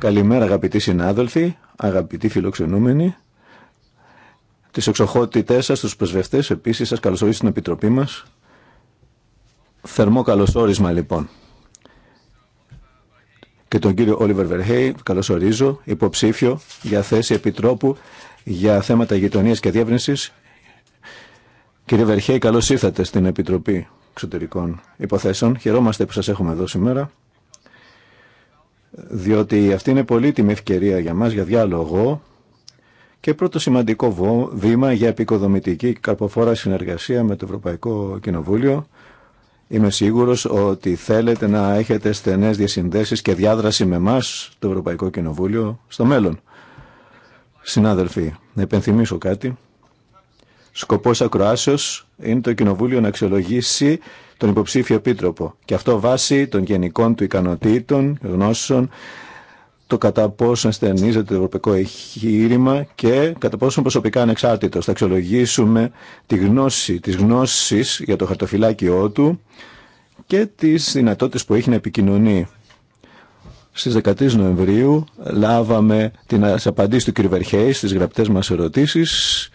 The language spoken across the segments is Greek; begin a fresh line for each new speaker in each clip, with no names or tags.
Καλημέρα αγαπητοί συνάδελφοι, αγαπητοί φιλοξενούμενοι. Τις εξοχότητές σας, τους πρεσβευτές, επίσης σας καλωσορίζω στην Επιτροπή μας. Θερμό καλωσόρισμα λοιπόν. Και τον κύριο Όλιβερ Βερχέη καλωσορίζω, υποψήφιο για θέση Επιτρόπου για θέματα γειτονίας και διεύρυνσης. Κύριε Βερχέη, καλώς ήρθατε στην Επιτροπή εξωτερικών υποθέσεων. Χαιρόμαστε που σας έχουμε εδώ σήμερα διότι αυτή είναι πολύτιμη ευκαιρία για μας για διάλογο και πρώτο σημαντικό βήμα για επικοδομητική καρποφόρα συνεργασία με το Ευρωπαϊκό Κοινοβούλιο. Είμαι σίγουρος ότι θέλετε να έχετε στενές διασυνδέσεις και διάδραση με μας το Ευρωπαϊκό Κοινοβούλιο, στο μέλλον. Συνάδελφοι, να υπενθυμίσω κάτι. Σκοπός ακροάσεω είναι το Κοινοβούλιο να αξιολογήσει τον υποψήφιο επίτροπο και αυτό βάσει των γενικών του ικανοτήτων, γνώσεων, το κατά πόσο ασθενίζεται το ευρωπαϊκό εγχείρημα και κατά πόσο προσωπικά ανεξάρτητο. Θα αξιολογήσουμε τη γνώση, τις γνώσεις για το χαρτοφυλάκιό του και τι δυνατότητε που έχει να επικοινωνεί. Στι 13 Νοεμβρίου λάβαμε την απαντήση του κ. Βερχέη στις γραπτές μα ερωτήσεις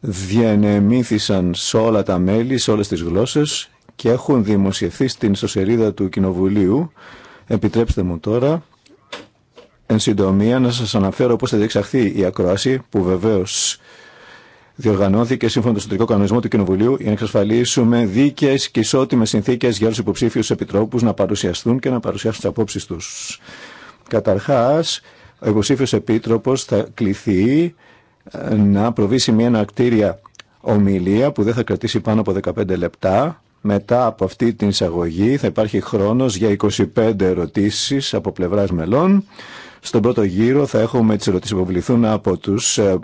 διανεμήθησαν σε όλα τα μέλη, σε όλες τις γλώσσες και έχουν δημοσιευθεί στην ιστοσελίδα του Κοινοβουλίου. Επιτρέψτε μου τώρα, εν συντομία, να σας αναφέρω πώς θα διεξαχθεί η ακρόαση, που βεβαίως διοργανώθηκε σύμφωνα με το εσωτερικό κανονισμό του Κοινοβουλίου για να εξασφαλίσουμε δίκαιε και ισότιμε συνθήκε για όλου του υποψήφιου επιτρόπου να παρουσιαστούν και να παρουσιάσουν τι απόψει του. Καταρχά, ο υποψήφιο επίτροπο θα κληθεί να προβήσει μια ανακτήρια ομιλία που δεν θα κρατήσει πάνω από 15 λεπτά. Μετά από αυτή την εισαγωγή θα υπάρχει χρόνος για 25 ερωτήσεις από πλευράς μελών. Στον πρώτο γύρο θα έχουμε τις ερωτήσεις που βληθούν από τους ε,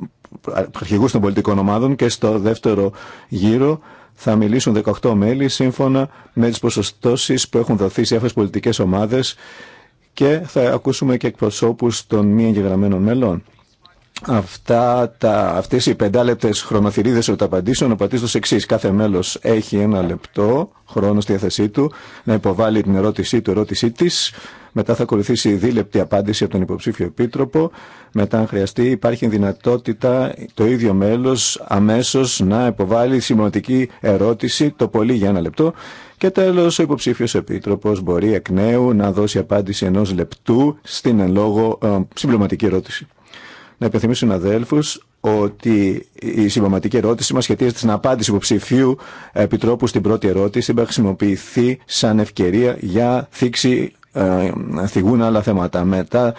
αρχηγούς των πολιτικών ομάδων και στο δεύτερο γύρο θα μιλήσουν 18 μέλη σύμφωνα με τις ποσοστώσεις που έχουν δοθεί σε διάφορες πολιτικές ομάδες και θα ακούσουμε και εκπροσώπους των μη εγγεγραμμένων μελών. Αυτά τα, αυτές οι πεντάλεπτες χρονοθυρίδες ερωταπαντήσεων απαντήσουν στο εξή. Κάθε μέλος έχει ένα λεπτό χρόνο στη διάθεσή του να υποβάλει την ερώτησή του, ερώτησή της. Μετά θα ακολουθήσει η δίλεπτη απάντηση από τον υποψήφιο επίτροπο. Μετά, αν χρειαστεί, υπάρχει δυνατότητα το ίδιο μέλος αμέσως να υποβάλει σημαντική ερώτηση, το πολύ για ένα λεπτό. Και τέλος, ο υποψήφιος επίτροπος μπορεί εκ νέου να δώσει απάντηση ενός λεπτού στην εν λόγω ε, συμπληρωματική ερώτηση να υπενθυμίσω στους ότι η συμπληρωματική ερώτηση μας σχετίζεται στην απάντηση υποψηφίου επιτρόπου στην πρώτη ερώτηση που χρησιμοποιηθεί σαν ευκαιρία για θήξη ε, θυγούν άλλα θέματα. Μετά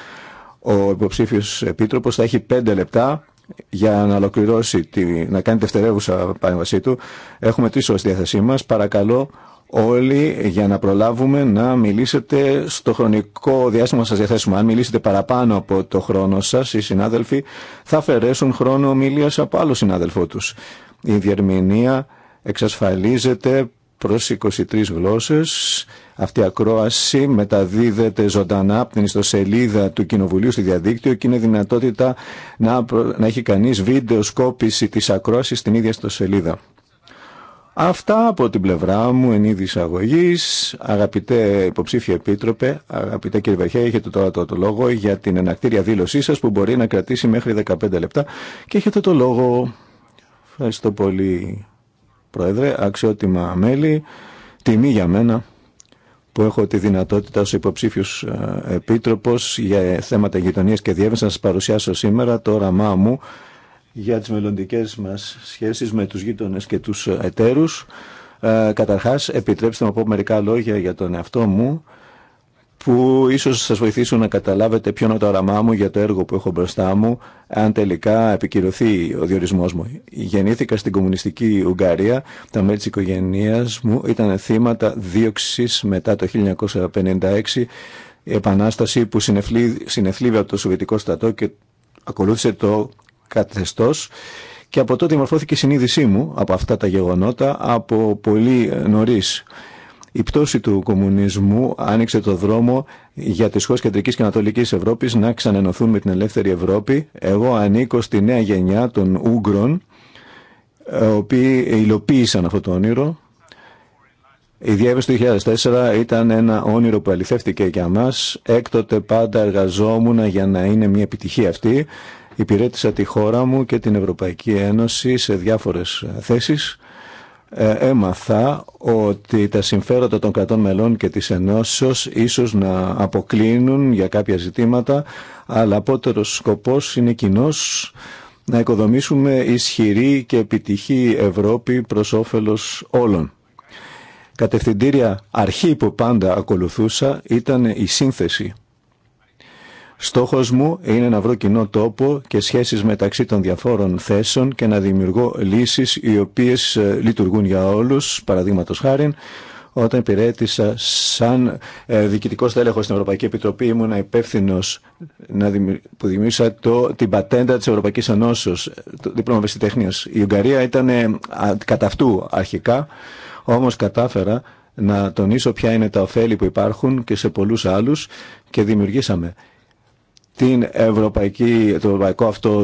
ο υποψήφιος επίτροπος θα έχει πέντε λεπτά για να ολοκληρώσει, τη, να κάνει δευτερεύουσα παρέμβασή του. Έχουμε τρει ώρε στη διάθεσή μα. Παρακαλώ όλοι για να προλάβουμε να μιλήσετε στο χρονικό διάστημα σας διαθέσουμε. Αν μιλήσετε παραπάνω από το χρόνο σας, οι συνάδελφοι θα αφαιρέσουν χρόνο ομιλίας από άλλο συνάδελφό τους. Η διερμηνία εξασφαλίζεται προς 23 γλώσσες. Αυτή η ακρόαση μεταδίδεται ζωντανά από την ιστοσελίδα του Κοινοβουλίου στη διαδίκτυο και είναι δυνατότητα να, να έχει κανείς βίντεο σκόπηση της ακρόασης στην ίδια ιστοσελίδα. Αυτά από την πλευρά μου εν είδη εισαγωγή. Αγαπητέ υποψήφιο επίτροπε, αγαπητέ κύριε Βερχέ, έχετε τώρα το, το λόγο για την ενακτήρια δήλωσή σα που μπορεί να κρατήσει μέχρι 15 λεπτά και έχετε το λόγο. Ευχαριστώ πολύ, Πρόεδρε, αξιότιμα μέλη. Τιμή για μένα που έχω τη δυνατότητα ως υποψήφιος ε, επίτροπος για θέματα γειτονίας και διεύθυνση να σας παρουσιάσω σήμερα το όραμά μου για τις μελλοντικέ μας σχέσεις με τους γείτονες και τους εταίρους. Ε, καταρχάς, επιτρέψτε να πω μερικά λόγια για τον εαυτό μου, που ίσως σας βοηθήσουν να καταλάβετε ποιο είναι το όραμά μου για το έργο που έχω μπροστά μου, αν τελικά επικυρωθεί ο διορισμός μου. Γεννήθηκα στην κομμουνιστική Ουγγαρία, τα μέλη της οικογένειας μου ήταν θύματα δίωξης μετά το 1956, η επανάσταση που συνεθλίβε από το Σοβιετικό στρατό και ακολούθησε το καθεστώς και από τότε μορφώθηκε η συνείδησή μου από αυτά τα γεγονότα από πολύ νωρίς. Η πτώση του κομμουνισμού άνοιξε το δρόμο για τις χώρε κεντρικής και ανατολικής Ευρώπης να ξανενωθούν με την ελεύθερη Ευρώπη. Εγώ ανήκω στη νέα γενιά των Ούγγρων, ε, οι οποίοι υλοποίησαν αυτό το όνειρο. Η διεύρυνση του 2004 ήταν ένα όνειρο που αληθεύτηκε για μας. Έκτοτε πάντα εργαζόμουν για να είναι μια επιτυχία αυτή. Υπηρέτησα τη χώρα μου και την Ευρωπαϊκή Ένωση σε διάφορες ε, θέσεις. Ε, έμαθα ότι τα συμφέροντα των κρατών μελών και της ενώσεως ίσως να αποκλίνουν για κάποια ζητήματα, αλλά απότερος σκοπός είναι κοινό να οικοδομήσουμε ισχυρή και επιτυχή Ευρώπη προς όφελος όλων. Κατευθυντήρια αρχή που πάντα ακολουθούσα ήταν η σύνθεση Στόχος μου είναι να βρω κοινό τόπο και σχέσεις μεταξύ των διαφόρων θέσεων και να δημιουργώ λύσεις οι οποίες ε, λειτουργούν για όλους, παραδείγματο χάρη, όταν υπηρέτησα σαν ε, διοικητικό στην Ευρωπαϊκή Επιτροπή, ήμουν υπεύθυνο που δημιούργησα το... την πατέντα της Ευρωπαϊκής Ενώσεω, το δίπλωμα βεστιτεχνία. Η Ουγγαρία ήταν κατά αυτού αρχικά, όμως κατάφερα να τονίσω ποια είναι τα ωφέλη που υπάρχουν και σε πολλού άλλου και δημιουργήσαμε την ευρωπαϊκή, το ευρωπαϊκό αυτό,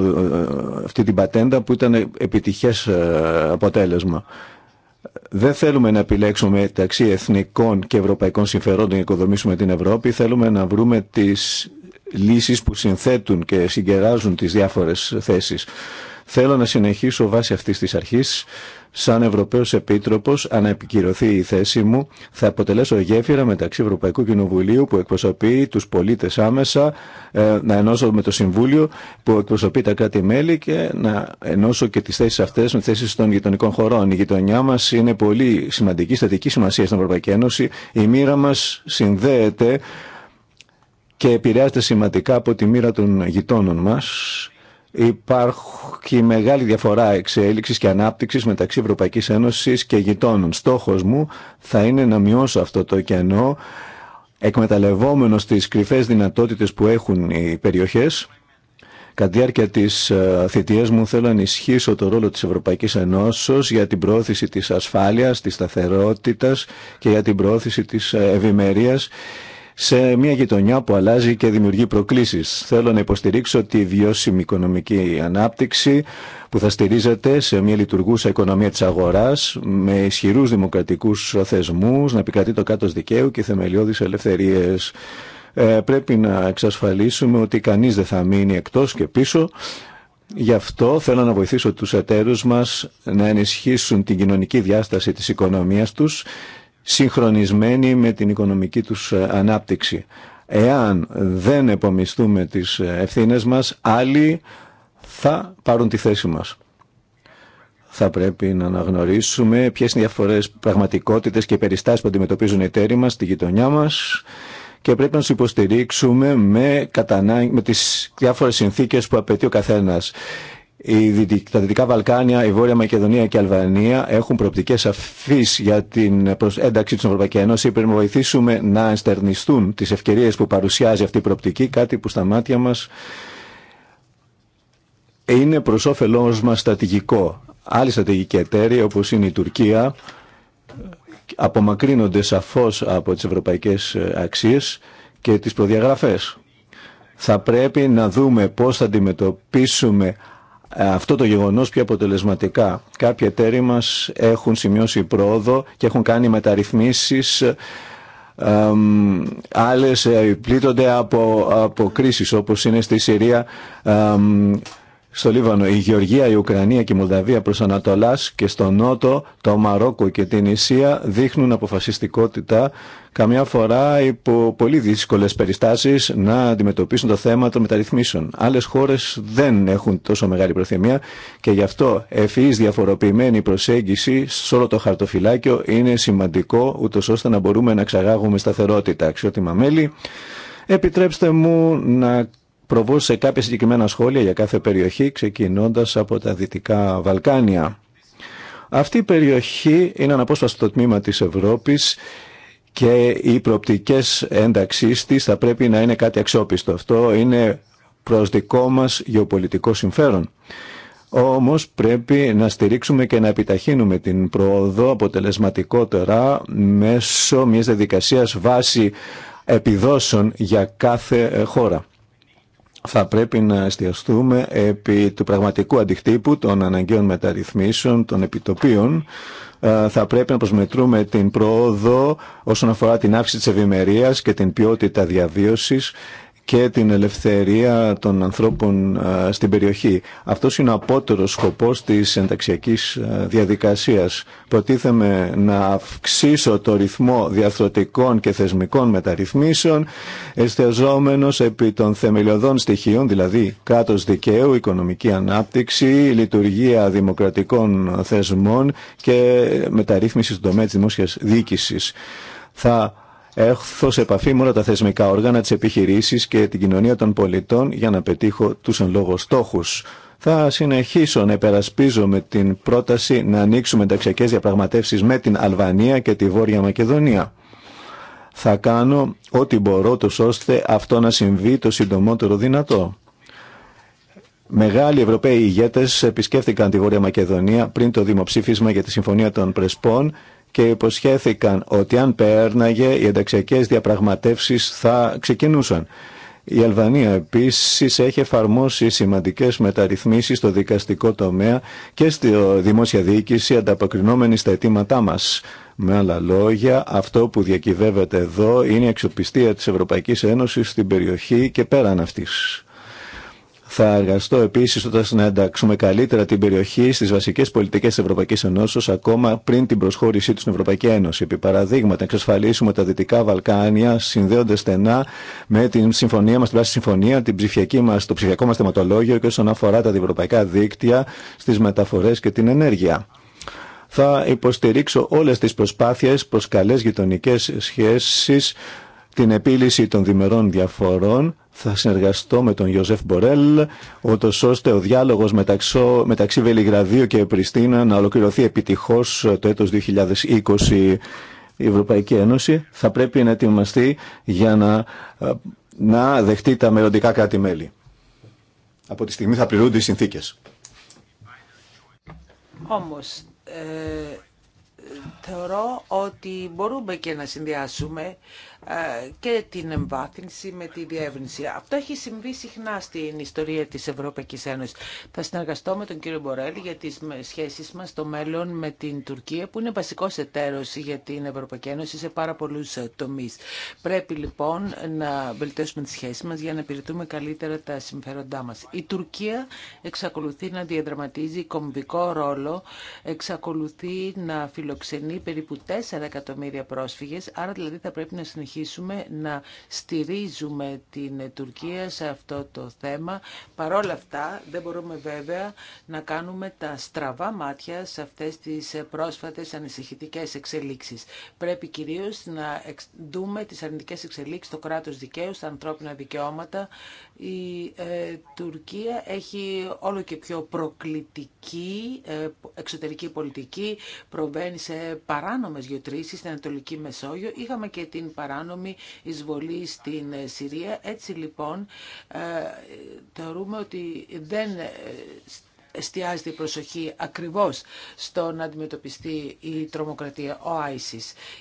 ε, αυτή την πατέντα που ήταν επιτυχές ε, αποτέλεσμα. Δεν θέλουμε να επιλέξουμε μεταξύ εθνικών και ευρωπαϊκών συμφερόντων για να οικοδομήσουμε την Ευρώπη. Θέλουμε να βρούμε τις λύσεις που συνθέτουν και συγκεράζουν τις διάφορες θέσεις. Θέλω να συνεχίσω βάσει αυτής της αρχής Σαν Ευρωπαίος Επίτροπος, αν επικυρωθεί η θέση μου, θα αποτελέσω γέφυρα μεταξύ Ευρωπαϊκού Κοινοβουλίου που εκπροσωπεί τους πολίτες άμεσα, ε, να ενώσω με το Συμβούλιο που εκπροσωπεί τα κράτη-μέλη και να ενώσω και τις θέσεις αυτές με τις θέσεις των γειτονικών χωρών. Η γειτονιά μας είναι πολύ σημαντική, στατική σημασία στην Ευρωπαϊκή Ένωση. Η μοίρα μας συνδέεται και επηρεάζεται σημαντικά από τη μοίρα των γειτόνων μας Υπάρχει μεγάλη διαφορά εξέλιξης και ανάπτυξης μεταξύ Ευρωπαϊκής Ένωσης και γειτόνων. Στόχος μου θα είναι να μειώσω αυτό το κενό εκμεταλλευόμενος τις κρυφές δυνατότητες που έχουν οι περιοχές. Κατά τη διάρκεια τη ε, θητεία μου θέλω να ενισχύσω το ρόλο τη Ευρωπαϊκή Ενώσεω για την πρόθεση τη ασφάλεια, τη σταθερότητα και για την πρόθεση τη ε, ευημερία σε μια γειτονιά που αλλάζει και δημιουργεί προκλήσεις. Θέλω να υποστηρίξω τη βιώσιμη οικονομική ανάπτυξη που θα στηρίζεται σε μια λειτουργούσα οικονομία της αγοράς με ισχυρούς δημοκρατικούς θεσμούς, να επικρατεί το κάτω δικαίου και θεμελιώδεις ελευθερίες. Ε, πρέπει να εξασφαλίσουμε ότι κανείς δεν θα μείνει εκτός και πίσω Γι' αυτό θέλω να βοηθήσω τους εταίρους μας να ενισχύσουν την κοινωνική διάσταση της οικονομίας τους συγχρονισμένοι με την οικονομική τους ε, ανάπτυξη. Εάν δεν επομιστούμε τις ε, ευθύνες μας, άλλοι θα πάρουν τη θέση μας. Θα πρέπει να αναγνωρίσουμε ποιες είναι οι διαφορές πραγματικότητες και περιστάσεις που αντιμετωπίζουν οι εταίροι μας στη γειτονιά μας και πρέπει να του υποστηρίξουμε με, κατανά... με τις διάφορες συνθήκες που απαιτεί ο καθένας τα Δυτικά Βαλκάνια, η Βόρεια Μακεδονία και η Αλβανία έχουν προοπτικέ αφή για την ένταξη στην Ευρωπαϊκή Ένωση. Πρέπει να βοηθήσουμε να ενστερνιστούν τι ευκαιρίε που παρουσιάζει αυτή η προοπτική, κάτι που στα μάτια μα είναι προ όφελό μα στρατηγικό. Άλλοι στρατηγικοί εταίροι, όπω είναι η Τουρκία, απομακρύνονται σαφώ από τι ευρωπαϊκέ αξίε και τι προδιαγραφέ. Θα πρέπει να δούμε πώ θα αντιμετωπίσουμε ε, αυτό το γεγονός πιο αποτελεσματικά. Κάποιοι εταίροι μας έχουν σημειώσει πρόοδο και έχουν κάνει μεταρρυθμίσεις άλλες ε, πλήττονται από, από κρίσεις όπως είναι στη Συρία στο Λίβανο, η Γεωργία, η Ουκρανία και η Μολδαβία προς Ανατολάς και στο Νότο, το Μαρόκο και την Ισία δείχνουν αποφασιστικότητα καμιά φορά υπό πολύ δύσκολες περιστάσεις να αντιμετωπίσουν το θέμα των μεταρρυθμίσεων. Άλλες χώρες δεν έχουν τόσο μεγάλη προθυμία και γι' αυτό ευφυής διαφοροποιημένη προσέγγιση σε όλο το χαρτοφυλάκιο είναι σημαντικό ούτω ώστε να μπορούμε να ξαγάγουμε σταθερότητα. Αξιότιμα μέλη, επιτρέψτε μου να προβούσε κάποια συγκεκριμένα σχόλια για κάθε περιοχή, ξεκινώντας από τα Δυτικά Βαλκάνια. Αυτή η περιοχή είναι αναπόσπαστο τμήμα της Ευρώπης και οι προοπτικές ένταξής της θα πρέπει να είναι κάτι αξιόπιστο. Αυτό είναι προς δικό μας γεωπολιτικό συμφέρον. Όμως πρέπει να στηρίξουμε και να επιταχύνουμε την προοδό αποτελεσματικότερα μέσω μιας διαδικασίας βάση επιδόσεων για κάθε χώρα θα πρέπει να εστιαστούμε επί του πραγματικού αντιχτύπου των αναγκαίων μεταρρυθμίσεων, των επιτοπίων. Ε, θα πρέπει να προσμετρούμε την πρόοδο όσον αφορά την αύξηση της ευημερία και την ποιότητα διαβίωσης και την ελευθερία των ανθρώπων στην περιοχή. Αυτό είναι ο απότερος σκοπός της ενταξιακής διαδικασίας. Προτίθεμαι να αυξήσω το ρυθμό διαθροτικών και θεσμικών μεταρρυθμίσεων, εστιαζόμενο επί των θεμελιωδών στοιχείων, δηλαδή κράτος δικαίου, οικονομική ανάπτυξη, λειτουργία δημοκρατικών θεσμών και μεταρρύθμιση στον τομέα τη δημόσια διοίκηση. Έχω σε επαφή με όλα τα θεσμικά όργανα, τι επιχειρήσει και την κοινωνία των πολιτών για να πετύχω του εν λόγω στόχου. Θα συνεχίσω να υπερασπίζω με την πρόταση να ανοίξουμε ενταξιακέ διαπραγματεύσει με την Αλβανία και τη Βόρεια Μακεδονία. Θα κάνω ό,τι μπορώ τους ώστε αυτό να συμβεί το συντομότερο δυνατό. Μεγάλοι Ευρωπαίοι ηγέτες επισκέφθηκαν τη Βόρεια Μακεδονία πριν το δημοψήφισμα για τη Συμφωνία των Πρεσπών και υποσχέθηκαν ότι αν πέρναγε οι ενταξιακές διαπραγματεύσεις θα ξεκινούσαν. Η Αλβανία επίσης έχει εφαρμόσει σημαντικές μεταρρυθμίσεις στο δικαστικό τομέα και στη δημόσια διοίκηση ανταποκρινόμενη στα αιτήματά μας. Με άλλα λόγια, αυτό που διακυβεύεται εδώ είναι η αξιοπιστία της Ευρωπαϊκής Ένωσης στην περιοχή και πέραν αυτής. Θα εργαστώ επίση όταν να εντάξουμε καλύτερα την περιοχή στι βασικέ πολιτικέ τη Ευρωπαϊκή Ενώσεω ακόμα πριν την προσχώρησή του στην Ευρωπαϊκή Ένωση. Επί παραδείγματα, να εξασφαλίσουμε τα Δυτικά Βαλκάνια συνδέονται στενά με την συμφωνία μα, την πράσινη συμφωνία, την ψηφιακή μας, το ψηφιακό μα θεματολόγιο και όσον αφορά τα διευρωπαϊκά δίκτυα στι μεταφορέ και την ενέργεια θα υποστηρίξω όλες τις προσπάθειες προς καλέ γειτονικέ σχέσεις, την επίλυση των διμερών διαφορών θα συνεργαστώ με τον Ιωζεφ Μπορέλ, ούτω ώστε ο διάλογο μεταξύ, μεταξύ Βελιγραδίου και Πριστίνα να ολοκληρωθεί επιτυχώ το έτος 2020. Η Ευρωπαϊκή Ένωση θα πρέπει να ετοιμαστεί για να, να δεχτεί τα μελλοντικά κράτη-μέλη. Από τη στιγμή θα πληρούνται οι συνθήκε.
Όμω, ε, θεωρώ ότι μπορούμε και να συνδυάσουμε ε, και την εμβάθυνση με τη διεύρυνση. Αυτό έχει συμβεί συχνά στην ιστορία της Ευρωπαϊκής Ένωσης. Θα συνεργαστώ με τον κύριο Μπορέλ για τις σχέσεις μας στο μέλλον με την Τουρκία που είναι βασικός εταίρος για την Ευρωπαϊκή Ένωση σε πάρα πολλούς ε, τομείς. Πρέπει λοιπόν να βελτιώσουμε τις σχέσεις μας για να υπηρετούμε καλύτερα τα συμφέροντά μας. Η Τουρκία εξακολουθεί να διαδραματίζει κομβικό ρόλο, εξακολουθεί να φιλοξενεί περίπου 4 εκατομμύρια πρόσφυγες, άρα δηλαδή θα πρέπει να να στηρίζουμε την Τουρκία σε αυτό το θέμα. Παρόλα αυτά δεν μπορούμε βέβαια να κάνουμε τα στραβά μάτια σε αυτές τις πρόσφατες ανησυχητικές εξελίξεις. Πρέπει κυρίως να δούμε τις αρνητικές εξελίξεις στο κράτος δικαίου, στα ανθρώπινα δικαιώματα, η ε, Τουρκία έχει όλο και πιο προκλητική ε, εξωτερική πολιτική, προβαίνει σε παράνομες γεωτρήσεις στην Ανατολική Μεσόγειο. Είχαμε και την παράνομη εισβολή στην ε, Συρία. Έτσι λοιπόν ε, θεωρούμε ότι δεν εστιάζεται η προσοχή ακριβώς στο να αντιμετωπιστεί η τρομοκρατία, ο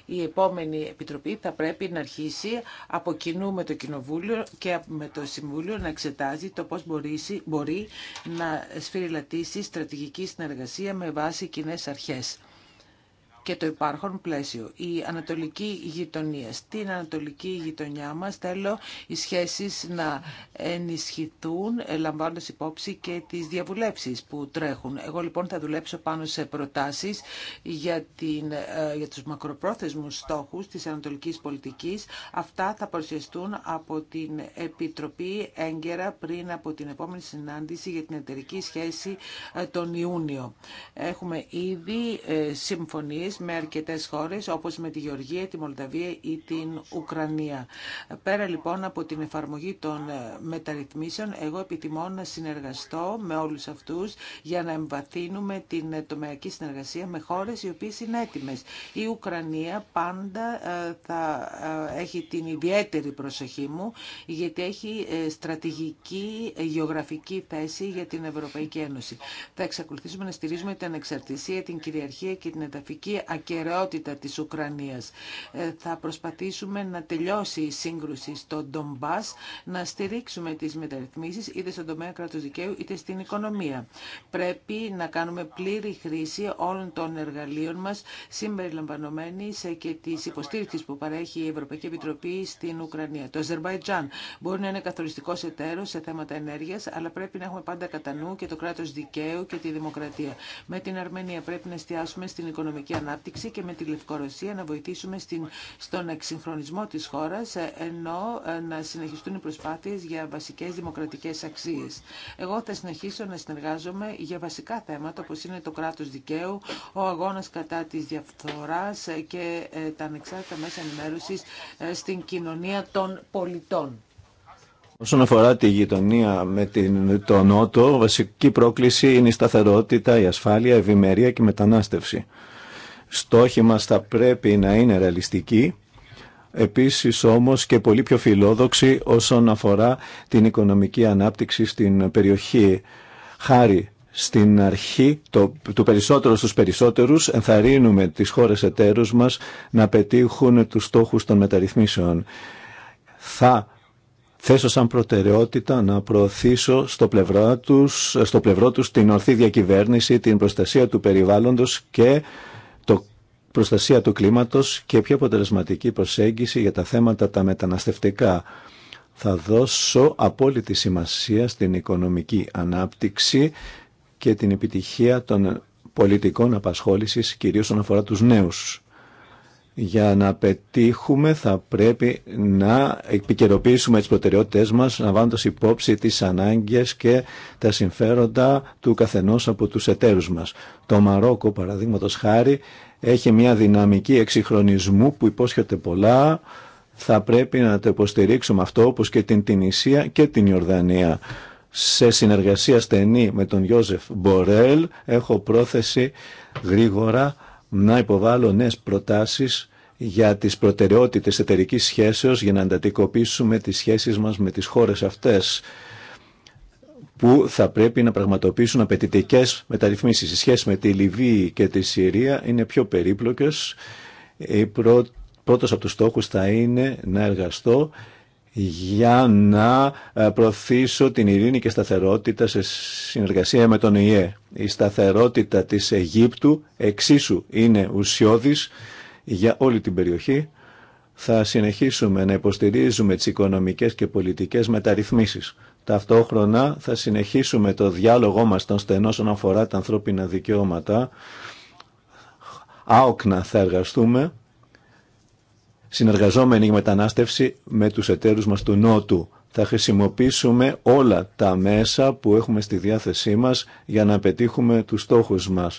Η επόμενη επιτροπή θα πρέπει να αρχίσει από κοινού με το Κοινοβούλιο και με το Συμβούλιο να εξετάζει το πώς μπορεί να σφυριλατήσει στρατηγική συνεργασία με βάση κοινέ αρχές και το υπάρχον πλαίσιο. Η ανατολική γειτονία. Στην ανατολική γειτονιά μας θέλω οι σχέσεις να ενισχυθούν ε, λαμβάνοντας υπόψη και τις διαβουλεύσεις που τρέχουν. Εγώ λοιπόν θα δουλέψω πάνω σε προτάσεις για, την, ε, για τους μακροπρόθεσμους στόχους της ανατολικής πολιτικής. Αυτά θα παρουσιαστούν από την Επιτροπή έγκαιρα πριν από την επόμενη συνάντηση για την εταιρική σχέση ε, τον Ιούνιο. Έχουμε ήδη συμφωνίες με αρκετές χώρες όπως με τη Γεωργία, τη Μολδαβία ή την Ουκρανία. Πέρα λοιπόν από την εφαρμογή των ε, μεταρρυθμίσεων, εγώ επιθυμώ να συνεργαστώ με όλους αυτούς για να εμβαθύνουμε την ε, τομεακή συνεργασία με χώρες οι οποίες είναι έτοιμες. Η Ουκρανία πάντα ε, θα έχει την ιδιαίτερη προσοχή μου γιατί έχει στρατηγική γεωγραφική θέση για την Ευρωπαϊκή Ένωση. Θα εξακολουθήσουμε να στηρίζουμε την εξαρτησία, την κυριαρχία και την εδαφική ακαιρεότητα της Ουκρανίας. Ε, θα προσπαθήσουμε να τελειώσει η σύγκρουση στο Ντομπάς, να στηρίξουμε τις μεταρρυθμίσεις είτε στον τομέα κράτους δικαίου είτε στην οικονομία. Πρέπει να κάνουμε πλήρη χρήση όλων των εργαλείων μας συμπεριλαμβανομένης ε, και της υποστήριξης που παρέχει η Ευρωπαϊκή Επιτροπή στην Ουκρανία. Το Αζερβαϊτζάν μπορεί να είναι καθοριστικό εταίρος σε θέματα ενέργεια, αλλά πρέπει να έχουμε πάντα κατά νου και το κράτο δικαίου και τη δημοκρατία. Με την Αρμενία πρέπει να εστιάσουμε στην οικονομική ανάπτυξη ανάπτυξη και με τη Λευκορωσία να βοηθήσουμε στην, στον εξυγχρονισμό της χώρας, ε, ενώ ε, να συνεχιστούν οι προσπάθειες για βασικές δημοκρατικές αξίες. Εγώ θα συνεχίσω να συνεργάζομαι για βασικά θέματα, όπως είναι το κράτος δικαίου, ο αγώνας κατά της διαφθοράς ε, και τα ανεξάρτητα μέσα ενημέρωση στην κοινωνία των πολιτών.
Όσον αφορά τη γειτονία με την, το Νότο, βασική πρόκληση είναι η σταθερότητα, η ασφάλεια, η ευημερία και η μετανάστευση στόχοι μας θα πρέπει να είναι ρεαλιστικοί, επίσης όμως και πολύ πιο φιλόδοξοι όσον αφορά την οικονομική ανάπτυξη στην περιοχή. Χάρη στην αρχή το, του περισσότερου στους περισσότερους ενθαρρύνουμε τις χώρες εταίρους μας να πετύχουν τους στόχους των μεταρρυθμίσεων. Θα θέσω σαν προτεραιότητα να προωθήσω στο πλευρό τους, στο πλευρό τους την ορθή διακυβέρνηση, την προστασία του περιβάλλοντος και προστασία του κλίματος και πιο αποτελεσματική προσέγγιση για τα θέματα τα μεταναστευτικά. Θα δώσω απόλυτη σημασία στην οικονομική ανάπτυξη και την επιτυχία των πολιτικών απασχόλησης, κυρίως όσον αφορά τους νέους. Για να πετύχουμε θα πρέπει να επικαιροποιήσουμε τις προτεραιότητες μας, να λαμβάνοντας υπόψη τις ανάγκες και τα συμφέροντα του καθενός από τους εταίρους μας. Το Μαρόκο, παραδείγματος χάρη, έχει μια δυναμική εξυγχρονισμού που υπόσχεται πολλά. Θα πρέπει να το υποστηρίξουμε αυτό όπως και την Τινησία και την Ιορδανία. Σε συνεργασία στενή με τον Γιώζεφ Μπορέλ έχω πρόθεση γρήγορα να υποβάλω νέες προτάσεις για τις προτεραιότητες εταιρικής σχέσεως για να αντατικοποιήσουμε τις σχέσεις μας με τις χώρες αυτές που θα πρέπει να πραγματοποιήσουν απαιτητικέ μεταρρυθμίσεις. Οι σχέση με τη Λιβύη και τη Συρία είναι πιο περίπλοκες. Η Πρώτος από τους στόχους θα είναι να εργαστώ για να ε, προωθήσω την ειρήνη και σταθερότητα σε συνεργασία με τον ΙΕ. Η σταθερότητα της Αιγύπτου εξίσου είναι ουσιώδης για όλη την περιοχή. Θα συνεχίσουμε να υποστηρίζουμε τις οικονομικές και πολιτικές μεταρρυθμίσεις. Ταυτόχρονα θα συνεχίσουμε το διάλογό μας των στενό όσον αφορά τα ανθρώπινα δικαιώματα. Άοκνα θα εργαστούμε, συνεργαζόμενοι με μετανάστευση με τους εταίρους μας του Νότου. Θα χρησιμοποιήσουμε όλα τα μέσα που έχουμε στη διάθεσή μας για να πετύχουμε τους στόχους μας.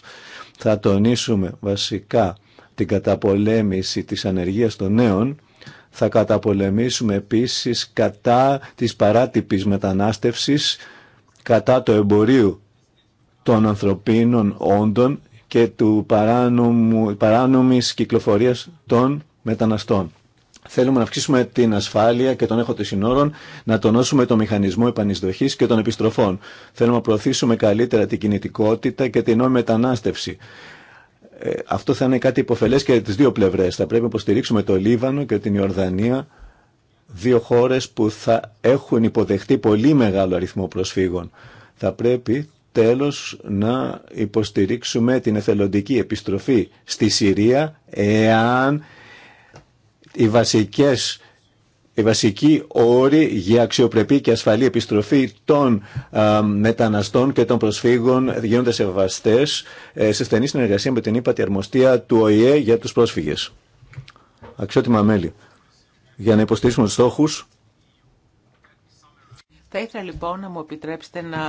Θα τονίσουμε βασικά την καταπολέμηση της ανεργίας των νέων θα καταπολεμήσουμε επίσης κατά της παράτυπης μετανάστευσης, κατά το εμπορίου των ανθρωπίνων όντων και του παράνομου, παράνομης κυκλοφορίας των μεταναστών. Θέλουμε να αυξήσουμε την ασφάλεια και τον έχω των συνόρων, να τονώσουμε το μηχανισμό επανεισδοχή και των επιστροφών. Θέλουμε να προωθήσουμε καλύτερα την κινητικότητα και την νόμιμη μετανάστευση. Ε, αυτό θα είναι κάτι υποφέλε και τι δύο πλευρές. Θα πρέπει να υποστηρίξουμε το Λίβανο και την Ιορδανία, δύο χώρες που θα έχουν υποδεχτεί πολύ μεγάλο αριθμό προσφύγων. Θα πρέπει τέλος να υποστηρίξουμε την εθελοντική επιστροφή στη Συρία εάν οι βασικές οι βασικοί όροι για αξιοπρεπή και ασφαλή επιστροφή των μεταναστών και των προσφύγων γίνονται σεβαστέ ε, σε στενή συνεργασία με την ύπατη αρμοστία του ΟΗΕ για τους πρόσφυγες. Αξιότιμα μέλη. Για να υποστηρίξουμε τους στόχου
θα ήθελα λοιπόν να μου επιτρέψετε να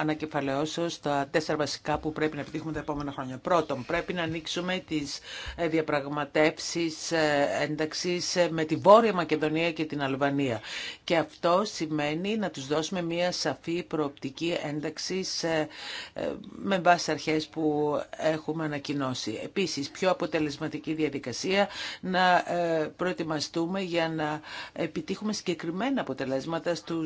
ανακεφαλαιώσω στα τέσσερα βασικά που πρέπει να επιτύχουμε τα επόμενα χρόνια. Πρώτον, πρέπει να ανοίξουμε τι ε, διαπραγματεύσει ε, ένταξη ε, με τη Βόρεια Μακεδονία και την Αλβανία. Και αυτό σημαίνει να του δώσουμε μια σαφή προοπτική ένταξη με βάση αρχέ που έχουμε ανακοινώσει. Επίση, πιο αποτελεσματική διαδικασία να προετοιμαστούμε για να επιτύχουμε συγκεκριμένα αποτελέσματα στου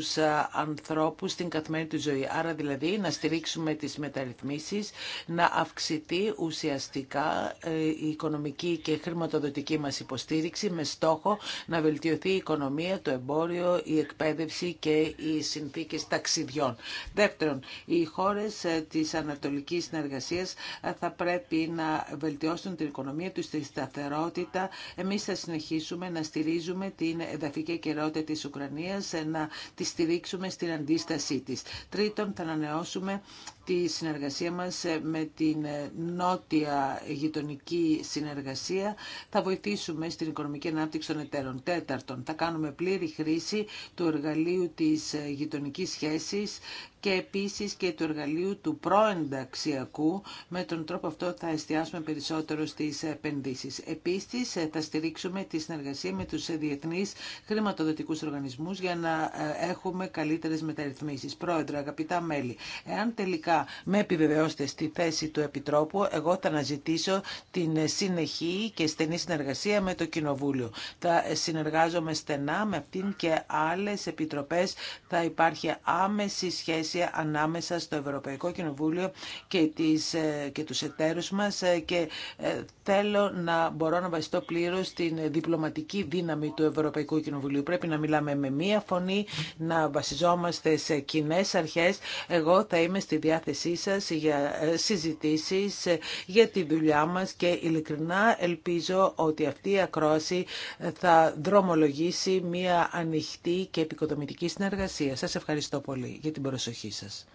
στην καθημερινή του ζωή. Άρα δηλαδή να στηρίξουμε τις μεταρρυθμίσεις, να αυξηθεί ουσιαστικά ε, η οικονομική και χρηματοδοτική μας υποστήριξη με στόχο να βελτιωθεί η οικονομία, το εμπόριο, η εκπαίδευση και οι συνθήκες ταξιδιών. Δεύτερον, οι χώρες ε, της ανατολικής συνεργασίας ε, θα πρέπει να βελτιώσουν την οικονομία τους, τη σταθερότητα. Εμείς θα συνεχίσουμε να στηρίζουμε την εδαφική καιρότητα της Ουκρανίας, να τη στηρίξουμε στην αντίστασή της. Τρίτον, θα ανανεώσουμε τη συνεργασία μας ε, με την ε, νότια γειτονική συνεργασία. Θα βοηθήσουμε στην οικονομική ανάπτυξη των εταίρων. Τέταρτον, θα κάνουμε πλήρη χρήση του εργαλείου της ε, γειτονική σχέσης και επίσης και του εργαλείου του προενταξιακού. Με τον τρόπο αυτό θα εστιάσουμε περισσότερο στις επενδύσεις. Επίσης θα στηρίξουμε τη συνεργασία με τους διεθνείς χρηματοδοτικούς οργανισμούς για να έχουμε καλύτερες μεταρρυθμίσεις. Πρόεδρε, αγαπητά μέλη, εάν τελικά με επιβεβαιώστε στη θέση του Επιτρόπου, εγώ θα αναζητήσω την συνεχή και στενή συνεργασία με το Κοινοβούλιο. Θα συνεργάζομαι στενά με αυτήν και άλλες επιτροπές. Θα υπάρχει άμεση σχέση ανάμεσα στο Ευρωπαϊκό Κοινοβούλιο και, ε, και τους εταίρους μας ε, και ε, θέλω να μπορώ να βασιστώ πλήρως στην διπλωματική δύναμη του Ευρωπαϊκού Κοινοβουλίου. Πρέπει να μιλάμε με μία φωνή, να βασιζόμαστε σε κοινέ αρχές. Εγώ θα είμαι στη διάθεση διάθεσή σας για ε, συζητήσεις ε, για τη δουλειά μας και ειλικρινά ελπίζω ότι αυτή η ακρόαση ε, θα δρομολογήσει μια ανοιχτή και επικοδομητική συνεργασία. Σας ευχαριστώ πολύ για την προσοχή σας.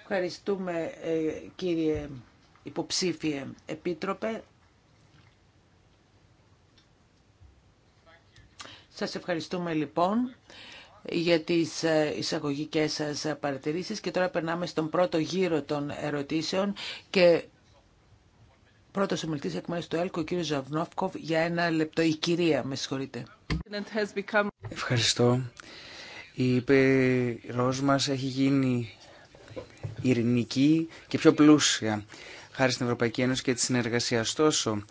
Ευχαριστούμε κύριε υποψήφιε επίτροπε. Σας ευχαριστούμε λοιπόν για τις ε, εισαγωγικές σας παρατηρήσεις και τώρα περνάμε στον πρώτο γύρο των ερωτήσεων και Πρώτο ομιλητή εκ μέρου του ΕΛΚΟ, ο κύριο Ζαβνόφκοβ, για ένα λεπτό. Η κυρία, με συγχωρείτε.
Ευχαριστώ. Η υπερό μα έχει γίνει ειρηνική και πιο πλούσια χάρη στην Ευρωπαϊκή Ένωση και τη συνεργασία. Ωστόσο,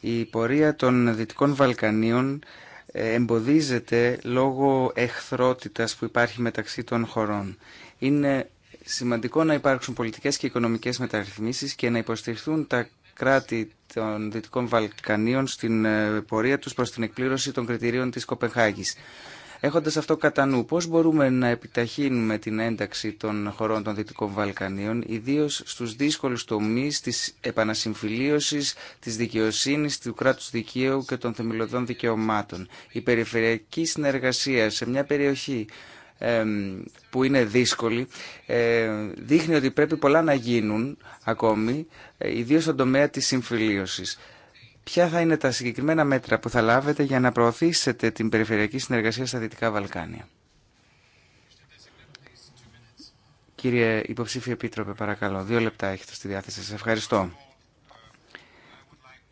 η πορεία των Δυτικών Βαλκανίων εμποδίζεται λόγω εχθρότητας που υπάρχει μεταξύ των χωρών. Είναι σημαντικό να υπάρξουν πολιτικές και οικονομικές μεταρρυθμίσεις και να υποστηριχθούν τα κράτη των Δυτικών Βαλκανίων στην ε, πορεία τους προς την εκπλήρωση των κριτηρίων της Κοπενχάγης. Έχοντας αυτό κατά νου, πώς μπορούμε να επιταχύνουμε την ένταξη των χωρών των Δυτικών Βαλκανίων, ιδίως στους δύσκολους τομείς της επανασυμφιλίωσης, της δικαιοσύνης, του κράτους δικαίου και των θεμελιωδών δικαιωμάτων. Η περιφερειακή συνεργασία σε μια περιοχή που είναι δύσκολη ε, δείχνει ότι πρέπει πολλά να γίνουν ακόμη ε, ιδίως στον τομέα της συμφιλίωσης. Ποια θα είναι τα συγκεκριμένα μέτρα που θα λάβετε για να προωθήσετε την περιφερειακή συνεργασία στα Δυτικά Βαλκάνια. Κύριε Υποψήφιο Επίτροπε, παρακαλώ, δύο λεπτά έχετε στη διάθεση σας. Ευχαριστώ.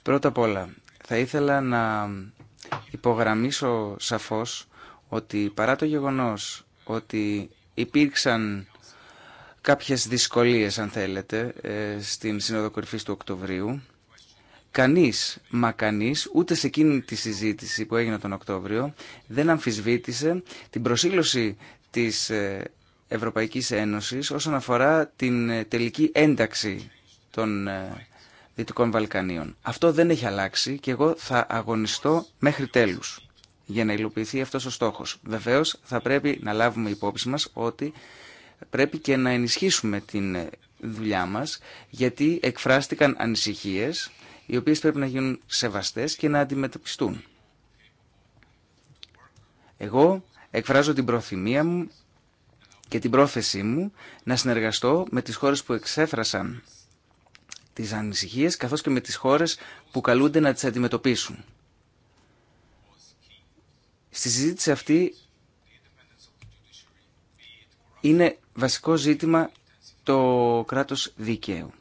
Πρώτα απ' όλα, θα ήθελα να υπογραμμίσω σαφώς ότι παρά το γεγονός ότι υπήρξαν κάποιες δυσκολίες, αν θέλετε, ε, στην Σύνοδο Κορυφής του Οκτωβρίου, Κανείς, μα κανείς, ούτε σε εκείνη τη συζήτηση που έγινε τον Οκτώβριο, δεν αμφισβήτησε την προσήλωση της ε, Ευρωπαϊκής Ένωσης όσον αφορά την ε, τελική ένταξη των ε, Δυτικών Βαλκανίων. Αυτό δεν έχει αλλάξει και εγώ θα αγωνιστώ μέχρι τέλους για να υλοποιηθεί αυτός ο στόχος. Βεβαίω θα πρέπει να λάβουμε υπόψη μας ότι πρέπει και να ενισχύσουμε την δουλειά μας γιατί εκφράστηκαν ανησυχίες οι οποίες πρέπει να γίνουν σεβαστές και να αντιμετωπιστούν. Εγώ εκφράζω την προθυμία μου και την πρόθεσή μου να συνεργαστώ με τις χώρες που εξέφρασαν τις ανησυχίες καθώς και με τις χώρες που καλούνται να τις αντιμετωπίσουν. Στη συζήτηση αυτή είναι βασικό ζήτημα το κράτος δικαίου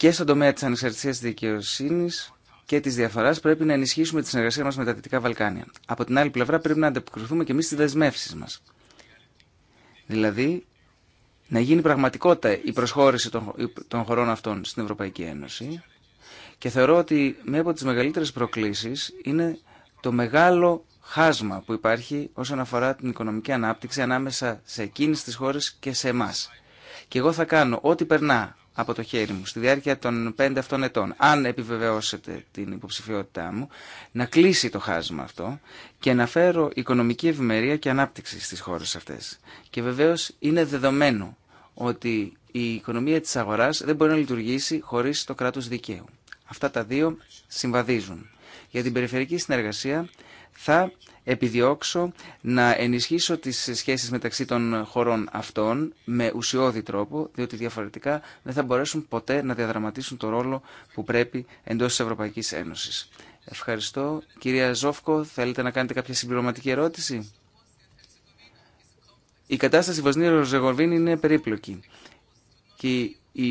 και στον τομέα τη ανεξαρτησία τη δικαιοσύνη και τη διαφορά πρέπει να ενισχύσουμε τη συνεργασία μα με τα Δυτικά Βαλκάνια. Από την άλλη πλευρά πρέπει να ανταποκριθούμε και εμεί στι δεσμεύσει μα. Δηλαδή, να γίνει πραγματικότητα η προσχώρηση των, χωρών αυτών στην Ευρωπαϊκή Ένωση. Και θεωρώ ότι μία από τι μεγαλύτερε προκλήσει είναι το μεγάλο χάσμα που υπάρχει όσον αφορά την οικονομική ανάπτυξη ανάμεσα σε εκείνες τις χώρες και σε εμάς. Και εγώ θα κάνω ό,τι περνά από το χέρι μου στη διάρκεια των πέντε αυτών ετών, αν επιβεβαιώσετε την υποψηφιότητά μου, να κλείσει το χάσμα αυτό και να φέρω οικονομική ευημερία και ανάπτυξη στις χώρες αυτές. Και βεβαίως είναι δεδομένο ότι η οικονομία της αγοράς δεν μπορεί να λειτουργήσει χωρίς το κράτος δικαίου. Αυτά τα δύο συμβαδίζουν. Για την περιφερική συνεργασία θα επιδιώξω να ενισχύσω τις σχέσεις μεταξύ των χωρών αυτών με ουσιώδη τρόπο, διότι διαφορετικά δεν θα μπορέσουν ποτέ να διαδραματίσουν το ρόλο που πρέπει εντός της Ευρωπαϊκής Ένωσης. Ευχαριστώ. Κυρία Ζόφκο, θέλετε να κάνετε κάποια συμπληρωματική ερώτηση. Η κατάσταση Βοσνία Ροζεγοβίνη είναι περίπλοκη και η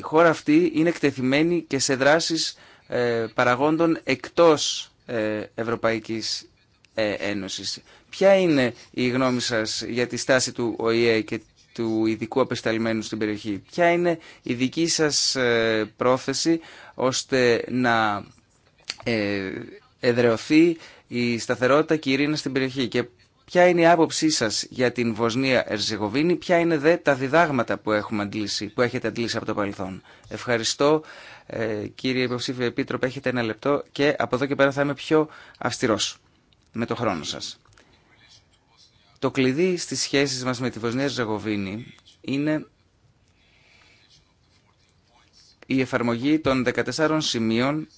χώρα αυτή είναι εκτεθειμένη και σε δράσεις ε, παραγόντων εκτός ε, Ευρωπαϊκής ε, Ένωσης. Ποια είναι η γνώμη σας για τη στάση του ΟΗΕ και του ειδικού απεσταλμένου στην περιοχή. Ποια είναι η δική σας ε, πρόθεση ώστε να ε, εδρεωθεί η σταθερότητα και η ειρήνη στην περιοχή και ποια είναι η άποψή σας για την Βοσνία Ερζεγοβίνη, ποια είναι δε τα διδάγματα που, έχουμε αντλήσει, που έχετε αντλήσει από το παρελθόν. Ευχαριστώ κύριε υποψήφιο επίτροπε, έχετε ένα λεπτό και από εδώ και πέρα θα είμαι πιο αυστηρός με το χρόνο σας. Το κλειδί στις σχέσεις μας με τη Βοσνία Ζεγοβίνη είναι η εφαρμογή των 14 σημείων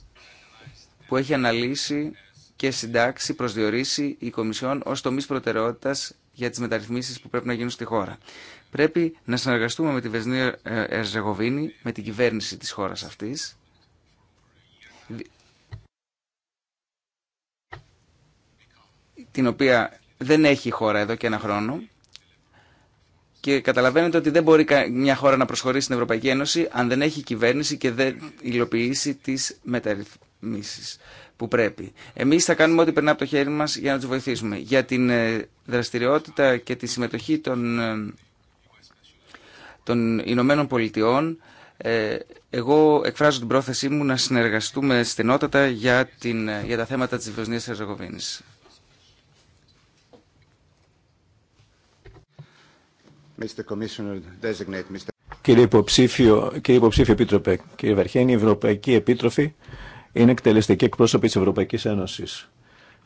που έχει αναλύσει και συντάξει, προσδιορίσει η Κομισιόν ως τομής προτεραιότητας για τις μεταρρυθμίσεις που πρέπει να γίνουν στη χώρα. Πρέπει να συνεργαστούμε με τη Βεσνία ε, Ερζεγοβίνη, με την κυβέρνηση της χώρας αυτής, την οποία δεν έχει η χώρα εδώ και ένα χρόνο και καταλαβαίνετε ότι δεν μπορεί μια χώρα να προσχωρήσει στην Ευρωπαϊκή Ένωση αν δεν έχει κυβέρνηση και δεν υλοποιήσει τις μεταρρυθμίσει που πρέπει. Εμεί θα κάνουμε ό,τι περνά από το χέρι μα για να του βοηθήσουμε. Για την ε, δραστηριότητα και τη συμμετοχή των, ε, των Ηνωμένων Πολιτειών ε, εγώ εκφράζω την πρόθεσή μου να συνεργαστούμε στενότατα για, την, για τα θέματα της Βοσνίας Ερζεγοβίνης.
Κύριε υποψήφιο, κύριε υποψήφιο επίτροπε, κύριε Βαρχένη, η Ευρωπαϊκή Επίτροφη είναι εκτελεστική εκπρόσωπη της Ευρωπαϊκής Ένωσης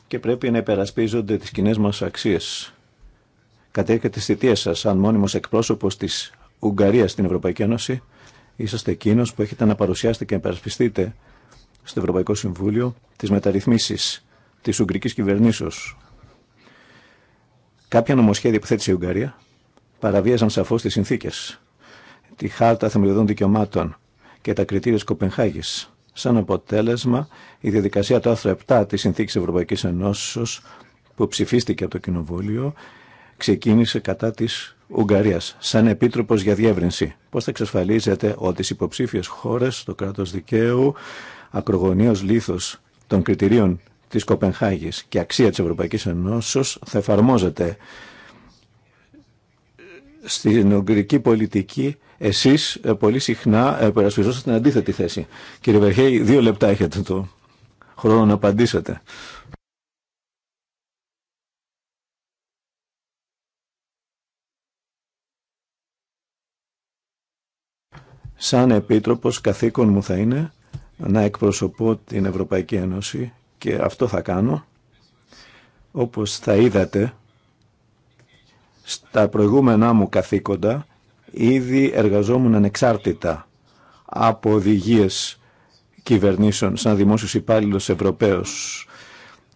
και πρέπει να υπερασπίζονται τις κοινέ μας αξίες. Κατέρχεται της θητεία σας, σαν μόνιμος εκπρόσωπος της Ουγγαρίας στην Ευρωπαϊκή Ένωση, είσαστε εκείνο που έχετε να παρουσιάσετε και να υπερασπιστείτε στο Ευρωπαϊκό Συμβούλιο τις μεταρρυθμίσεις της Ουγγρικής Κυβερνήσεως. Κάποια νομοσχέδια που θέτει η Ουγγαρία παραβίαζαν σαφώ τι συνθήκε. τη χάρτα θεμελιωδών δικαιωμάτων και τα κριτήρια της Σαν αποτέλεσμα, η διαδικασία του άρθρου 7 τη συνθήκη Ευρωπαϊκή Ενώσεω που ψηφίστηκε από το Κοινοβούλιο ξεκίνησε κατά τη Ουγγαρίας σαν επίτροπος για διεύρυνση. Πώ θα εξασφαλίζεται ότι στις υποψήφιε χώρε το κράτο δικαίου ακρογωνίω λίθο των κριτηρίων τη Κοπενχάγη και αξία τη Ευρωπαϊκή Ενώσεω θα εφαρμόζεται στην ουγγρική πολιτική εσείς ε, πολύ συχνά ε, περασπιζόσατε την αντίθετη θέση. Κύριε Βερχέη, δύο λεπτά έχετε το χρόνο να απαντήσετε. Σαν επίτροπος καθήκον μου θα είναι να εκπροσωπώ την Ευρωπαϊκή Ένωση και αυτό θα κάνω. Όπως θα είδατε, στα προηγούμενά μου καθήκοντα ήδη εργαζόμουν ανεξάρτητα από οδηγίε κυβερνήσεων σαν δημόσιος υπάλληλο Ευρωπαίος.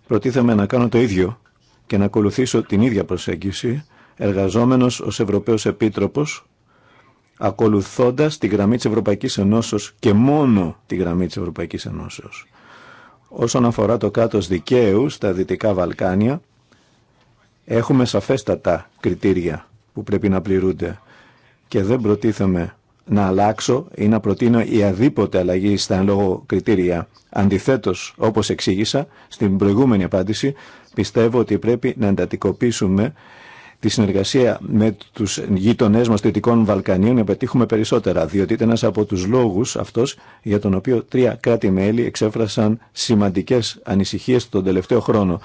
Προτίθεμαι να κάνω το ίδιο και να ακολουθήσω την ίδια προσέγγιση εργαζόμενος ως Ευρωπαίος Επίτροπος ακολουθώντας τη γραμμή της Ευρωπαϊκής Ενώσεως και μόνο τη γραμμή της Ευρωπαϊκής Ενώσεως. Όσον αφορά το κάτος δικαίου στα Δυτικά Βαλκάνια, Έχουμε σαφέστατα κριτήρια που πρέπει να πληρούνται και δεν προτίθεμαι να αλλάξω ή να προτείνω η αδίποτε αλλαγή στα εν λόγω κριτήρια. Αντιθέτως, όπως εξήγησα στην προηγούμενη απάντηση, πιστεύω ότι πρέπει να εντατικοποιήσουμε τη συνεργασία με τους γείτονές μας Δυτικών Βαλκανίων να πετύχουμε περισσότερα, διότι ήταν ένας από τους λόγους αυτό για τον οποίο τρία κράτη-μέλη εξέφρασαν σημαντικές ανησυχίες τον τελευταίο χρόνο.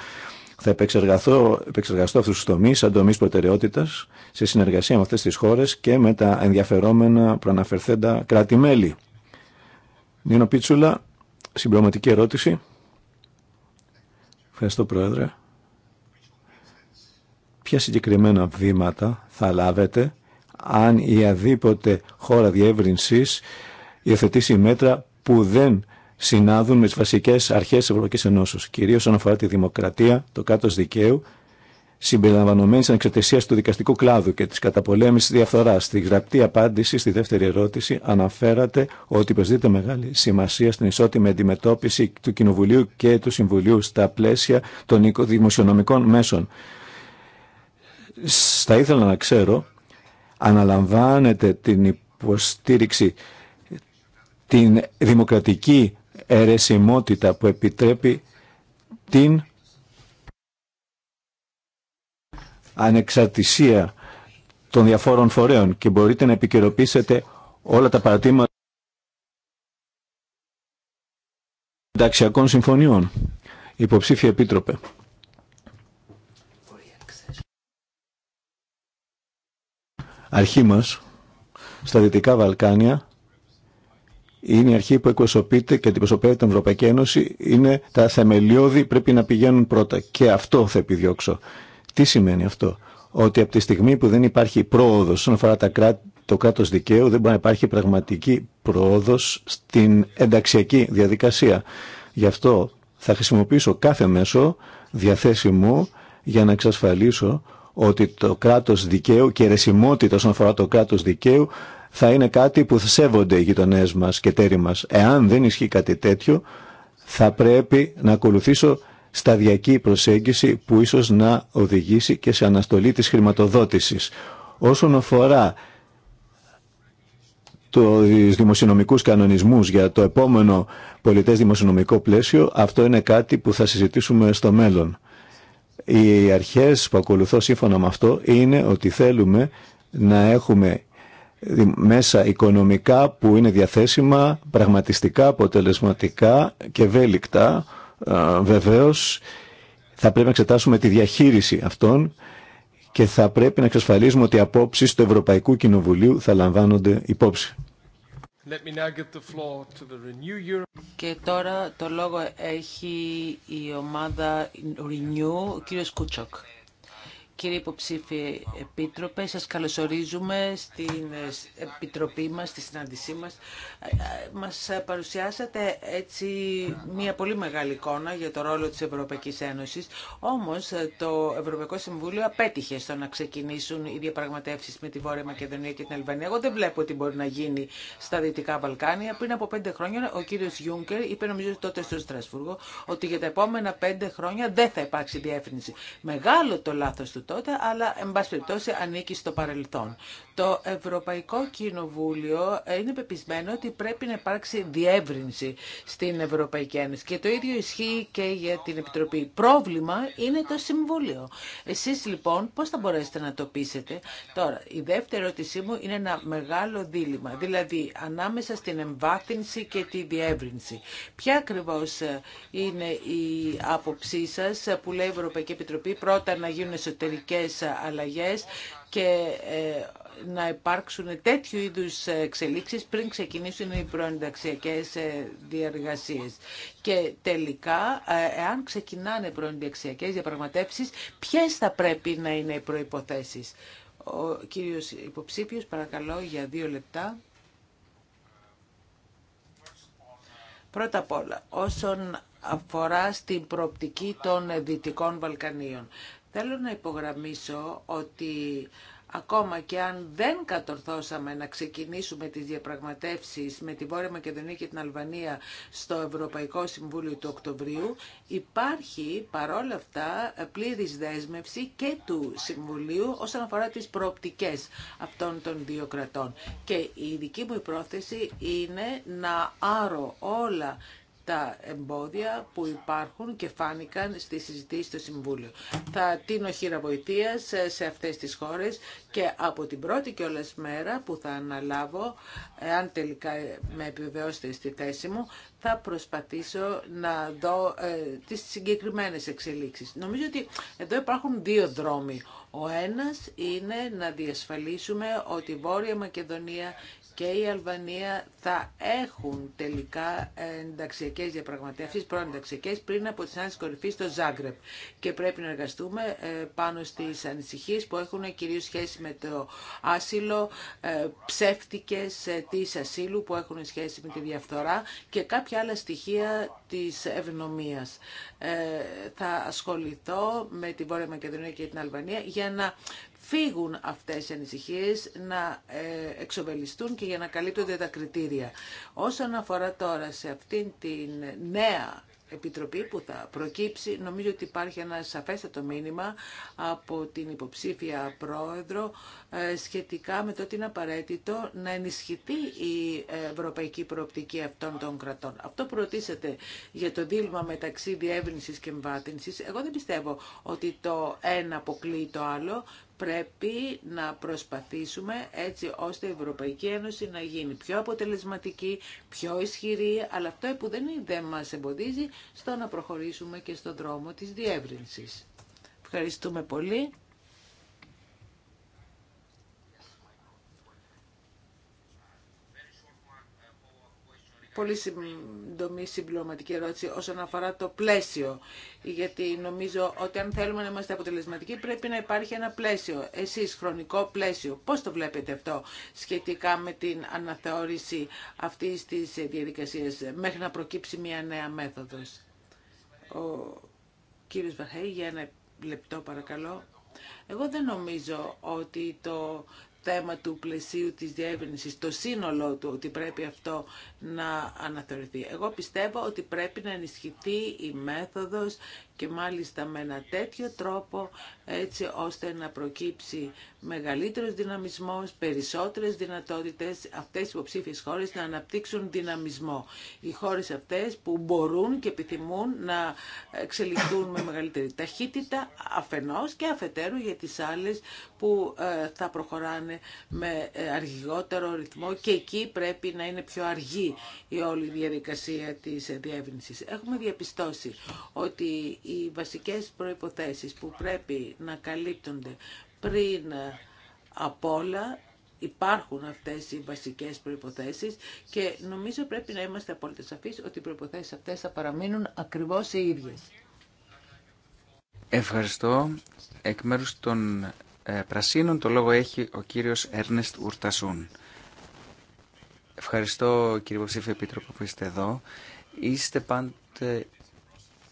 Θα επεξεργαστώ, επεξεργαστώ αυτούς τους τομείς σαν τομεί προτεραιότητας σε συνεργασία με αυτέ τι χώρες και με τα ενδιαφερόμενα προαναφερθέντα κράτη-μέλη. Νίνο Πίτσουλα, συμπληρωματική ερώτηση. Ευχαριστώ Πρόεδρε. Ποια συγκεκριμένα βήματα θα λάβετε αν η αδίποτε χώρα διεύρυνσης υιοθετήσει μέτρα που δεν συνάδουν με τι βασικέ αρχέ τη Ευρωπαϊκή Ενώσεω, κυρίως όσον αφορά τη δημοκρατία, το κάτω δικαίου, συμπεριλαμβανομένης ανεξαρτησία του δικαστικού κλάδου και της καταπολέμησης διαφθορά. Στη γραπτή απάντηση στη δεύτερη ερώτηση αναφέρατε ότι προσδίδεται μεγάλη σημασία στην ισότιμη αντιμετώπιση του Κοινοβουλίου και του Συμβουλίου στα πλαίσια των δημοσιονομικών μέσων. Θα ήθελα να ξέρω, αναλαμβάνετε την υποστήριξη την δημοκρατική αιρεσιμότητα που επιτρέπει την ανεξαρτησία των διαφόρων φορέων και μπορείτε να επικαιροποιήσετε όλα τα παρατήματα ενταξιακών συμφωνιών. Υποψήφια Επίτροπε. Αρχή μας, στα Δυτικά Βαλκάνια, είναι η αρχή που εκπροσωπείται και αντιπροσωπεύεται την Ευρωπαϊκή Ένωση, είναι τα θεμελιώδη πρέπει να πηγαίνουν πρώτα. Και αυτό θα επιδιώξω. Τι σημαίνει αυτό. Ότι από τη στιγμή που δεν υπάρχει πρόοδο όσον αφορά το κράτο δικαίου, δεν μπορεί να υπάρχει πραγματική πρόοδο στην ενταξιακή διαδικασία. Γι' αυτό θα χρησιμοποιήσω κάθε μέσο διαθέσιμο για να εξασφαλίσω ότι το κράτος δικαίου και η ρεσιμότητα όσον αφορά το κράτος δικαίου θα είναι κάτι που θα σέβονται οι γειτονέ μα και τέροι μα. Εάν δεν ισχύει κάτι τέτοιο, θα πρέπει να ακολουθήσω σταδιακή προσέγγιση που ίσως να οδηγήσει και σε αναστολή της χρηματοδότησης. Όσον αφορά του δημοσιονομικούς κανονισμούς για το επόμενο πολιτές δημοσιονομικό πλαίσιο, αυτό είναι κάτι που θα συζητήσουμε στο μέλλον. Οι αρχές που ακολουθώ σύμφωνα με αυτό είναι ότι θέλουμε να έχουμε μέσα οικονομικά που είναι διαθέσιμα, πραγματιστικά, αποτελεσματικά και ευέλικτα. Ε, βεβαίως θα πρέπει να εξετάσουμε τη διαχείριση αυτών και θα πρέπει να εξασφαλίσουμε ότι οι απόψεις του Ευρωπαϊκού Κοινοβουλίου θα λαμβάνονται υπόψη.
Και τώρα το λόγο έχει η ομάδα Renew, ο κύριος Κούτσοκ. Κύριε Υποψήφιε Επίτροπε, σας καλωσορίζουμε στην Επιτροπή μας, στη συνάντησή μας. Μας παρουσιάσατε έτσι μια πολύ μεγάλη εικόνα για το ρόλο της Ευρωπαϊκής Ένωσης. Όμως το Ευρωπαϊκό Συμβούλιο απέτυχε στο να ξεκινήσουν οι διαπραγματεύσεις με τη Βόρεια Μακεδονία και την Αλβανία. Εγώ δεν βλέπω τι μπορεί να γίνει στα Δυτικά Βαλκάνια. Πριν από πέντε χρόνια ο κύριος Γιούγκερ είπε νομίζω τότε στο Στρασβούργο ότι για τα επόμενα πέντε χρόνια δεν θα υπάρξει διεύθυνση. Μεγάλο το λάθος του τότε, αλλά εν πάση περιπτώσει ανήκει στο παρελθόν. Το Ευρωπαϊκό Κοινοβούλιο είναι πεπισμένο ότι πρέπει να υπάρξει διεύρυνση στην Ευρωπαϊκή Ένωση και το ίδιο ισχύει και για την Επιτροπή. Πρόβλημα είναι το Συμβούλιο. Εσείς λοιπόν πώς θα μπορέσετε να το πείσετε. Τώρα, η δεύτερη ερώτησή μου είναι ένα μεγάλο δίλημα, δηλαδή ανάμεσα στην εμβάθυνση και τη διεύρυνση. Ποια ακριβώ ε, είναι η άποψή σας που λέει η Ευρωπαϊκή Επιτροπή πρώτα να γίνουν εσωτερικές αλλαγές και ε, να υπάρξουν τέτοιου είδους εξελίξεις πριν ξεκινήσουν οι προενταξιακές ε, διαργασίες. Και τελικά, ε, εάν ξεκινάνε προενταξιακές διαπραγματεύσεις, ποιες θα πρέπει να είναι οι προϋποθέσεις. Ο κύριος υποψήφιος, παρακαλώ, για δύο λεπτά. Πρώτα απ' όλα, όσον αφορά στην προοπτική των Δυτικών Βαλκανίων. Θέλω να υπογραμμίσω ότι Ακόμα και αν δεν κατορθώσαμε να ξεκινήσουμε τις διαπραγματεύσεις με τη Βόρεια Μακεδονία και την Αλβανία στο Ευρωπαϊκό Συμβούλιο του Οκτωβρίου, υπάρχει παρόλα αυτά πλήρης δέσμευση και του Συμβουλίου όσον αφορά τις προοπτικές αυτών των δύο κρατών. Και η δική μου πρόθεση είναι να άρω όλα τα εμπόδια που υπάρχουν και φάνηκαν στη συζητήση στο Συμβούλιο. Θα τίνω χειραβοητεία σε αυτές τις χώρες και από την πρώτη και όλες μέρα που θα αναλάβω, αν τελικά με επιβεβαιώσετε στη θέση μου, θα προσπαθήσω να δω ε, τις συγκεκριμένες εξελίξεις. Νομίζω ότι εδώ υπάρχουν δύο δρόμοι. Ο ένας είναι να διασφαλίσουμε ότι η Βόρεια Μακεδονία και η Αλβανία θα έχουν τελικά διαπραγματεύσει, διαπραγματεύσεις, ενταξιακέ, πριν από τη συνάντηση κορυφή στο Ζάγκρεπ. Και πρέπει να εργαστούμε ε, πάνω στις ανησυχίε που έχουν κυρίω σχέση με το άσυλο, ε, ψεύτικες ε, τη ασύλου που έχουν σχέση με τη διαφθορά και κάποια άλλα στοιχεία της ευνομία. θα ασχοληθώ με τη Βόρεια Μακεδονία και την Αλβανία για να φύγουν αυτές οι ανησυχίες, να ε, εξοβελιστούν και για να καλύπτονται τα κριτήρια. Όσον αφορά τώρα σε αυτήν την νέα Επιτροπή που θα προκύψει, νομίζω ότι υπάρχει ένα σαφέστατο μήνυμα από την υποψήφια πρόεδρο ε, σχετικά με το ότι είναι απαραίτητο να ενισχυθεί η ευρωπαϊκή προοπτική αυτών των κρατών. Αυτό που ρωτήσατε για το δίλημα μεταξύ διεύρυνση και εμβάθυνση, εγώ δεν πιστεύω ότι το ένα αποκλείει το άλλο πρέπει να προσπαθήσουμε έτσι ώστε η Ευρωπαϊκή Ένωση να γίνει πιο αποτελεσματική, πιο ισχυρή, αλλά αυτό που δεν, είναι, δεν μας εμποδίζει στο να προχωρήσουμε και στον δρόμο της διεύρυνσης. Ευχαριστούμε πολύ. πολύ συντομή συμπληρωματική ερώτηση όσον αφορά το πλαίσιο. Γιατί νομίζω ότι αν θέλουμε να είμαστε αποτελεσματικοί πρέπει να υπάρχει ένα πλαίσιο. Εσείς, χρονικό πλαίσιο, πώς το βλέπετε αυτό σχετικά με την αναθεώρηση αυτής της διαδικασίας μέχρι να προκύψει μια νέα μέθοδος. Ο κύριος Βαχαή, για ένα λεπτό παρακαλώ. Εγώ δεν νομίζω ότι το θέμα του πλαισίου της διεύρυνσης, το σύνολο του, ότι πρέπει αυτό να αναθεωρηθεί. Εγώ πιστεύω ότι πρέπει να ενισχυθεί η μέθοδος και μάλιστα με ένα τέτοιο τρόπο έτσι ώστε να προκύψει μεγαλύτερος δυναμισμός, περισσότερες δυνατότητες αυτές οι υποψήφιες χώρες να αναπτύξουν δυναμισμό. Οι χώρες αυτές που μπορούν και επιθυμούν να εξελιχθούν με μεγαλύτερη ταχύτητα αφενός και αφετέρου για τις άλλες που ε, θα προχωράνε με ε, αργότερο ρυθμό και εκεί πρέπει να είναι πιο αργή η όλη διαδικασία της διεύρυνσης. Έχουμε διαπιστώσει ότι οι βασικές προϋποθέσεις που πρέπει να καλύπτονται πριν ε, από όλα υπάρχουν αυτές οι βασικές προϋποθέσεις και νομίζω πρέπει να είμαστε απόλυτα σαφείς ότι οι προϋποθέσεις αυτές θα παραμείνουν ακριβώς οι ίδιες.
Ευχαριστώ. Εκ μέρους των ε, Πρασίνων το λόγο έχει ο κύριος Έρνεστ Ουρτασούν. Ευχαριστώ κύριε Υποψήφιο Επίτροπο που είστε εδώ. Είστε πάντα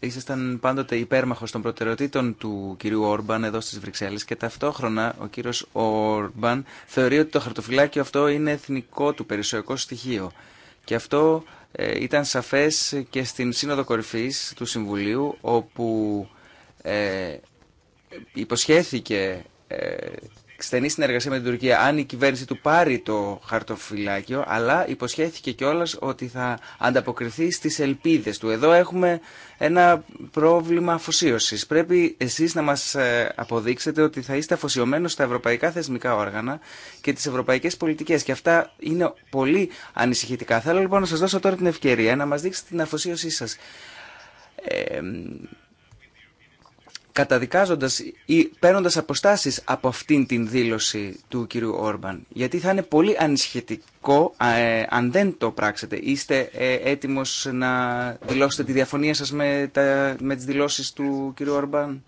ήσασταν πάντοτε υπέρμαχος των προτεραιοτήτων του κυρίου Όρμπαν εδώ στις Βρυξέλλες και ταυτόχρονα ο κύριος Όρμπαν θεωρεί ότι το χαρτοφυλάκιο αυτό είναι εθνικό του περισσοϊκό στοιχείο. Και αυτό ε, ήταν σαφές και στην Σύνοδο Κορυφής του Συμβουλίου όπου ε, υποσχέθηκε ε, στενή συνεργασία με την Τουρκία αν η κυβέρνηση του πάρει το χαρτοφυλάκιο, αλλά υποσχέθηκε κιόλας ότι θα ανταποκριθεί στις ελπίδες του. Εδώ έχουμε ένα πρόβλημα αφοσίωσης. Πρέπει εσείς να μας ε, αποδείξετε ότι θα είστε αφοσιωμένος στα ευρωπαϊκά θεσμικά όργανα και τις ευρωπαϊκές πολιτικές. Και αυτά είναι πολύ ανησυχητικά. Θέλω λοιπόν να σας δώσω τώρα την ευκαιρία να μας δείξετε την αφοσίωσή σας. Ε, καταδικάζοντας ή παίρνοντα αποστάσεις από αυτήν την δήλωση του κυρίου Όρμπαν. Γιατί θα είναι πολύ ανησυχητικό ε, αν δεν το πράξετε. Είστε ε, έτοιμος να δηλώσετε τη διαφωνία σας με, τα, με τις δηλώσεις του κυρίου Όρμπαν.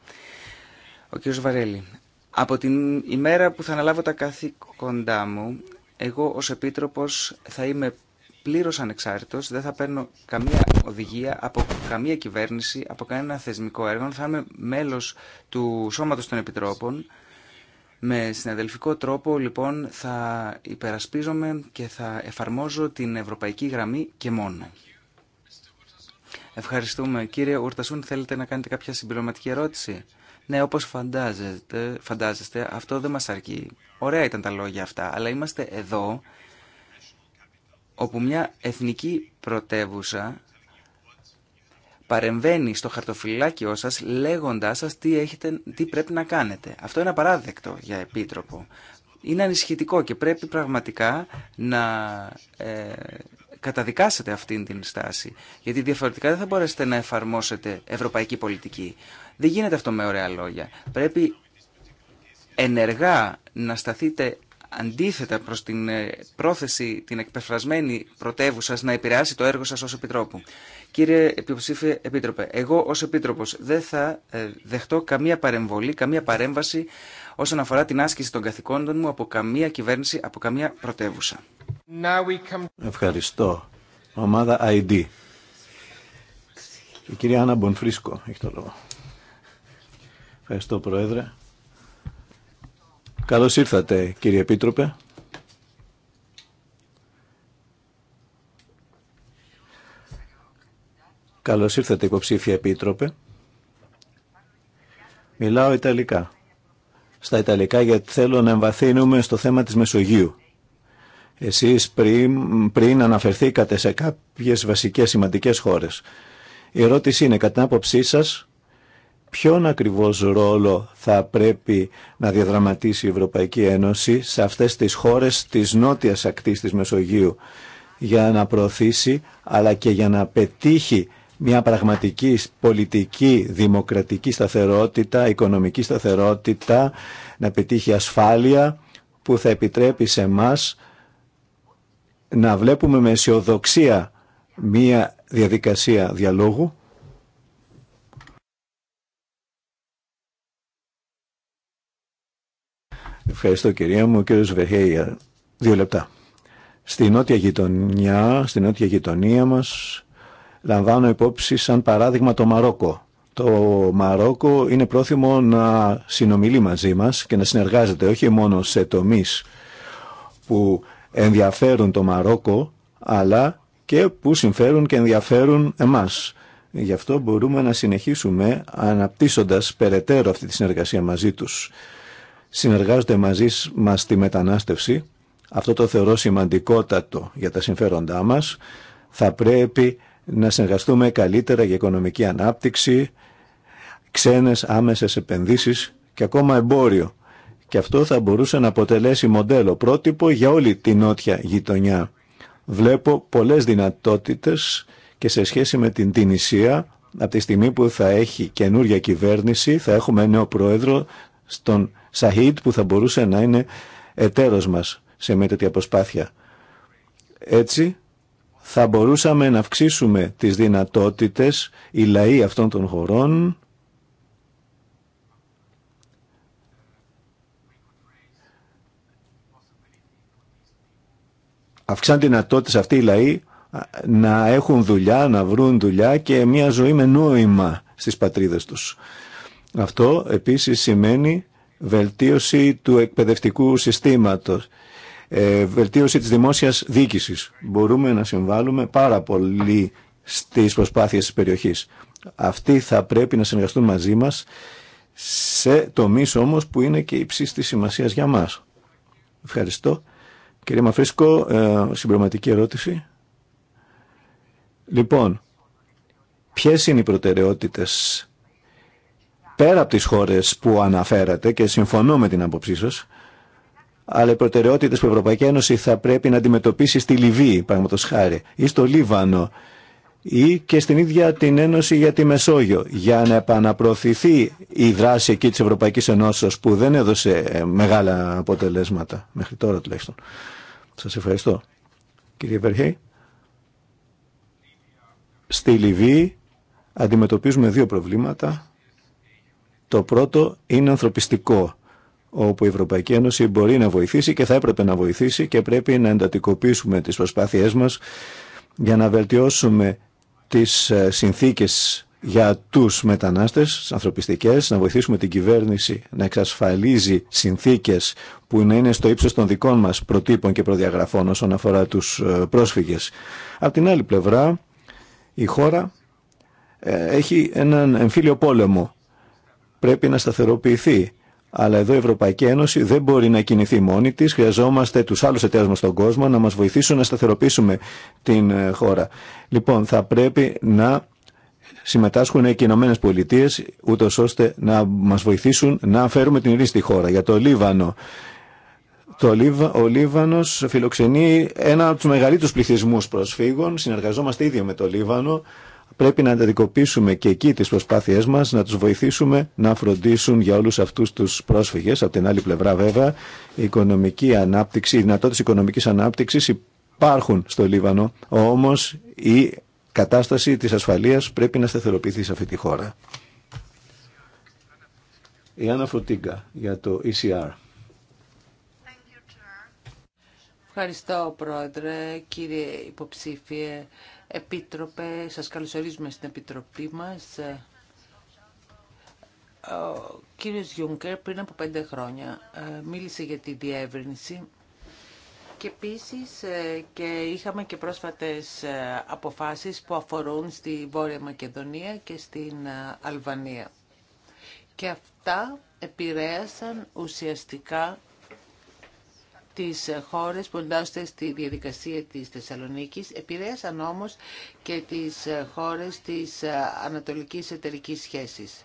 Ο κύριος Βαρέλη. Από την ημέρα που θα αναλάβω τα καθήκοντά μου, εγώ ως Επίτροπος θα είμαι πλήρως ανεξάρτητος, δεν θα παίρνω καμία οδηγία από καμία κυβέρνηση, από κανένα θεσμικό έργο. Θα είμαι μέλος του Σώματος των Επιτρόπων. Με συναδελφικό τρόπο λοιπόν θα υπερασπίζομαι και θα εφαρμόζω την ευρωπαϊκή γραμμή και μόνο. Ευχαριστούμε. Κύριε Ουρτασούν, θέλετε να κάνετε κάποια συμπληρωματική ερώτηση. Ναι, όπως φαντάζεστε, φαντάζεστε αυτό δεν μας αρκεί. Ωραία ήταν τα λόγια αυτά, αλλά είμαστε εδώ όπου μια εθνική πρωτεύουσα παρεμβαίνει στο χαρτοφυλάκιό σας λέγοντάς σας τι, έχετε, τι πρέπει να κάνετε. Αυτό είναι απαράδεκτο για επίτροπο. Είναι ανησυχητικό και πρέπει πραγματικά να ε, καταδικάσετε αυτήν την στάση. Γιατί διαφορετικά δεν θα μπορέσετε να εφαρμόσετε ευρωπαϊκή πολιτική. Δεν γίνεται αυτό με ωραία λόγια. Πρέπει ενεργά να σταθείτε αντίθετα προς την ε, πρόθεση την εκπεφρασμένη πρωτεύουσα να επηρεάσει το έργο σας ως Επιτρόπου. Κύριε Επιψήφιε Επίτροπε, εγώ ως Επίτροπος δεν θα ε, δεχτώ καμία παρεμβολή, καμία παρέμβαση όσον αφορά την άσκηση των καθηκόντων μου από καμία κυβέρνηση, από καμία πρωτεύουσα.
Ευχαριστώ. Ομάδα ID. Η κυρία Άννα Μπονφρίσκο έχει το λόγο. Ευχαριστώ Πρόεδρε. Καλώς ήρθατε κύριε Επίτροπε. Καλώς ήρθατε υποψήφια Επίτροπε. Μιλάω Ιταλικά. Στα Ιταλικά γιατί θέλω να εμβαθύνουμε στο θέμα της Μεσογείου. Εσείς πριν, πριν αναφερθήκατε σε κάποιες βασικές σημαντικές χώρες. Η ερώτηση είναι κατά την άποψή σας ποιον ακριβώς ρόλο θα πρέπει να διαδραματίσει η Ευρωπαϊκή Ένωση σε αυτές τις χώρες της νότιας ακτής της Μεσογείου για να προωθήσει αλλά και για να πετύχει μια πραγματική πολιτική δημοκρατική σταθερότητα, οικονομική σταθερότητα, να πετύχει ασφάλεια που θα επιτρέπει σε μας να βλέπουμε με αισιοδοξία μια διαδικασία διαλόγου Ευχαριστώ κυρία μου. Ο κύριος Βεχέια, δύο λεπτά. Στη νότια γειτονιά, στη νότια γειτονία μας, λαμβάνω υπόψη σαν παράδειγμα το Μαρόκο. Το Μαρόκο είναι πρόθυμο να συνομιλεί μαζί μας και να συνεργάζεται όχι μόνο σε τομείς που ενδιαφέρουν το Μαρόκο, αλλά και που συμφέρουν και ενδιαφέρουν εμάς. Γι' αυτό μπορούμε να συνεχίσουμε αναπτύσσοντας περαιτέρω αυτή τη συνεργασία μαζί τους συνεργάζονται μαζί μας στη μετανάστευση. Αυτό το θεωρώ σημαντικότατο για τα συμφέροντά μας. Θα πρέπει να συνεργαστούμε καλύτερα για οικονομική ανάπτυξη, ξένες άμεσες επενδύσεις και ακόμα εμπόριο. Και αυτό θα μπορούσε να αποτελέσει μοντέλο πρότυπο για όλη τη νότια γειτονιά. Βλέπω πολλές δυνατότητες και σε σχέση με την Τινησία, από τη στιγμή που θα έχει καινούρια κυβέρνηση, θα έχουμε νέο πρόεδρο στον Σαχίτ που θα μπορούσε να είναι εταίρος μας σε μια τέτοια προσπάθεια. Έτσι θα μπορούσαμε να αυξήσουμε τις δυνατότητες οι λαοί αυτών των χωρών αυξάν δυνατότητες αυτοί οι λαοί να έχουν δουλειά, να βρουν δουλειά και μια ζωή με νόημα στις πατρίδες τους. Αυτό επίσης σημαίνει βελτίωση του εκπαιδευτικού συστήματος, ε, βελτίωση της δημόσιας δίκησης. Μπορούμε να συμβάλλουμε πάρα πολύ στις προσπάθειες της περιοχής. Αυτοί θα πρέπει να συνεργαστούν μαζί μας σε τομείς όμως που είναι και ύψη σημασίας για μας. Ευχαριστώ. Κύριε Μαφρίσκο, ε, συμπληρωματική ερώτηση. Λοιπόν, ποιες είναι οι προτεραιότητες πέρα από τις χώρες που αναφέρατε και συμφωνώ με την άποψή σας, αλλά οι προτεραιότητες που η Ευρωπαϊκή Ένωση θα πρέπει να αντιμετωπίσει στη Λιβύη, παραδείγματος χάρη, ή στο Λίβανο, ή και στην ίδια την Ένωση για τη Μεσόγειο, για να επαναπροωθηθεί η δράση εκεί της Ευρωπαϊκής Ενώσεως που δεν έδωσε ε, μεγάλα αποτελέσματα, μέχρι τώρα τουλάχιστον. Σας ευχαριστώ. Κύριε Βερχέη. Στη Λιβύη αντιμετωπίζουμε δύο προβλήματα το πρώτο είναι ανθρωπιστικό, όπου η Ευρωπαϊκή Ένωση μπορεί να βοηθήσει και θα έπρεπε να βοηθήσει και πρέπει να εντατικοποιήσουμε τις προσπάθειές μας για να βελτιώσουμε τις ε, συνθήκες για τους μετανάστες ανθρωπιστικές, να βοηθήσουμε την κυβέρνηση να εξασφαλίζει συνθήκες που να είναι στο ύψος των δικών μας προτύπων και προδιαγραφών όσον αφορά τους ε, πρόσφυγες. Από την άλλη πλευρά, η χώρα ε, έχει έναν εμφύλιο πόλεμο πρέπει να σταθεροποιηθεί. Αλλά εδώ η Ευρωπαϊκή Ένωση δεν μπορεί να κινηθεί μόνη τη. Χρειαζόμαστε του άλλου εταίρου μα στον κόσμο να μα βοηθήσουν να σταθεροποιήσουμε την ε, χώρα. Λοιπόν, θα πρέπει να συμμετάσχουν οι Ηνωμένε Πολιτείε, ούτω ώστε να μα βοηθήσουν να φέρουμε την ειρήνη στη χώρα. Για το Λίβανο. Το ο Λίβανο φιλοξενεί ένα από του μεγαλύτερου πληθυσμού προσφύγων. Συνεργαζόμαστε ίδιο με το Λίβανο πρέπει να ανταδικοποιήσουμε και εκεί τις προσπάθειές μας, να τους βοηθήσουμε να φροντίσουν για όλους αυτούς τους πρόσφυγες. Από την άλλη πλευρά βέβαια, η οικονομική ανάπτυξη, οι δυνατότητες οικονομικής ανάπτυξης υπάρχουν στο Λίβανο, όμως η κατάσταση της ασφαλείας πρέπει να σταθεροποιηθεί σε αυτή τη χώρα. Η Άννα Φωτίγκα για το ECR.
Ευχαριστώ, Πρόεδρε, κύριε υποψήφιε. Επίτροπε, σας καλωσορίζουμε στην Επιτροπή μας. Ε, ο κύριος Γιούγκερ πριν από πέντε χρόνια ε, μίλησε για τη διεύρυνση και επίσης ε, και είχαμε και πρόσφατες αποφάσεις που αφορούν στη Βόρεια Μακεδονία και στην Αλβανία. Και αυτά επηρέασαν ουσιαστικά τις χώρες που εντάσσονται στη διαδικασία της Θεσσαλονίκης, επηρέασαν όμως και τις χώρες της ανατολικής εταιρικής σχέσης.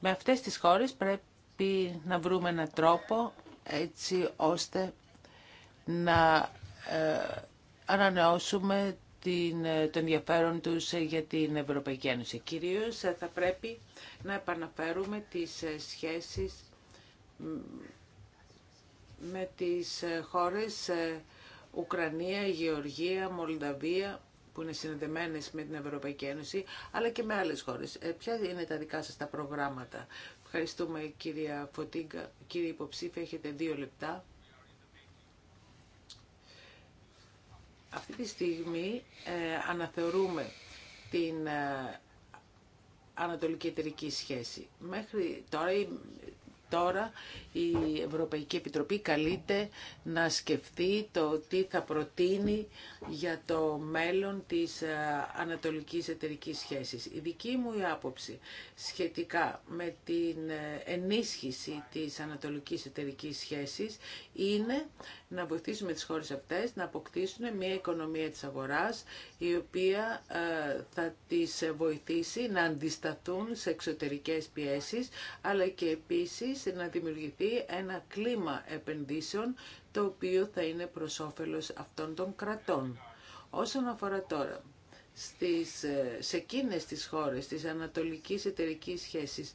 Με αυτές τις χώρες πρέπει να βρούμε έναν τρόπο έτσι ώστε να ε, ανανεώσουμε την, ε, το ενδιαφέρον τους ε, για την Ευρωπαϊκή Ένωση. Κυρίως ε, θα πρέπει να επαναφέρουμε τις σχέσεις με τις χώρες Ουκρανία, Γεωργία, Μολδαβία που είναι συνδεμένες με την Ευρωπαϊκή Ένωση αλλά και με άλλες χώρες. Ποια είναι τα δικά σας τα προγράμματα. Ευχαριστούμε κυρία Φωτίγκα. Κύριε υποψήφια έχετε δύο λεπτά. Αυτή τη στιγμή ε, αναθεωρούμε την ε, ανατολική εταιρική σχέση. Μέχρι τώρα, τώρα η Ευρωπαϊκή Επιτροπή καλείται να σκεφτεί το τι θα προτείνει για το μέλλον της ε, ανατολικής εταιρικής σχέσης. Η δική μου άποψη σχετικά με την ε, ενίσχυση της ανατολικής εταιρικής σχέσης είναι να βοηθήσουμε τις χώρες αυτές να αποκτήσουν μια οικονομία της αγοράς η οποία ε, θα τις βοηθήσει να αντισταθούν σε εξωτερικές πιέσεις αλλά και επίσης να δημιουργηθεί ένα κλίμα επενδύσεων το οποίο θα είναι προς όφελος αυτών των κρατών. Όσον αφορά τώρα στις, ε, σε εκείνες τις χώρες της ανατολικής εταιρική σχέσης,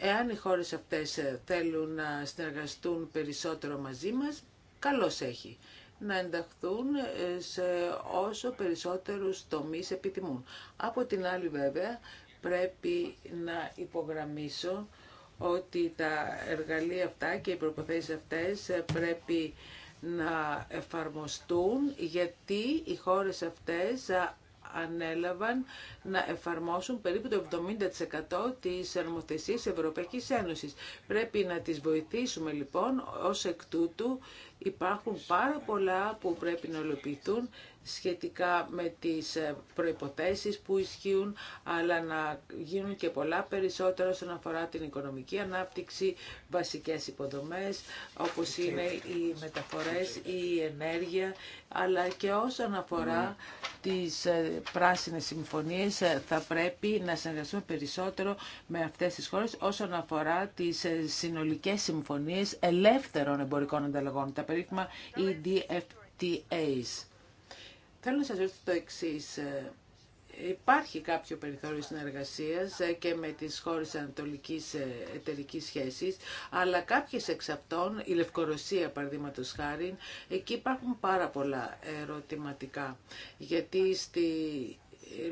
Εάν οι χώρες αυτές ε, θέλουν να συνεργαστούν περισσότερο μαζί μας, καλώς έχει να ενταχθούν ε, σε όσο περισσότερους τομείς επιθυμούν. Από την άλλη βέβαια πρέπει να υπογραμμίσω ότι τα εργαλεία αυτά και οι προποθέσεις αυτές ε, πρέπει να εφαρμοστούν γιατί οι χώρες αυτές ε, ανέλαβαν να εφαρμόσουν περίπου το 70% της αρμοθεσίας Ευρωπαϊκής Ένωσης. Πρέπει να τις βοηθήσουμε λοιπόν ως εκ τούτου Υπάρχουν πάρα πολλά που πρέπει να ολοποιηθούν σχετικά με τις ε, προϋποθέσεις που ισχύουν, αλλά να γίνουν και πολλά περισσότερα όσον αφορά την οικονομική ανάπτυξη, βασικές υποδομές, όπως είναι οι μεταφορές, η ενέργεια, αλλά και όσον αφορά ναι. τις ε, πράσινες συμφωνίες ε, θα πρέπει να συνεργαστούμε περισσότερο με αυτές τις χώρες όσον αφορά τις συνολικές συμφωνίες ελεύθερων εμπορικών ανταλλαγών, τα περίφημα EDFTAs. Θέλω να σας ρωτήσω το εξή. Ε, υπάρχει κάποιο περιθώριο συνεργασίας ε, και με τις χώρες ανατολικής ε, εταιρικής σχέσης, αλλά κάποιες εξ αυτών, η Λευκορωσία παραδείγματο χάρη, εκεί υπάρχουν πάρα πολλά ερωτηματικά. Γιατί στη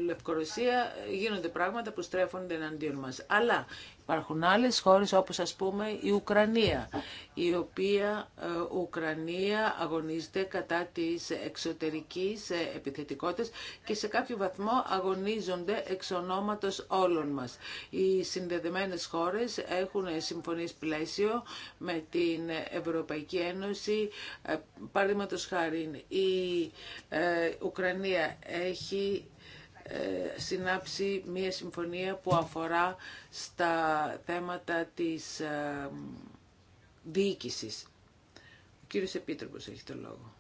Λευκορωσία γίνονται πράγματα που στρέφονται εναντίον μας. Αλλά υπάρχουν άλλες χώρες όπως ας πούμε η Ουκρανία, η οποία ε, Ουκρανία αγωνίζεται κατά της εξωτερικής ε, επιθετικότητας και σε κάποιο βαθμό αγωνίζονται εξ ονόματος όλων μας. Οι συνδεδεμένες χώρες έχουν συμφωνίες πλαίσιο με την Ευρωπαϊκή Ένωση. Ε, Παραδείγματο χάρη η ε, Ουκρανία έχει ε, συνάψει μία συμφωνία που αφορά στα θέματα της ε, διοίκησης. Ο κύριος Επίτροπος έχει το λόγο.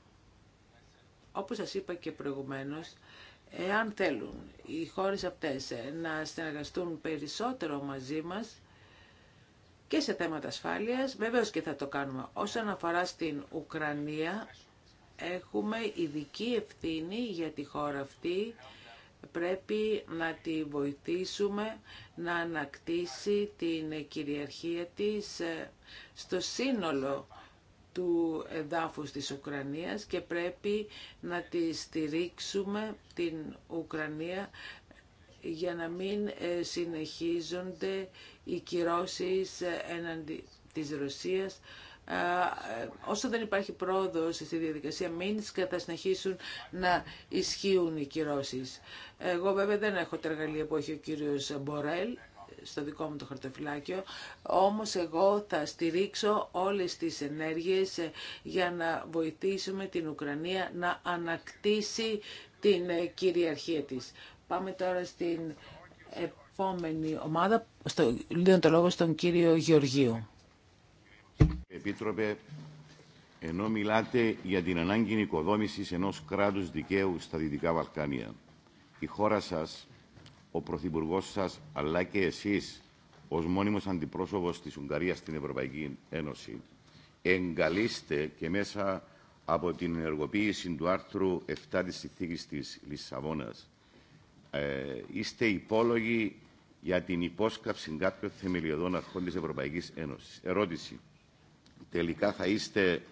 Όπως σας είπα και προηγουμένως, εάν θέλουν οι χώρες αυτές να συνεργαστούν περισσότερο μαζί μας, και σε θέματα ασφάλειας, βεβαίως και θα το κάνουμε. Όσον αφορά στην Ουκρανία, έχουμε ειδική ευθύνη για τη χώρα αυτή πρέπει να τη βοηθήσουμε να ανακτήσει την κυριαρχία της ε, στο σύνολο του εδάφους της Ουκρανίας και πρέπει να τη στηρίξουμε την Ουκρανία για να μην ε, συνεχίζονται οι κυρώσεις ε, έναντι της Ρωσίας όσο δεν υπάρχει πρόοδο στη διαδικασία μην θα συνεχίσουν να ισχύουν οι κυρώσει. Εγώ βέβαια δεν έχω τα εργαλεία που έχει ο κύριος Μπορέλ στο δικό μου το χαρτοφυλάκιο, όμως εγώ θα στηρίξω όλες τις ενέργειες για να βοηθήσουμε την Ουκρανία να ανακτήσει την κυριαρχία της. Πάμε τώρα στην επόμενη ομάδα, στο, το λόγο στον κύριο Γεωργίου.
Επίτροπε, ενώ μιλάτε για την ανάγκη οικοδόμησης ενός κράτους δικαίου στα Δυτικά Βαλκάνια. Η χώρα σας, ο Πρωθυπουργό σας, αλλά και εσείς, ως μόνιμος αντιπρόσωπος της Ουγγαρίας στην Ευρωπαϊκή Ένωση, εγκαλείστε και μέσα από την ενεργοποίηση του άρθρου 7 της συνθήκης της Λισαβόνας. Ε, είστε υπόλογοι για την υπόσκαψη κάποιων θεμελιωδών αρχών της Ευρωπαϊκής Ένωσης. Ερώτηση τελικά θα είστε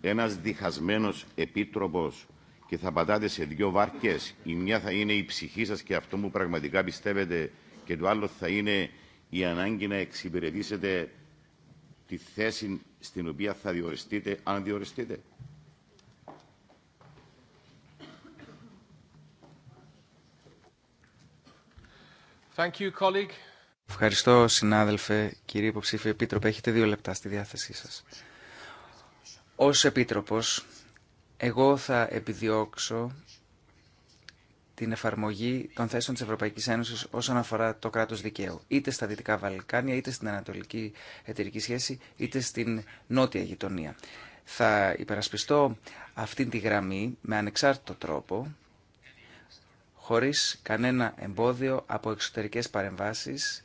ένας διχασμένος επίτροπος και θα πατάτε σε δύο βάρκες. Η μια θα είναι η ψυχή σας και αυτό που πραγματικά πιστεύετε και το άλλο θα είναι η ανάγκη να εξυπηρετήσετε τη θέση στην οποία θα διοριστείτε, αν διοριστείτε. Thank you,
Ευχαριστώ συνάδελφε, κύριε υποψήφιο επίτροπε. Έχετε δύο λεπτά στη διάθεσή σας. Ως επίτροπος, εγώ θα επιδιώξω την εφαρμογή των θέσεων της Ευρωπαϊκής Ένωσης όσον αφορά το κράτος δικαίου, είτε στα Δυτικά Βαλκάνια, είτε στην Ανατολική Εταιρική Σχέση, είτε στην Νότια Γειτονία. Θα υπερασπιστώ αυτή τη γραμμή με ανεξάρτητο τρόπο, χωρίς κανένα εμπόδιο από εξωτερικές παρεμβάσεις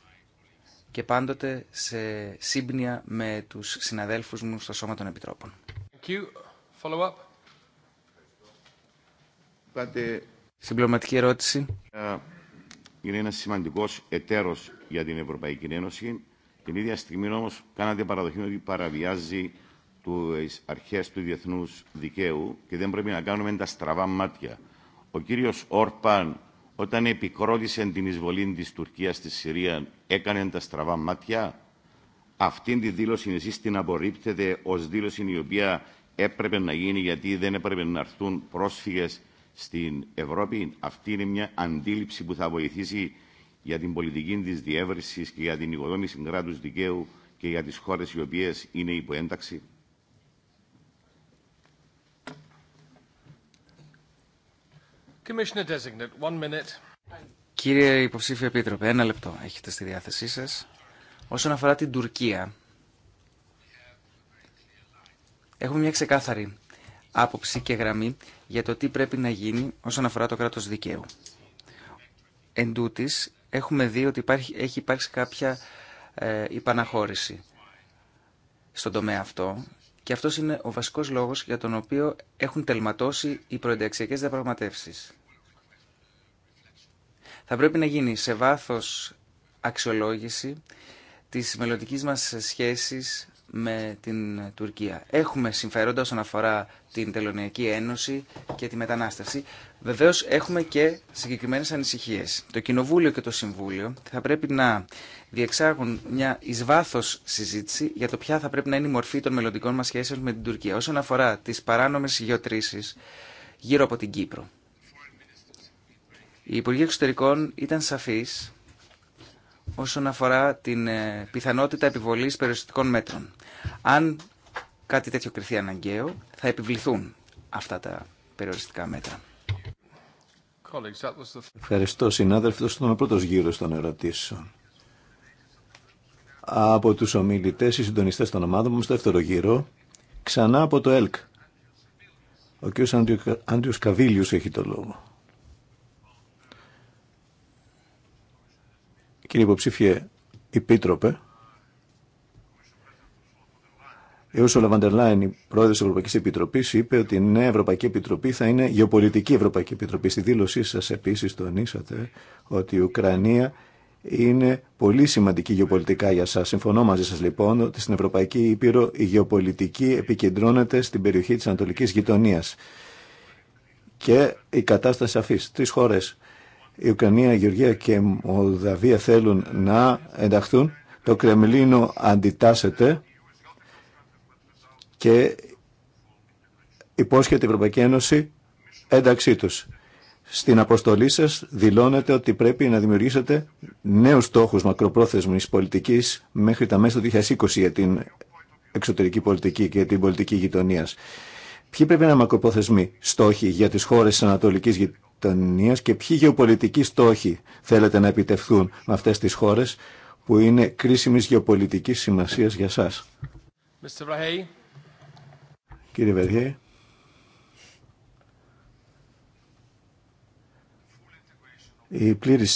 και πάντοτε σε σύμπνοια με τους συναδέλφους
μου στο Σώμα των Επιτρόπων. Συμπληρωματική ερώτηση. Ε, είναι ένα σημαντικό εταίρο για την Ευρωπαϊκή Ένωση. Την ίδια στιγμή όμω κάνατε παραδοχή ότι παραβιάζει τι αρχέ του διεθνού δικαίου και δεν πρέπει να κάνουμε τα στραβά μάτια. Ο κύριο Όρπαν όταν επικρότησε την εισβολή τη Τουρκίας στη Συρία έκανε τα στραβά μάτια. Αυτή τη δήλωση εσεί την απορρίπτετε ως δήλωση η οποία έπρεπε να γίνει γιατί δεν έπρεπε να έρθουν πρόσφυγες στην Ευρώπη. Αυτή είναι μια αντίληψη που θα βοηθήσει για την πολιτική τη διεύρυνση και για την οικοδόμηση κράτου δικαίου και για τι χώρε οι οποίε είναι υποένταξη.
Κύριε υποψήφιο επίτροπε, ένα λεπτό έχετε στη διάθεσή σας. Όσον αφορά την Τουρκία, έχουμε μια ξεκάθαρη άποψη και γραμμή για το τι πρέπει να γίνει όσον αφορά το κράτος δικαίου. Εν τούτης, έχουμε δει ότι υπάρχει, έχει υπάρξει κάποια ε, υπαναχώρηση στον τομέα αυτό και αυτό είναι ο βασικό λόγο για τον οποίο έχουν τελματώσει οι προενταξιακέ διαπραγματεύσει. Θα πρέπει να γίνει σε βάθο αξιολόγηση τη μελλοντική μα σχέση με την Τουρκία. Έχουμε συμφέροντα όσον αφορά την Τελωνιακή Ένωση και τη μετανάστευση. Βεβαίω έχουμε και συγκεκριμένε ανησυχίε. Το Κοινοβούλιο και το Συμβούλιο θα πρέπει να διεξάγουν μια ει συζήτηση για το ποια θα πρέπει να είναι η μορφή των μελλοντικών μα σχέσεων με την Τουρκία όσον αφορά τι παράνομε γεωτρήσει γύρω από την Κύπρο. Οι Υπουργοί Εξωτερικών ήταν σαφείς όσον αφορά την ε, πιθανότητα επιβολή περιοριστικών μέτρων. Αν κάτι τέτοιο κρυθεί αναγκαίο, θα επιβληθούν αυτά τα περιοριστικά μέτρα.
Ευχαριστώ συνάδελφοι. στον πρώτο ο πρώτος γύρο των ερωτήσεων. Από τους ομιλητές, οι συντονιστέ των ομάδων μου, στο δεύτερο γύρο, ξανά από το ΕΛΚ. Ο κ. Άντριο Καβίλιο έχει το λόγο. Κύριε υποψήφιε Επίτροπε, η Ursula Βαντερλάιν, η πρόεδρο τη Ευρωπαϊκή Επιτροπή, είπε ότι η νέα Ευρωπαϊκή Επιτροπή θα είναι γεωπολιτική Ευρωπαϊκή Επιτροπή. Στη δήλωσή σα επίση τονίσατε ότι η Ουκρανία είναι πολύ σημαντική γεωπολιτικά για σας. Συμφωνώ μαζί σας λοιπόν ότι στην Ευρωπαϊκή Ήπειρο η γεωπολιτική επικεντρώνεται στην περιοχή τη Ανατολική Γειτονία. Και η κατάσταση αυτή Τρει χώρε η Ουκρανία, η Γεωργία και η Μολδαβία θέλουν να ενταχθούν, το Κρεμλίνο αντιτάσσεται και υπόσχεται η Ευρωπαϊκή Ένωση ένταξή τους. Στην αποστολή σας δηλώνετε ότι πρέπει να δημιουργήσετε νέους στόχους μακροπρόθεσμης πολιτικής μέχρι τα μέσα του 2020 για την εξωτερική πολιτική και την πολιτική γειτονίας. Ποιοι πρέπει να είναι μακροπρόθεσμοι στόχοι για τις χώρες της Ανατολικής και ποιοι γεωπολιτικοί στόχοι θέλετε να επιτευχθούν με αυτές τις χώρες που είναι κρίσιμης γεωπολιτικής σημασίας για σας. Κύριε Βερχέ. Η πλήρη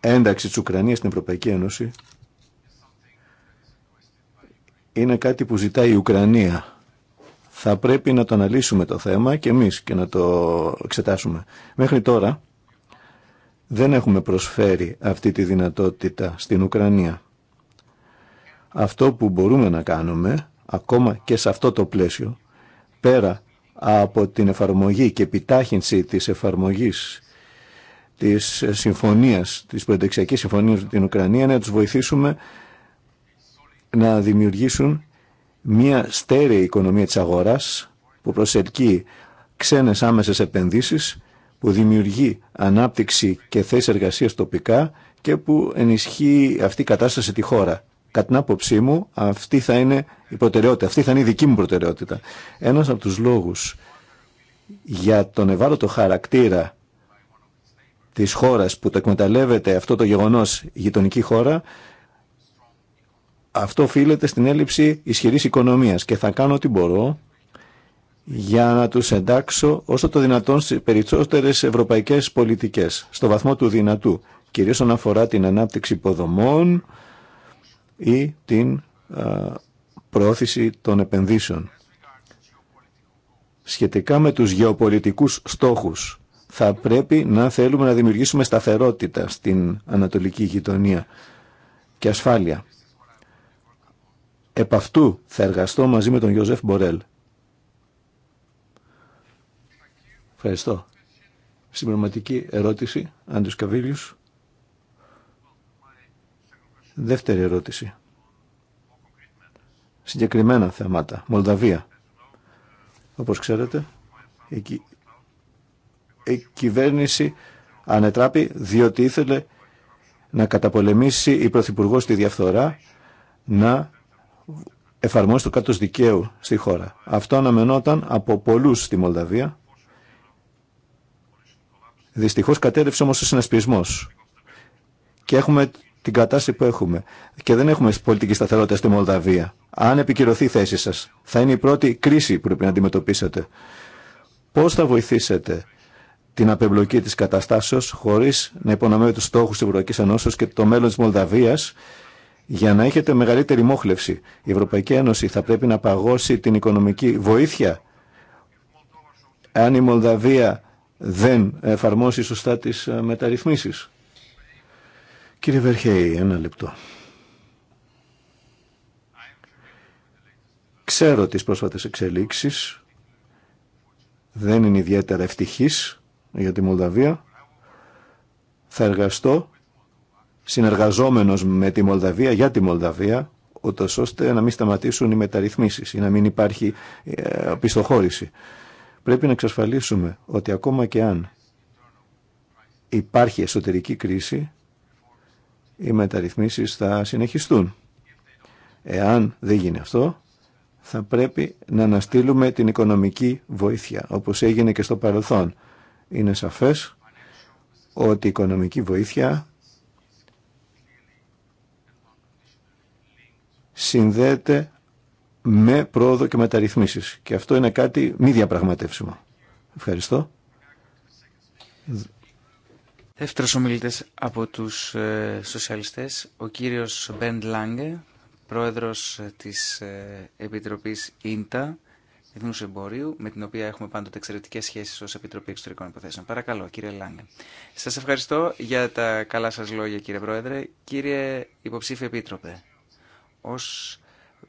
ένταξη τη Ουκρανίας στην Ευρωπαϊκή Ένωση είναι κάτι που ζητάει η Ουκρανία θα πρέπει να το αναλύσουμε το θέμα και εμείς και να το εξετάσουμε. Μέχρι τώρα δεν έχουμε προσφέρει αυτή τη δυνατότητα στην Ουκρανία. Αυτό που μπορούμε να κάνουμε, ακόμα και σε αυτό το πλαίσιο, πέρα από την εφαρμογή και επιτάχυνση της εφαρμογής της συμφωνίας, της προεντεξιακής συμφωνίας με την Ουκρανία, να τους βοηθήσουμε να δημιουργήσουν μια στέρεη οικονομία της αγοράς που προσελκύει ξένες άμεσες επενδύσεις, που δημιουργεί ανάπτυξη και θέσεις εργασίας τοπικά και που ενισχύει αυτή η κατάσταση τη χώρα. Κατά την άποψή μου, αυτή θα είναι η προτεραιότητα, αυτή θα είναι η δική μου προτεραιότητα. Ένας από τους λόγους για τον ευάλωτο χαρακτήρα της χώρας που το εκμεταλλεύεται αυτό το γεγονός γειτονική χώρα αυτό οφείλεται στην έλλειψη ισχυρή οικονομίας και θα κάνω ό,τι μπορώ για να τους εντάξω όσο το δυνατόν στι περισσότερε ευρωπαϊκές πολιτικές, στο βαθμό του δυνατού, κυρίως όσον αφορά την ανάπτυξη υποδομών ή την προώθηση των επενδύσεων. Σχετικά με τους γεωπολιτικούς στόχους, θα πρέπει να θέλουμε να δημιουργήσουμε σταθερότητα στην ανατολική γειτονία και ασφάλεια. Επ' αυτού θα εργαστώ μαζί με τον Γιώζεφ Μπορέλ. Ευχαριστώ. Συμπληρωματική ερώτηση, Άντρος Καβίλιους. Δεύτερη ερώτηση. Συγκεκριμένα θέματα. Μολδαβία. Όπως ξέρετε, η, η κυβέρνηση ανετράπη διότι ήθελε να καταπολεμήσει η Πρωθυπουργό τη διαφθορά, να εφαρμόσει το κράτος δικαίου στη χώρα. Αυτό αναμενόταν από πολλούς στη Μολδαβία. Δυστυχώς κατέρευσε όμως ο συνασπισμό. Και έχουμε την κατάσταση που έχουμε. Και δεν έχουμε πολιτική σταθερότητα στη Μολδαβία. Αν επικυρωθεί η θέση σας, θα είναι η πρώτη κρίση που πρέπει να αντιμετωπίσετε. Πώς θα βοηθήσετε την απεμπλοκή της καταστάσεω χωρίς να υπονομεύει τους στόχους της Ευρωπαϊκής Ενώσεως και το μέλλον της Μολδαβίας για να έχετε μεγαλύτερη μόχλευση. Η Ευρωπαϊκή Ένωση θα πρέπει να παγώσει την οικονομική βοήθεια αν η Μολδαβία δεν εφαρμόσει σωστά τις ε, μεταρρυθμίσεις. Κύριε Βερχέη, ένα λεπτό. Ξέρω τις πρόσφατες εξελίξεις. Δεν είναι ιδιαίτερα ευτυχής για τη Μολδαβία. Θα εργαστώ συνεργαζόμενος με τη Μολδαβία για τη Μολδαβία ούτως ώστε να μην σταματήσουν οι μεταρρυθμίσεις ή να μην υπάρχει ε, πιστοχώρηση. Πρέπει να εξασφαλίσουμε ότι ακόμα και αν υπάρχει εσωτερική κρίση οι μεταρρυθμίσεις θα συνεχιστούν. Εάν δεν γίνει αυτό, θα πρέπει να αναστείλουμε την οικονομική βοήθεια, όπως έγινε και στο παρελθόν. Είναι σαφές ότι η οικονομική βοήθεια συνδέεται με πρόοδο και μεταρρυθμίσεις. Και αυτό είναι κάτι μη διαπραγματεύσιμο. Ευχαριστώ.
Δεύτερος ομιλητής από τους ε, σοσιαλιστές, ο κύριος Μπέντ Λάγκε, πρόεδρος ε, της ε, Επιτροπής ΙΝΤΑ, Εθνούς Εμπορίου, με την οποία έχουμε πάντοτε εξαιρετικέ σχέσεις ως Επιτροπή Εξωτερικών Υποθέσεων. Παρακαλώ, κύριε Λάγκε. Σας ευχαριστώ για τα καλά σας λόγια, κύριε Πρόεδρε. Κύριε Υποψήφιο Επίτροπε, ως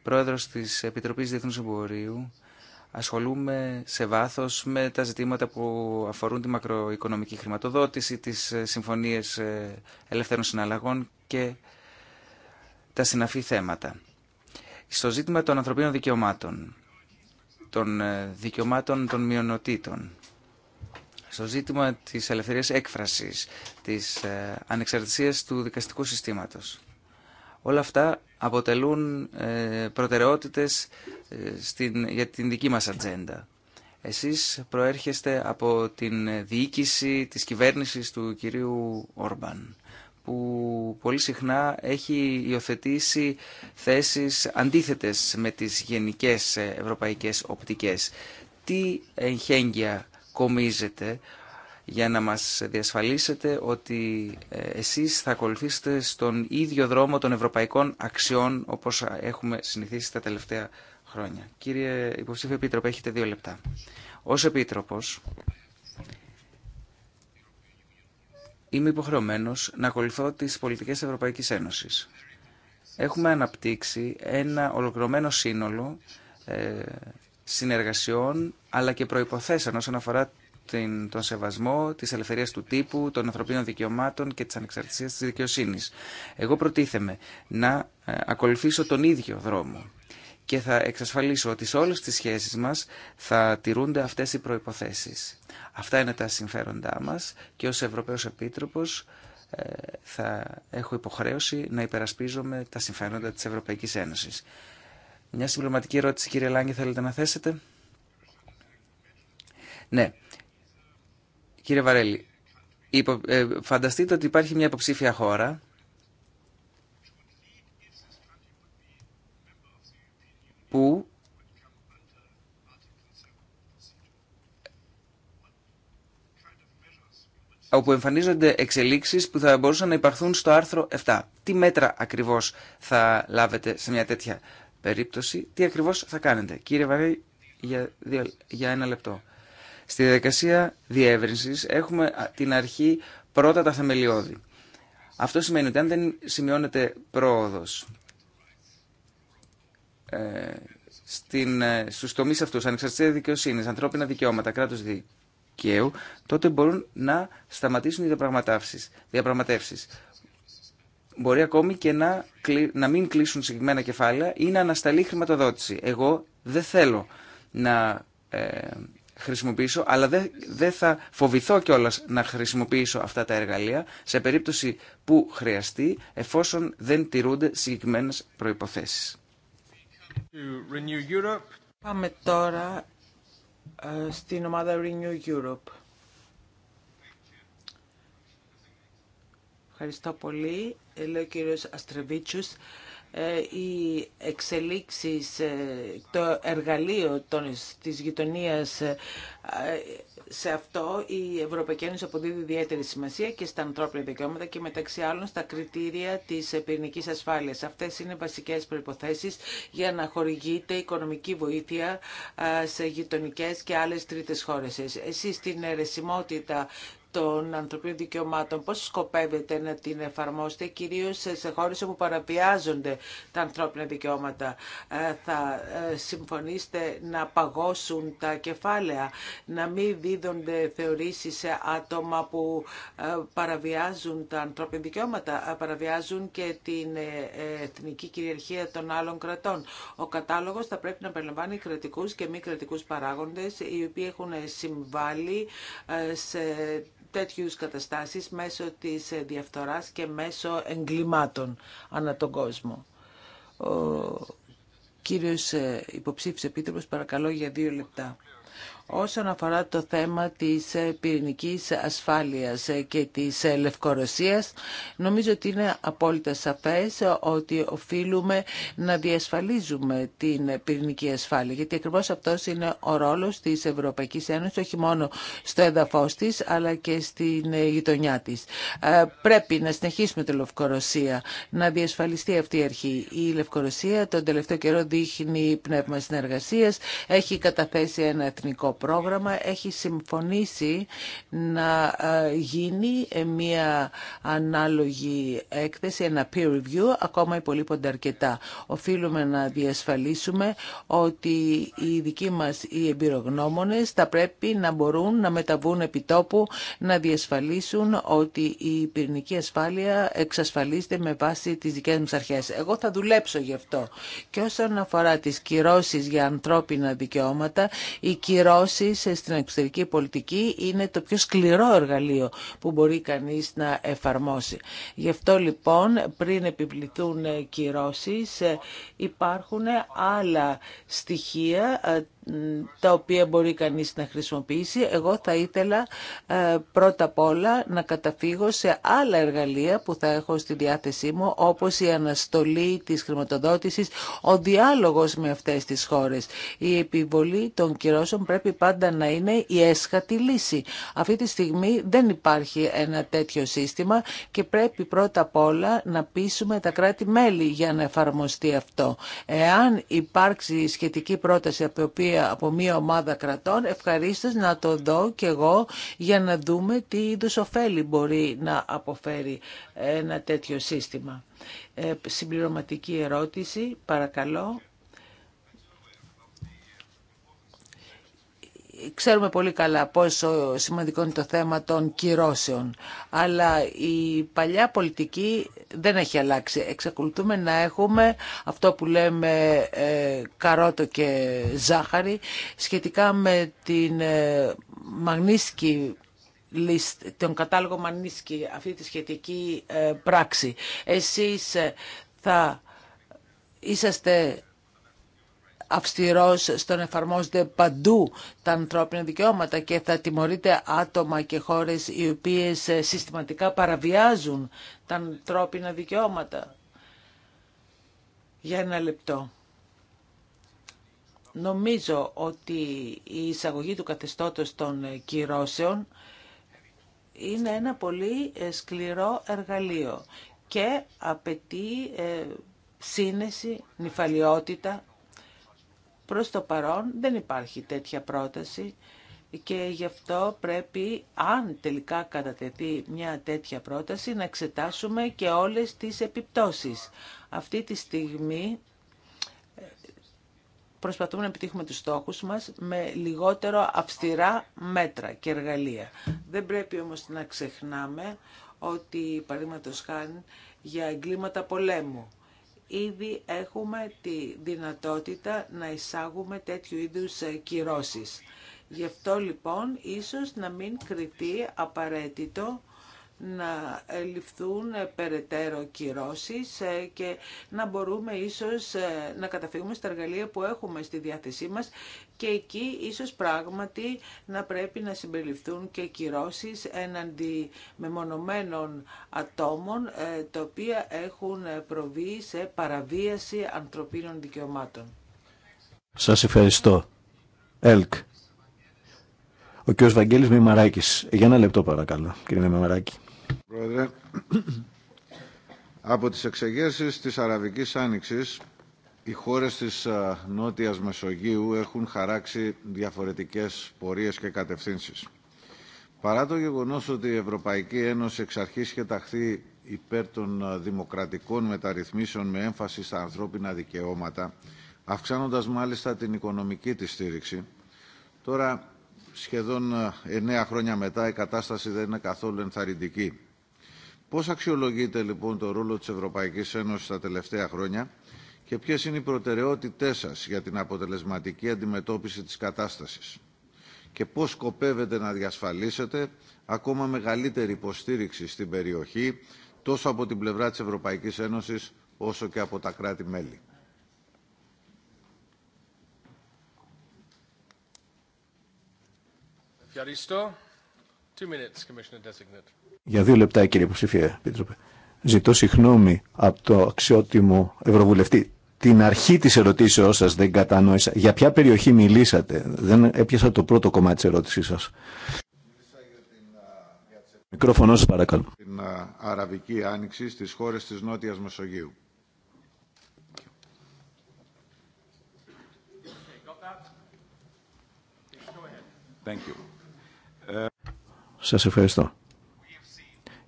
πρόεδρος της Επιτροπής Διεθνούς Εμπορίου ασχολούμαι σε βάθος με τα ζητήματα που αφορούν τη μακροοικονομική χρηματοδότηση, τις ε, συμφωνίες ε, ελευθέρων συναλλαγών και τα συναφή θέματα. Στο ζήτημα των ανθρωπίνων δικαιωμάτων, των ε, δικαιωμάτων των μειονοτήτων, στο ζήτημα της ελευθερίας έκφρασης, της ανεξαρτησίας του δικαστικού συστήματος. Όλα αυτά αποτελούν ε, προτεραιότητες ε, στην, για την δική μας ατζέντα. Εσείς προέρχεστε από την διοίκηση της κυβέρνησης του κυρίου Όρμπαν που πολύ συχνά έχει υιοθετήσει θέσεις αντίθετες με τις γενικές ε, ευρωπαϊκές οπτικές. Τι εγχέγγυα κομίζεται για να μας διασφαλίσετε ότι ε, εσείς θα ακολουθήσετε στον ίδιο δρόμο των ευρωπαϊκών αξιών όπως έχουμε συνηθίσει τα τελευταία χρόνια. Κύριε Υποψήφιο Επίτροπε, έχετε δύο λεπτά. Ως Επίτροπος, είμαι υποχρεωμένος να ακολουθώ τις πολιτικές Ευρωπαϊκής Ένωσης. Έχουμε αναπτύξει ένα ολοκληρωμένο σύνολο ε, συνεργασιών αλλά και προϋποθέσεων όσον αφορά την, τον σεβασμό τη ελευθερία του τύπου, των ανθρωπίνων δικαιωμάτων και τη ανεξαρτησία της δικαιοσύνη. Εγώ προτίθεμαι να ε, ακολουθήσω τον ίδιο δρόμο και θα εξασφαλίσω ότι σε όλες τις σχέσεις μας θα τηρούνται αυτές οι προϋποθέσεις. Αυτά είναι τα συμφέροντά μας και ως Ευρωπαίος Επίτροπος ε, θα έχω υποχρέωση να υπερασπίζομαι τα συμφέροντα της Ευρωπαϊκής Ένωσης. Μια συμπληρωματική ερώτηση κύριε Λάγκη θέλετε να θέσετε. Ναι, Κύριε Βαρέλη, ε, φανταστείτε ότι υπάρχει μια υποψήφια χώρα που όπου εμφανίζονται εξελίξεις που θα μπορούσαν να υπαρθούν στο άρθρο 7. Τι μέτρα ακριβώς θα λάβετε σε μια τέτοια περίπτωση, τι ακριβώς θα κάνετε. Κύριε Βαρέλη, για, για ένα λεπτό. Στη διαδικασία διεύρυνση έχουμε την αρχή πρώτα τα θεμελιώδη. Αυτό σημαίνει ότι αν δεν σημειώνεται πρόοδος ε, στην, ε, στους αν αυτούς, ανεξαρτησία δικαιοσύνης, ανθρώπινα δικαιώματα, κράτο δικαίου, τότε μπορούν να σταματήσουν οι διαπραγματεύσει. Μπορεί ακόμη και να, να μην κλείσουν συγκεκριμένα κεφάλαια ή να ανασταλεί η να ανασταλει Εγώ δεν θέλω να ε, χρησιμοποιήσω, αλλά δεν δε θα φοβηθώ κιόλα να χρησιμοποιήσω αυτά τα εργαλεία σε περίπτωση που χρειαστεί, εφόσον δεν τηρούνται συγκεκριμένε προϋποθέσεις.
Πάμε τώρα ε, στην ομάδα Renew Europe. Ευχαριστώ πολύ. Λέω ο κύριος Αστρεβίτσιος. Ε, οι εξελίξεις, ε, το εργαλείο της γειτονίας ε, σε αυτό η Ευρωπαϊκή Ένωση αποδίδει ιδιαίτερη σημασία και στα ανθρώπινα δικαιώματα και μεταξύ άλλων στα κριτήρια τη πυρηνική ασφάλεια. Αυτέ είναι βασικέ προποθέσει για να χορηγείται οικονομική βοήθεια σε γειτονικέ και άλλε τρίτε χώρε. Εσεί την αιρεσιμότητα των ανθρωπίνων δικαιωμάτων, πώς σκοπεύετε να την εφαρμόσετε, κυρίως σε χώρες όπου παραπιάζονται τα ανθρώπινα δικαιώματα. Ε, θα ε, συμφωνήσετε να παγώσουν τα κεφάλαια, να μην δίδονται θεωρήσεις σε άτομα που ε, παραβιάζουν τα ανθρώπινα δικαιώματα, παραβιάζουν και την εθνική κυριαρχία των άλλων κρατών. Ο κατάλογος θα πρέπει να περιλαμβάνει κρατικούς και μη κρατικούς παράγοντες, οι οποίοι έχουν συμβάλει σε Τέτοιου καταστάσεις μέσω της διαφθορά και μέσω εγκλημάτων ανά τον κόσμο. Ο κύριος ε, υποψήφιος επίτροπος, παρακαλώ για δύο λεπτά όσον αφορά το θέμα της ε, πυρηνικής ασφάλειας ε, και της ε, Λευκορωσίας. Νομίζω ότι είναι απόλυτα σαφές ότι οφείλουμε να διασφαλίζουμε την πυρηνική ασφάλεια, γιατί ακριβώς αυτός είναι ο ρόλος της Ευρωπαϊκής Ένωσης, όχι μόνο στο έδαφος της, αλλά και στην γειτονιά της. Πρέπει να συνεχίσουμε τη Λευκορωσία, να διασφαλιστεί αυτή η αρχή. Η Λευκορωσία τον τελευταίο καιρό δείχνει πνεύμα συνεργασίας, έχει καταθέσει ένα εθνικό πρόγραμμα έχει συμφωνήσει να ε, γίνει μια ανάλογη έκθεση, ένα peer review, ακόμα υπολείπονται αρκετά. Οφείλουμε να διασφαλίσουμε ότι οι δικοί μας οι εμπειρογνώμονες θα πρέπει να μπορούν να μεταβούν επί τόπου να διασφαλίσουν ότι η πυρηνική ασφάλεια εξασφαλίζεται με βάση τις δικές μας αρχές. Εγώ θα δουλέψω γι' αυτό. Και όσον αφορά τις κυρώσεις για ανθρώπινα δικαιώματα, οι κυρώσεις στην εξωτερική πολιτική είναι το πιο σκληρό εργαλείο που μπορεί κανεί να εφαρμόσει. Γι' αυτό λοιπόν πριν επιβληθούν κυρώσει, ε, υπάρχουν άλλα στοιχεία ε, τα οποία μπορεί κανείς να χρησιμοποιήσει. Εγώ θα ήθελα ε, πρώτα απ' όλα να καταφύγω σε άλλα εργαλεία που θα έχω στη διάθεσή μου, όπως η αναστολή της χρηματοδότησης, ο διάλογος με αυτές τις χώρες. Η επιβολή των κυρώσεων πρέπει πάντα να είναι η έσχατη λύση. Αυτή τη στιγμή δεν υπάρχει ένα τέτοιο σύστημα και πρέπει πρώτα απ' όλα να πείσουμε τα κράτη-μέλη για να εφαρμοστεί αυτό. Εάν υπάρξει σχετική πρόταση από οποία από μία ομάδα κρατών, ευχαρίστως να το δω και εγώ για να δούμε τι είδου ωφέλη μπορεί να αποφέρει ένα τέτοιο σύστημα. Ε, συμπληρωματική ερώτηση, παρακαλώ. Ξέρουμε πολύ καλά πόσο σημαντικό είναι το θέμα των κυρώσεων, αλλά η παλιά πολιτική δεν έχει αλλάξει. Εξακολουθούμε να έχουμε αυτό που λέμε ε, καρότο και ζάχαρη σχετικά με την list, ε, τον κατάλογο μαγνήσκη, αυτή τη σχετική ε, πράξη. Εσείς θα είσαστε αυστηρός στον εφαρμόζονται παντού τα ανθρώπινα δικαιώματα και θα τιμωρείται άτομα και χώρες οι οποίες ε, συστηματικά παραβιάζουν τα ανθρώπινα δικαιώματα. Για ένα λεπτό. Νομίζω ότι η εισαγωγή του καθεστώτος των ε, κυρώσεων είναι ένα πολύ ε, σκληρό εργαλείο και απαιτεί σύνεση, νυφαλιότητα, Προς το παρόν δεν υπάρχει τέτοια πρόταση και γι' αυτό πρέπει, αν τελικά κατατεθεί μια τέτοια πρόταση, να εξετάσουμε και όλες τις επιπτώσεις. Αυτή τη στιγμή ε, προσπαθούμε να επιτύχουμε τους στόχους μας με λιγότερο αυστηρά μέτρα και εργαλεία. Δεν πρέπει όμως να ξεχνάμε ότι, παραδείγματος χάνει για εγκλήματα πολέμου ήδη έχουμε τη δυνατότητα να εισάγουμε τέτοιου είδους ε, κυρώσεις. Γι' αυτό λοιπόν ίσως να μην κριθεί απαραίτητο να ληφθούν περαιτέρω κυρώσεις ε, και να μπορούμε ίσως ε, να καταφύγουμε στα εργαλεία που έχουμε στη διάθεσή μας και εκεί ίσως πράγματι να πρέπει να συμπεριληφθούν και κυρώσεις έναντι μεμονωμένων ατόμων ε, τα οποία έχουν προβεί σε παραβίαση ανθρωπίνων δικαιωμάτων.
Σας ευχαριστώ. ΕΛΚ. Ο κ. Βαγγέλης Μημαράκης. Για ένα λεπτό παρακαλώ, κ. Μημαράκη.
Πρόεδρε, από τις εξεγέρσεις της Αραβικής Άνοιξης, οι χώρες της Νότιας Μεσογείου έχουν χαράξει διαφορετικές πορείες και κατευθύνσεις. Παρά το γεγονός ότι η Ευρωπαϊκή Ένωση εξ αρχής είχε ταχθεί υπέρ των δημοκρατικών μεταρρυθμίσεων με έμφαση στα ανθρώπινα δικαιώματα, αυξάνοντας μάλιστα την οικονομική της στήριξη, τώρα σχεδόν ε, εννέα χρόνια μετά η κατάσταση δεν είναι καθόλου ενθαρρυντική. Πώς αξιολογείται λοιπόν το ρόλο της Ευρωπαϊκής Ένωσης τα τελευταία χρόνια και ποιες είναι οι προτεραιότητές σας για την αποτελεσματική αντιμετώπιση της κατάστασης και πώς σκοπεύετε να διασφαλίσετε ακόμα μεγαλύτερη υποστήριξη στην περιοχή τόσο από την πλευρά της Ευρωπαϊκής Ένωσης όσο και από τα κράτη-μέλη.
Για δύο λεπτά, κύριε υποψηφία, επίτροπε. Ζητώ συγγνώμη από το αξιότιμο Ευρωβουλευτή. Την αρχή της ερωτήσεώς σας δεν κατανόησα. Για ποια περιοχή μιλήσατε. Δεν έπιασα το πρώτο κομμάτι τη ερώτησή σας. Μικρόφωνο σα παρακαλώ.
Την Αραβική Άνοιξη στις χώρες της Νότιας Μεσογείου.
Thank you. Σας ευχαριστώ.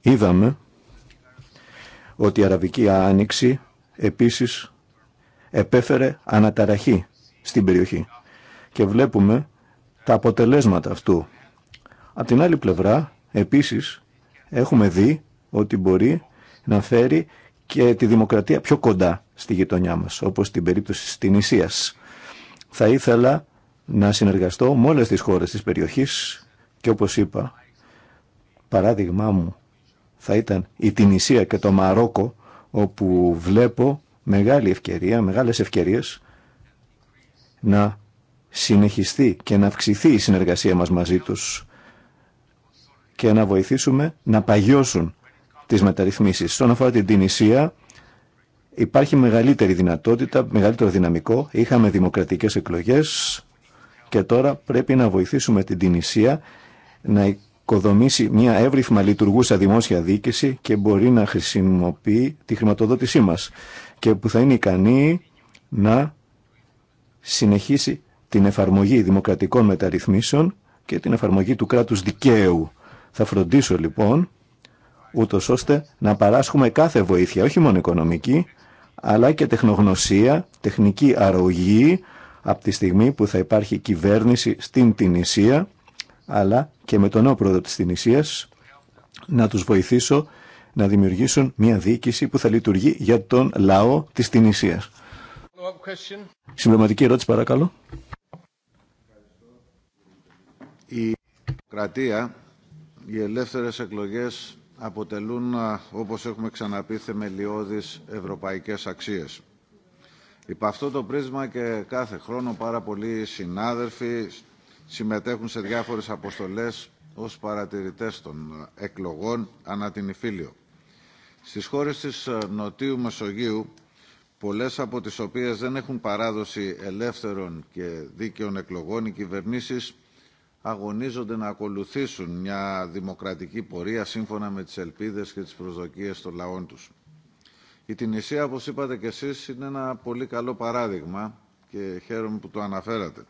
Είδαμε ότι η Αραβική Άνοιξη επίσης επέφερε αναταραχή στην περιοχή και βλέπουμε τα αποτελέσματα αυτού. Από την άλλη πλευρά επίσης έχουμε δει ότι μπορεί να φέρει και τη δημοκρατία πιο κοντά στη γειτονιά μας, όπως στην περίπτωση της Ισίας. Θα ήθελα να συνεργαστώ με όλες τις χώρες της περιοχής και όπως είπα Παράδειγμά μου θα ήταν η Τινησία και το Μαρόκο, όπου βλέπω μεγάλη ευκαιρία, μεγάλες ευκαιρίες να συνεχιστεί και να αυξηθεί η συνεργασία μας μαζί τους και να βοηθήσουμε να παγιώσουν τις μεταρρυθμίσεις. Στον αφορά την Τινησία υπάρχει μεγαλύτερη δυνατότητα, μεγαλύτερο δυναμικό. Είχαμε δημοκρατικές εκλογές και τώρα πρέπει να βοηθήσουμε την Τινησία να οικοδομήσει μια εύρυθμα λειτουργούσα δημόσια διοίκηση και μπορεί να χρησιμοποιεί τη χρηματοδότησή μας και που θα είναι ικανή να συνεχίσει την εφαρμογή δημοκρατικών μεταρρυθμίσεων και την εφαρμογή του κράτους δικαίου. Θα φροντίσω λοιπόν ούτω ώστε να παράσχουμε κάθε βοήθεια, όχι μόνο οικονομική, αλλά και τεχνογνωσία, τεχνική αρρωγή από τη στιγμή που θα υπάρχει κυβέρνηση στην Τινησία, αλλά και με τον νέο πρόεδρο της Τινησίας να τους βοηθήσω να δημιουργήσουν μια διοίκηση που θα λειτουργεί για τον λαό της Τινησίας. Συμπληρωματική ερώτηση παρακαλώ.
Η κρατία, οι ελεύθερες εκλογές αποτελούν, όπως έχουμε ξαναπεί, θεμελιώδεις ευρωπαϊκές αξίες. Υπ' αυτό το πρίσμα και κάθε χρόνο πάρα πολλοί συνάδελφοι συμμετέχουν σε διάφορες αποστολές ως παρατηρητές των εκλογών ανά την Ιφίλιο. Στις χώρες της ε, Νοτίου Μεσογείου, πολλές από τις οποίες δεν έχουν παράδοση ελεύθερων και δίκαιων εκλογών, οι κυβερνήσεις αγωνίζονται να ακολουθήσουν μια δημοκρατική πορεία σύμφωνα με τις ελπίδες και τις προσδοκίες των λαών τους. Η Τινησία, όπως είπατε κι εσείς, είναι ένα πολύ καλό παράδειγμα και χαίρομαι που το αναφέρατε.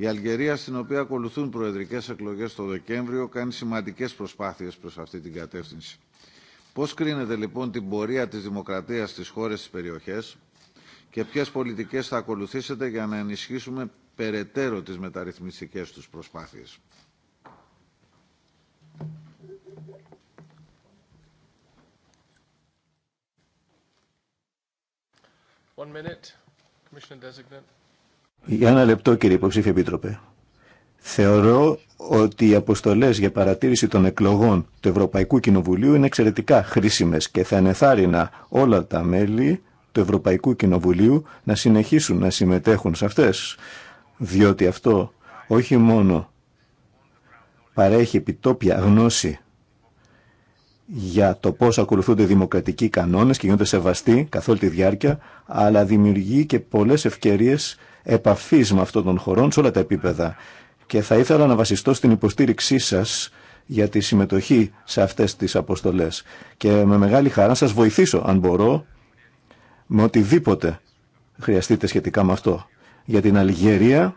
Η Αλγερία, στην οποία ακολουθούν προεδρικές εκλογέ το Δεκέμβριο, κάνει σημαντικές προσπάθειες προς αυτή την κατεύθυνση. Πώς κρίνετε, λοιπόν την πορεία της δημοκρατίας στις χώρες τη περιοχή και ποιες πολιτικές θα ακολουθήσετε για να ενισχύσουμε περαιτέρω τις μεταρρυθμιστικές τους προσπάθειε One minute, Commissioner Designate.
Για ένα λεπτό κύριε υποψήφιε επίτροπε. Θεωρώ ότι οι αποστολές για παρατήρηση των εκλογών του Ευρωπαϊκού Κοινοβουλίου είναι εξαιρετικά χρήσιμες και θα ενεθάρρυνα όλα τα μέλη του Ευρωπαϊκού Κοινοβουλίου να συνεχίσουν να συμμετέχουν σε αυτές. Διότι αυτό όχι μόνο παρέχει επιτόπια γνώση για το πώς ακολουθούνται δημοκρατικοί κανόνες και γίνονται σεβαστοί καθ' όλη τη διάρκεια, αλλά δημιουργεί και πολλές ευκαιρίες Επαφή με αυτόν των χωρών σε όλα τα επίπεδα και θα ήθελα να βασιστώ στην υποστήριξή σας για τη συμμετοχή σε αυτές τι αποστολέ. και με μεγάλη χαρά σας βοηθήσω αν μπορώ με οτιδήποτε χρειαστείτε σχετικά με αυτό. Για την Αλγερία,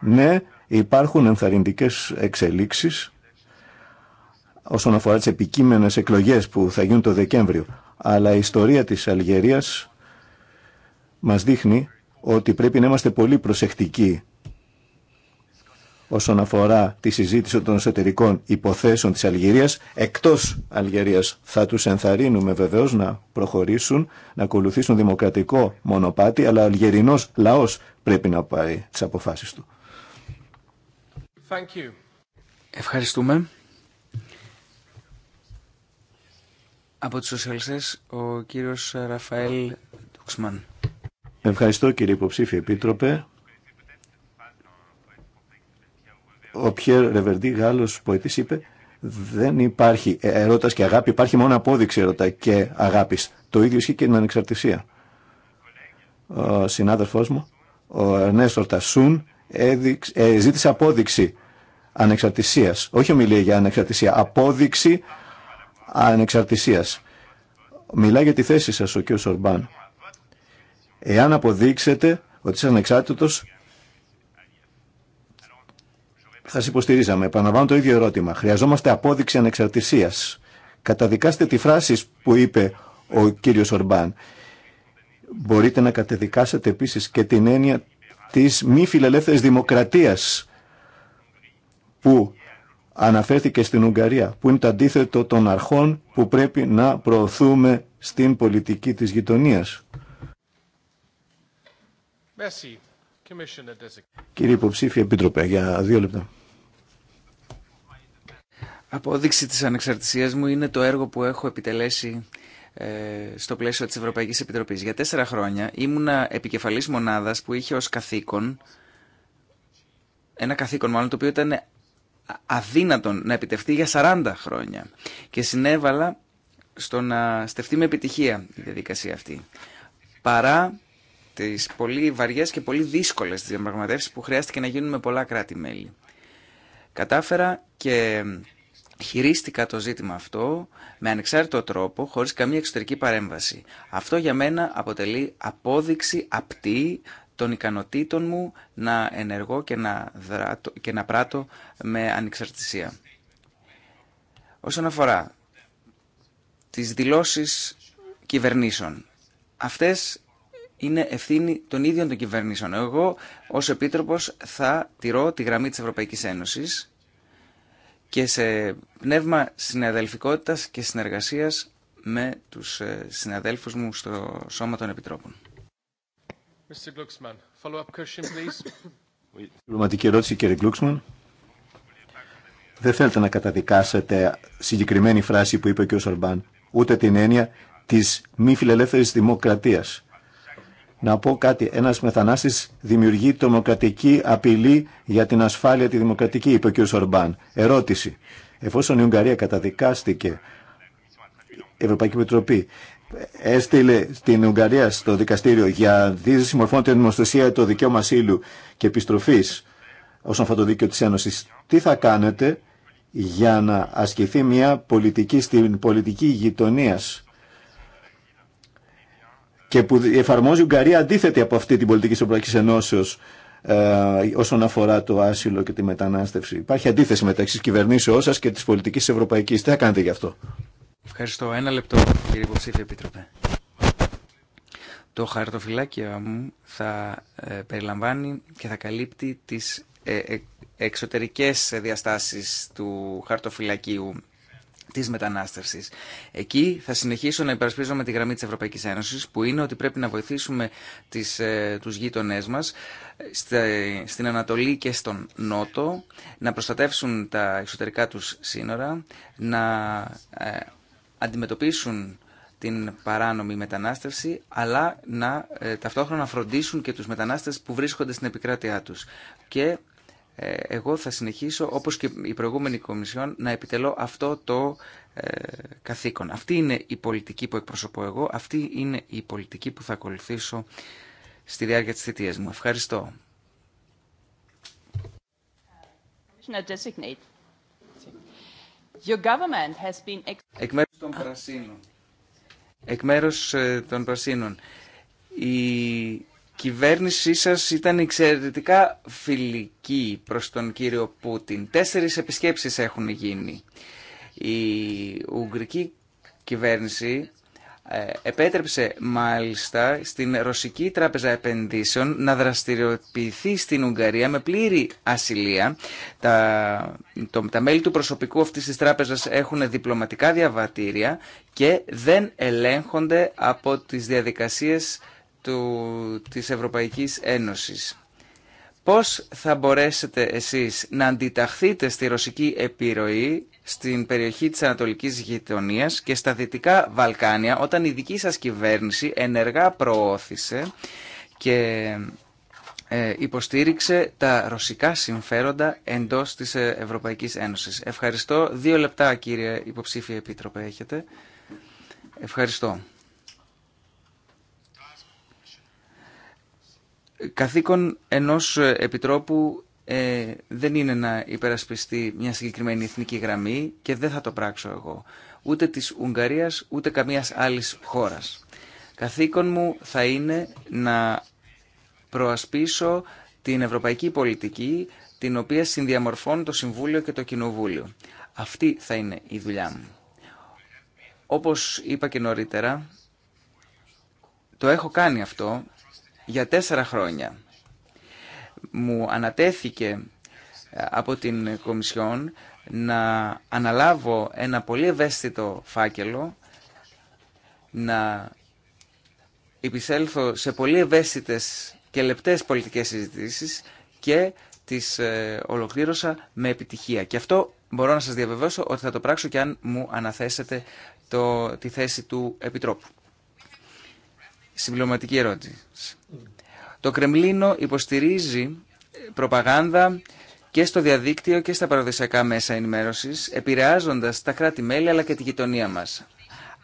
ναι, υπάρχουν ενθαρρυντικές εξελίξεις όσον αφορά τι επικείμενε εκλογές που θα γίνουν το Δεκέμβριο. Αλλά η ιστορία της Αλγερίας μας δείχνει ότι πρέπει να είμαστε πολύ προσεκτικοί όσον αφορά τη συζήτηση των εσωτερικών υποθέσεων της Αλγερίας. Εκτός Αλγερίας θα τους ενθαρρύνουμε βεβαίως να προχωρήσουν, να ακολουθήσουν δημοκρατικό μονοπάτι, αλλά ο αλγερινός λαός πρέπει να πάει τις αποφάσεις του. Ευχαριστούμε.
Από τους σοσιαλιστές, ο κύριος Ραφαέλ
Τουξμάν. Ευχαριστώ κύριε υποψήφιε επίτροπε. Ο Πιέρ Ρεβερντή Γάλλος ποετής είπε δεν υπάρχει ερώτας και αγάπη, υπάρχει μόνο απόδειξη ερώτα και αγάπης. Το ίδιο ισχύει και την ανεξαρτησία. Ο συνάδελφός μου, ο Ερνέστο Ορτασούν, ε, ζήτησε απόδειξη ανεξαρτησίας. Όχι ομιλία για ανεξαρτησία, απόδειξη ανεξαρτησίας. Μιλάει για τη θέση σας ο κ. Ορμπάν εάν αποδείξετε ότι είσαι ανεξάρτητος θα σα υποστηρίζαμε. Επαναλαμβάνω το ίδιο ερώτημα. Χρειαζόμαστε απόδειξη ανεξαρτησίας. Καταδικάστε τη φράση που είπε ο κύριος Ορμπάν. Μπορείτε να καταδικάσετε επίσης και την έννοια της μη φιλελεύθερης δημοκρατίας που αναφέρθηκε στην Ουγγαρία, που είναι το αντίθετο των αρχών που πρέπει να προωθούμε στην πολιτική της γειτονίας. Κύριε υποψήφιε επίτροπε, για δύο λεπτά.
Απόδειξη της ανεξαρτησίας μου είναι το έργο που έχω επιτελέσει ε, στο πλαίσιο της Ευρωπαϊκής Επιτροπής. Για τέσσερα χρόνια ήμουνα επικεφαλής μονάδας που είχε ως καθήκον, ένα καθήκον μάλλον το οποίο ήταν αδύνατον να επιτευχθεί για 40 χρόνια και συνέβαλα στο να στεφτεί με επιτυχία η διαδικασία αυτή. Παρά τι πολύ βαριές και πολύ δύσκολες διαπραγματεύσει που χρειάστηκε να γίνουν με πολλά κράτη-μέλη. Κατάφερα και χειρίστηκα το ζήτημα αυτό με ανεξάρτητο τρόπο, χωρίς καμία εξωτερική παρέμβαση. Αυτό για μένα αποτελεί απόδειξη απτή των ικανοτήτων μου να ενεργώ και να, δράτω, και να πράττω με ανεξαρτησία. Όσον αφορά τις δηλώσεις κυβερνήσεων, αυτές είναι ευθύνη των ίδιων των κυβερνήσεων. Εγώ ως Επίτροπος θα τηρώ τη γραμμή της Ευρωπαϊκής Ένωσης και σε πνεύμα συναδελφικότητας και συνεργασίας με τους ε, συναδέλφους μου στο Σώμα των Επιτρόπων.
ερώτηση, κύριε Γκλούξμαν. Δεν θέλετε να καταδικάσετε συγκεκριμένη φράση που είπε ο κ. ούτε την έννοια της μη φιλελεύθερης δημοκρατίας να πω κάτι. Ένας μεθανάστη δημιουργεί τρομοκρατική απειλή για την ασφάλεια τη δημοκρατική, είπε ο κ. Ορμπάν. Ερώτηση. Εφόσον η Ουγγαρία καταδικάστηκε, η Ευρωπαϊκή Επιτροπή έστειλε στην Ουγγαρία στο δικαστήριο για δίδυση μορφών την δημοσιοσία το δικαίωμα ασύλου και επιστροφής όσον αφορά το δίκαιο της Ένωσης. Τι θα κάνετε για να ασκηθεί μια πολιτική στην πολιτική γειτονίας και που εφαρμόζει η Ουγγαρία αντίθετη από αυτή την πολιτική της Ευρωπαϊκής Ενώσεως ε, όσον αφορά το άσυλο και τη μετανάστευση. Υπάρχει αντίθεση μεταξύ της κυβερνήσεώς σας και της πολιτικής της Ευρωπαϊκής. Τι θα κάνετε γι' αυτό.
Ευχαριστώ. Ένα λεπτό κύριε υποψήφιο επίτροπε. Το χαρτοφυλάκιο μου θα ε, περιλαμβάνει και θα καλύπτει τις ε, ε εξωτερικές διαστάσεις του χαρτοφυλακίου της μετανάστευσης. Εκεί θα συνεχίσω να υπερασπίζομαι τη γραμμή της Ευρωπαϊκής Ένωσης που είναι ότι πρέπει να βοηθήσουμε τις, ε, τους γείτονές μας στη, στην Ανατολή και στον Νότο να προστατεύσουν τα εξωτερικά τους σύνορα, να ε, αντιμετωπίσουν την παράνομη μετανάστευση, αλλά να ε, ταυτόχρονα φροντίσουν και τους μετανάστες που βρίσκονται στην επικράτειά τους. Και ε, εγώ θα συνεχίσω, όπως και η προηγούμενη Κομισιόν, να επιτελώ αυτό το ε, καθήκον. Αυτή είναι η πολιτική που εκπροσωπώ εγώ, αυτή είναι η πολιτική που θα ακολουθήσω στη διάρκεια της θητείας μου. Ευχαριστώ. Εκ μέρους των Πρασίνων. Εκ μέρους ε, των Πρασίνων κυβέρνησή σας ήταν εξαιρετικά φιλική προς τον κύριο Πούτιν. Τέσσερις επισκέψεις έχουν γίνει. Η Ουγγρική κυβέρνηση ε, επέτρεψε μάλιστα στην Ρωσική Τράπεζα Επενδύσεων να δραστηριοποιηθεί στην Ουγγαρία με πλήρη ασυλία. Τα, το, τα μέλη του προσωπικού αυτής της τράπεζας έχουν διπλωματικά διαβατήρια και δεν ελέγχονται από τις διαδικασίες του, της Ευρωπαϊκής Ένωσης. Πώς θα μπορέσετε εσείς να αντιταχθείτε στη ρωσική επιρροή στην περιοχή της Ανατολικής Γειτονίας και στα Δυτικά Βαλκάνια όταν η δική σας κυβέρνηση ενεργά προώθησε και ε, υποστήριξε τα ρωσικά συμφέροντα εντός της ε, Ευρωπαϊκής Ένωσης. Ευχαριστώ. Δύο λεπτά κύριε υποψήφια επίτροπε έχετε. Ευχαριστώ. Καθήκον ενός ε, επιτρόπου ε, δεν είναι να υπερασπιστεί μια συγκεκριμένη εθνική γραμμή και δεν θα το πράξω εγώ. Ούτε της Ουγγαρίας, ούτε καμίας άλλης χώρας. Καθήκον μου θα είναι να προασπίσω την ευρωπαϊκή πολιτική την οποία συνδιαμορφώνει το Συμβούλιο και το Κοινοβούλιο. Αυτή θα είναι η δουλειά μου. Όπως είπα και νωρίτερα, το έχω κάνει αυτό για τέσσερα χρόνια. Μου ανατέθηκε ε, από την Κομισιόν να αναλάβω ένα πολύ ευαίσθητο φάκελο, να υπησέλθω σε πολύ ευαίσθητες και λεπτές πολιτικές συζητήσεις και τις ε, ολοκλήρωσα με επιτυχία. Και αυτό μπορώ να σας διαβεβαιώσω ότι θα το πράξω και αν μου αναθέσετε το, τη θέση του Επιτρόπου. Συμπληρωματική ερώτηση. Το Κρεμλίνο υποστηρίζει προπαγάνδα και στο διαδίκτυο και στα παραδοσιακά μέσα ενημέρωσης, επηρεάζοντας τα κράτη-μέλη αλλά και τη γειτονία μας.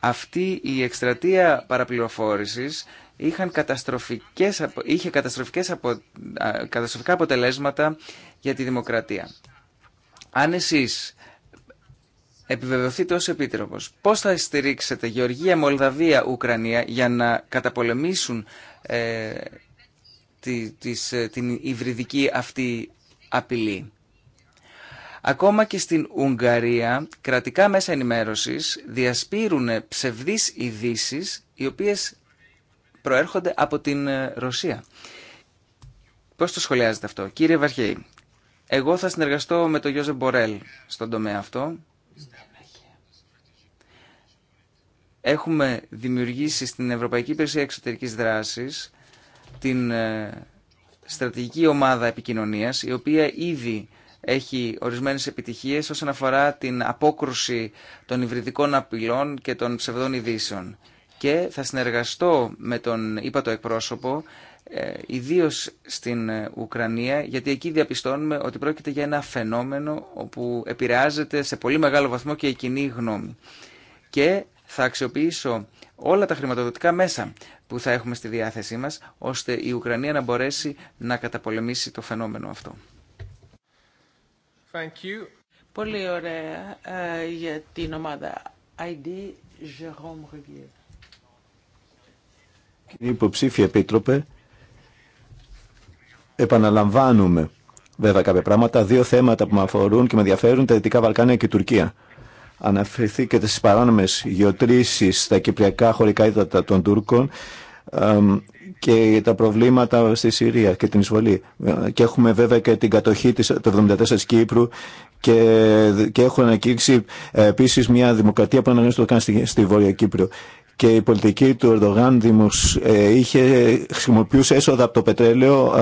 Αυτή η εκστρατεία παραπληροφόρησης είχαν καταστροφικές, είχε καταστροφικές απο, καταστροφικά αποτελέσματα για τη δημοκρατία. Αν εσείς επιβεβαιωθείτε ως επίτροπος, πώς θα στηρίξετε Γεωργία, Μολδαβία, Ουκρανία για να καταπολεμήσουν ε, ε, την υβριδική αυτή απειλή. Ακόμα και στην Ουγγαρία, κρατικά μέσα ενημέρωσης διασπείρουν ψευδείς ειδήσει οι οποίες προέρχονται από την ε, Ρωσία. Πώς το σχολιάζετε αυτό. Κύριε Βαρχέη, εγώ θα συνεργαστώ με τον Γιώζε Μπορέλ στον τομέα αυτό έχουμε δημιουργήσει στην Ευρωπαϊκή Υπηρεσία Εξωτερικής Δράσης την ε, στρατηγική ομάδα επικοινωνίας, η οποία ήδη έχει ορισμένες επιτυχίες όσον αφορά την απόκρουση των υβριδικών απειλών και των ψευδών ειδήσεων. Και θα συνεργαστώ με τον ύπατο εκπρόσωπο, ε, ιδίως στην ε, Ουκρανία, γιατί εκεί διαπιστώνουμε ότι πρόκειται για ένα φαινόμενο όπου επηρεάζεται σε πολύ μεγάλο βαθμό και η κοινή γνώμη. Και θα αξιοποιήσω όλα τα χρηματοδοτικά μέσα που θα έχουμε στη διάθεσή μας, ώστε η Ουκρανία να μπορέσει να καταπολεμήσει το φαινόμενο αυτό.
Thank you. Πολύ ωραία ε, για την ομάδα ID Jérôme Rivier.
Κύριε υποψήφιε επίτροπε, επαναλαμβάνουμε βέβαια κάποια πράγματα, δύο θέματα που με αφορούν και με ενδιαφέρουν τα Δυτικά Βαλκάνια και η Τουρκία. Αναφερθήκατε στις παράνομες γεωτρήσεις στα κυπριακά χωρικά ύδατα των Τούρκων και τα προβλήματα στη Συρία και την εισβολή. Και έχουμε βέβαια και την κατοχή της, το 1974 Κύπρου και, και έχουν ανακήρυξει ε, επίσης μια δημοκρατία που αναγνωρίζει το κάνει στη, στη Βόρεια Κύπρο και η πολιτική του Ερντογάν δημοσ... Ε, είχε, χρησιμοποιούσε έσοδα από το πετρέλαιο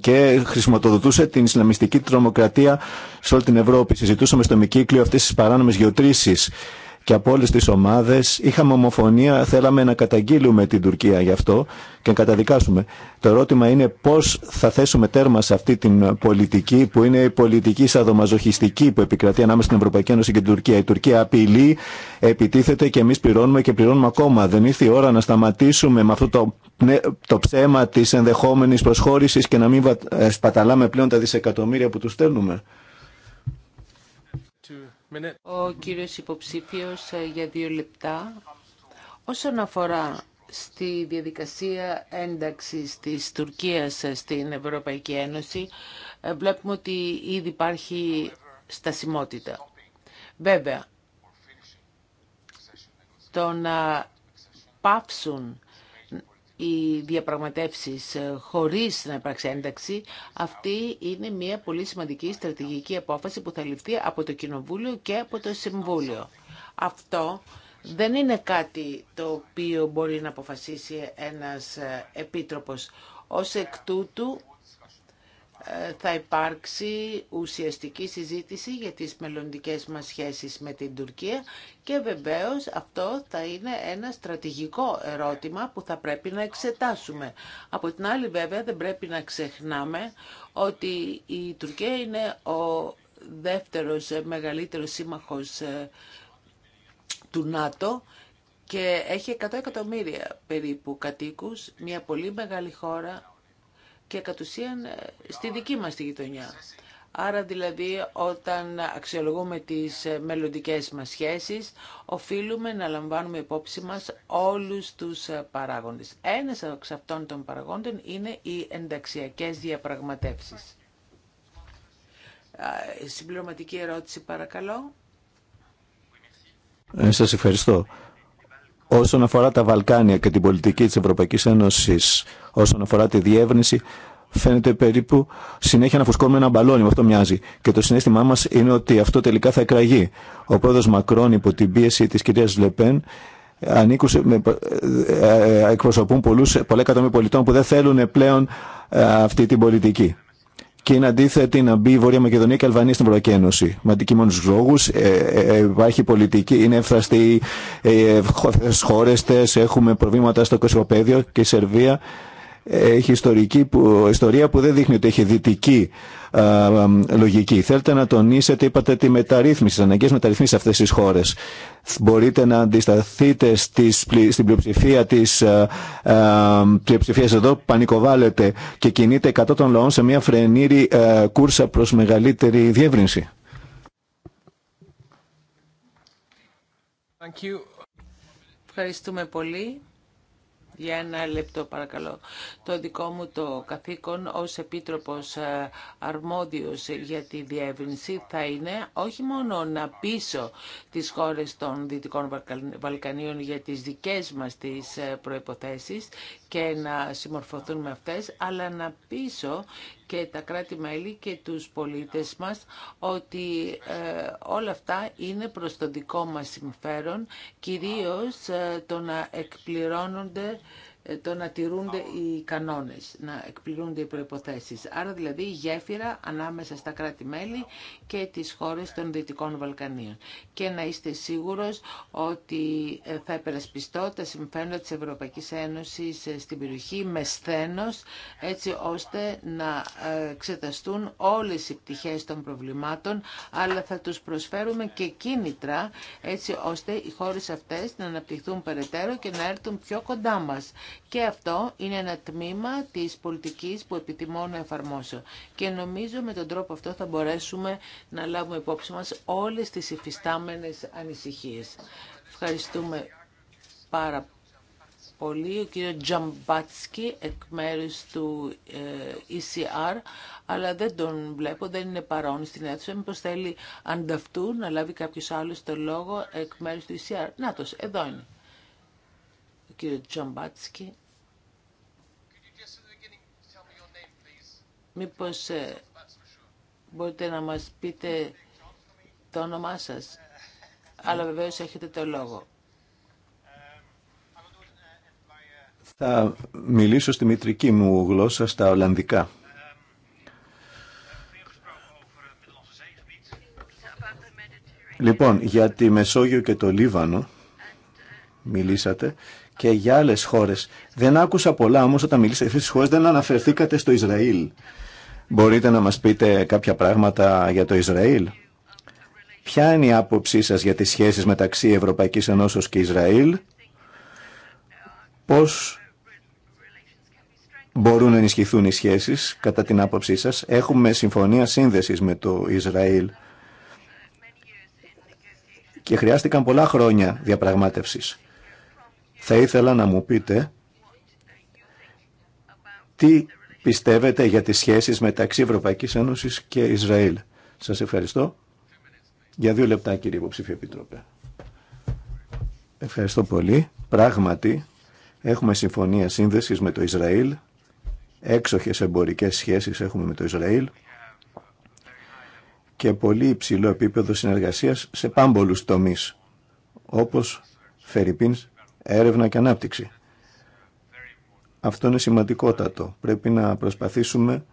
και χρησιμοποιούσε την Ισλαμιστική τρομοκρατία σε όλη την Ευρώπη. Συζητούσαμε στο Μικύκλιο αυτές τις παράνομες γεωτρήσεις και από όλε τι ομάδε είχαμε ομοφωνία, θέλαμε να καταγγείλουμε την Τουρκία γι' αυτό και να καταδικάσουμε. Το ερώτημα είναι πώ θα θέσουμε τέρμα σε αυτή την πολιτική που είναι η πολιτική σαδομαζοχιστική που επικρατεί ανάμεσα στην Ευρωπαϊκή Ένωση και την Τουρκία. Η Τουρκία απειλεί, επιτίθεται και εμεί πληρώνουμε και πληρώνουμε ακόμα. Δεν ήρθε η ώρα να σταματήσουμε με αυτό το, το ψέμα τη ενδεχόμενη προσχώρηση και να μην ε, σπαταλάμε πλέον τα δισεκατομμύρια που του στέλνουμε.
Ο κύριος υποψήφιος ε, για δύο λεπτά. Όσον αφορά στη διαδικασία ένταξης της Τουρκίας ε, στην Ευρωπαϊκή Ένωση, ε, βλέπουμε ότι ήδη υπάρχει στασιμότητα. Βέβαια, το να πάψουν οι διαπραγματεύσεις ε, χωρίς να υπάρξει ένταξη, αυτή είναι μια πολύ σημαντική στρατηγική απόφαση που θα ληφθεί από το Κοινοβούλιο και από το Συμβούλιο. Αυτό δεν είναι κάτι το οποίο μπορεί να αποφασίσει ένας ε, επίτροπος. Ως εκ τούτου θα υπάρξει ουσιαστική συζήτηση για τις μελλοντικές μας σχέσεις με την Τουρκία και βεβαίως αυτό θα είναι ένα στρατηγικό ερώτημα που θα πρέπει να εξετάσουμε. Από την άλλη βέβαια δεν πρέπει να ξεχνάμε ότι η Τουρκία είναι ο δεύτερος μεγαλύτερος σύμμαχος ε, του ΝΑΤΟ και έχει 100 εκατομμύρια περίπου κατοίκους, μια πολύ μεγάλη χώρα και κατ' ουσίαν ε, στη δική μας τη γειτονιά. Άρα δηλαδή όταν αξιολογούμε τις ε, μελλοντικές μας σχέσεις, οφείλουμε να λαμβάνουμε υπόψη μας όλους τους ε, παράγοντες. Ένας από αυτών των παραγόντων είναι οι ενταξιακές διαπραγματεύσεις. Συμπληρωματική ερώτηση παρακαλώ.
Ε, σας ευχαριστώ όσον αφορά τα Βαλκάνια και την πολιτική της Ευρωπαϊκής Ένωσης, όσον αφορά τη διεύρυνση, φαίνεται περίπου συνέχεια να φουσκώνουμε ένα μπαλόνι, με αυτό μοιάζει. Και το συνέστημά μας είναι ότι αυτό τελικά θα εκραγεί. Ο πρόεδρος Μακρόν υπό την πίεση της κυρίας Λεπέν ανήκουσε, με, ε, ε, ε, εκπροσωπούν πολλούς, πολλά εκατομμύρια πολιτών που δεν θέλουν πλέον αυτή την πολιτική και είναι αντίθετη να μπει η Βόρεια Μακεδονία και η Αλβανία στην Ευρωπαϊκή Με αντικείμενου λόγου ε, ε, ε, υπάρχει πολιτική, είναι εύθραστη ε, χώρε, έχουμε προβλήματα στο κοσμοπέδιο και η Σερβία έχει ιστορική ιστορία που δεν δείχνει ότι έχει δυτική λογική. Θέλετε να τονίσετε, είπατε, τη μεταρρύθμιση, τι αναγκαίε μεταρρυθμίσει αυτές αυτέ τι χώρε. Μπορείτε να αντισταθείτε στην πλειοψηφία τη πλειοψηφία εδώ που πανικοβάλλεται και κινείται κατά των λαών σε μια φρενήρη α, κούρσα προ μεγαλύτερη διεύρυνση.
Thank you. Ευχαριστούμε πολύ. Για ένα λεπτό παρακαλώ. Το δικό μου το καθήκον ως Επίτροπος ε, Αρμόδιος για τη διεύρυνση θα είναι όχι μόνο να πείσω τις χώρες των Δυτικών Βαλκανίων για τις δικές μας τις ε, προϋποθέσεις και να συμμορφωθούν με αυτές, αλλά να πείσω και τα κράτη-μέλη και τους πολίτες μας ότι ε, όλα αυτά είναι προς το δικό μας συμφέρον, κυρίως ε, το να εκπληρώνονται ε, το να τηρούνται οι κανόνες, να εκπληρούνται οι προϋποθέσεις. Άρα δηλαδή η γέφυρα ανάμεσα στα κράτη-μέλη και τις χώρες των Δυτικών Βαλκανίων. Και να είστε σίγουρος ότι ε, θα υπερασπιστώ τα συμφέροντα της Ευρωπαϊκής Ένωσης ε, στην περιοχή με σθένος, έτσι ώστε να εξεταστούν όλες οι πτυχές των προβλημάτων, αλλά θα τους προσφέρουμε και κίνητρα, έτσι ώστε οι χώρες αυτές να αναπτυχθούν περαιτέρω και να έρθουν πιο κοντά μας και αυτό είναι ένα τμήμα της πολιτικής που επιτιμώ να εφαρμόσω. Και νομίζω με τον τρόπο αυτό θα μπορέσουμε να λάβουμε υπόψη μας όλες τις υφιστάμενες ανησυχίες. Ευχαριστούμε πάρα πολύ ο κύριο Τζαμπάτσκι εκ μέρους του ε, ECR, αλλά δεν τον βλέπω, δεν είναι παρόν στην αίθουσα. Μήπως θέλει ανταυτού να λάβει κάποιος άλλος το λόγο εκ μέρους του ECR. Νάτος, εδώ είναι κύριε Τζαμπάτσκι. Μήπως ε, μπορείτε να μας πείτε το όνομά σας, αλλά βεβαίως έχετε το λόγο.
Θα μιλήσω στη μητρική μου γλώσσα στα Ολλανδικά. Λοιπόν, για τη Μεσόγειο και το Λίβανο μιλήσατε και για άλλε χώρες. Δεν άκουσα πολλά όμω όταν μιλήσατε για χώρες δεν αναφερθήκατε στο Ισραήλ. Μπορείτε να μας πείτε κάποια πράγματα για το Ισραήλ. Ποια είναι η άποψή σας για τις σχέσεις μεταξύ Ευρωπαϊκή Ενώσεω και Ισραήλ. Πώς μπορούν να ενισχυθούν οι σχέσεις κατά την άποψή σας. Έχουμε συμφωνία σύνδεση με το Ισραήλ και χρειάστηκαν πολλά χρόνια διαπραγμάτευσης. Θα ήθελα να μου πείτε τι πιστεύετε για τις σχέσεις μεταξύ Ευρωπαϊκής Ένωσης και Ισραήλ. Σας ευχαριστώ. Για δύο λεπτά κύριε υποψήφια επιτρόπε. Ευχαριστώ πολύ. Πράγματι έχουμε συμφωνία σύνδεσης με το Ισραήλ. Έξοχες εμπορικές σχέσεις έχουμε με το Ισραήλ και πολύ υψηλό επίπεδο συνεργασίας σε πάμπολους τομείς όπως Φερρυπίν έρευνα και ανάπτυξη. Αυτό είναι σημαντικότατο. Πρέπει να προσπαθήσουμε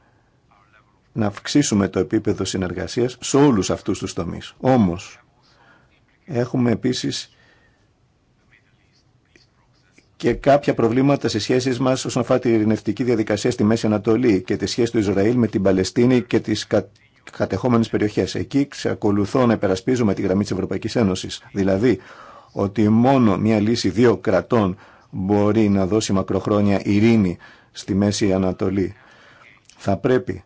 να αυξήσουμε το επίπεδο συνεργασίας σε όλους αυτούς τους τομείς. Όμως, έχουμε επίσης και κάποια προβλήματα σε σχέσει μα όσον αφορά τη ειρηνευτική διαδικασία στη Μέση Ανατολή και τη σχέση του Ισραήλ με την Παλαιστίνη και τι κα... κατεχόμενε περιοχέ. Εκεί ξεκολουθώ να υπερασπίζουμε τη γραμμή τη Ευρωπαϊκή Ένωση. Δηλαδή, ότι μόνο μια λύση δύο κρατών μπορεί να δώσει μακροχρόνια ειρήνη στη Μέση Ανατολή. Θα πρέπει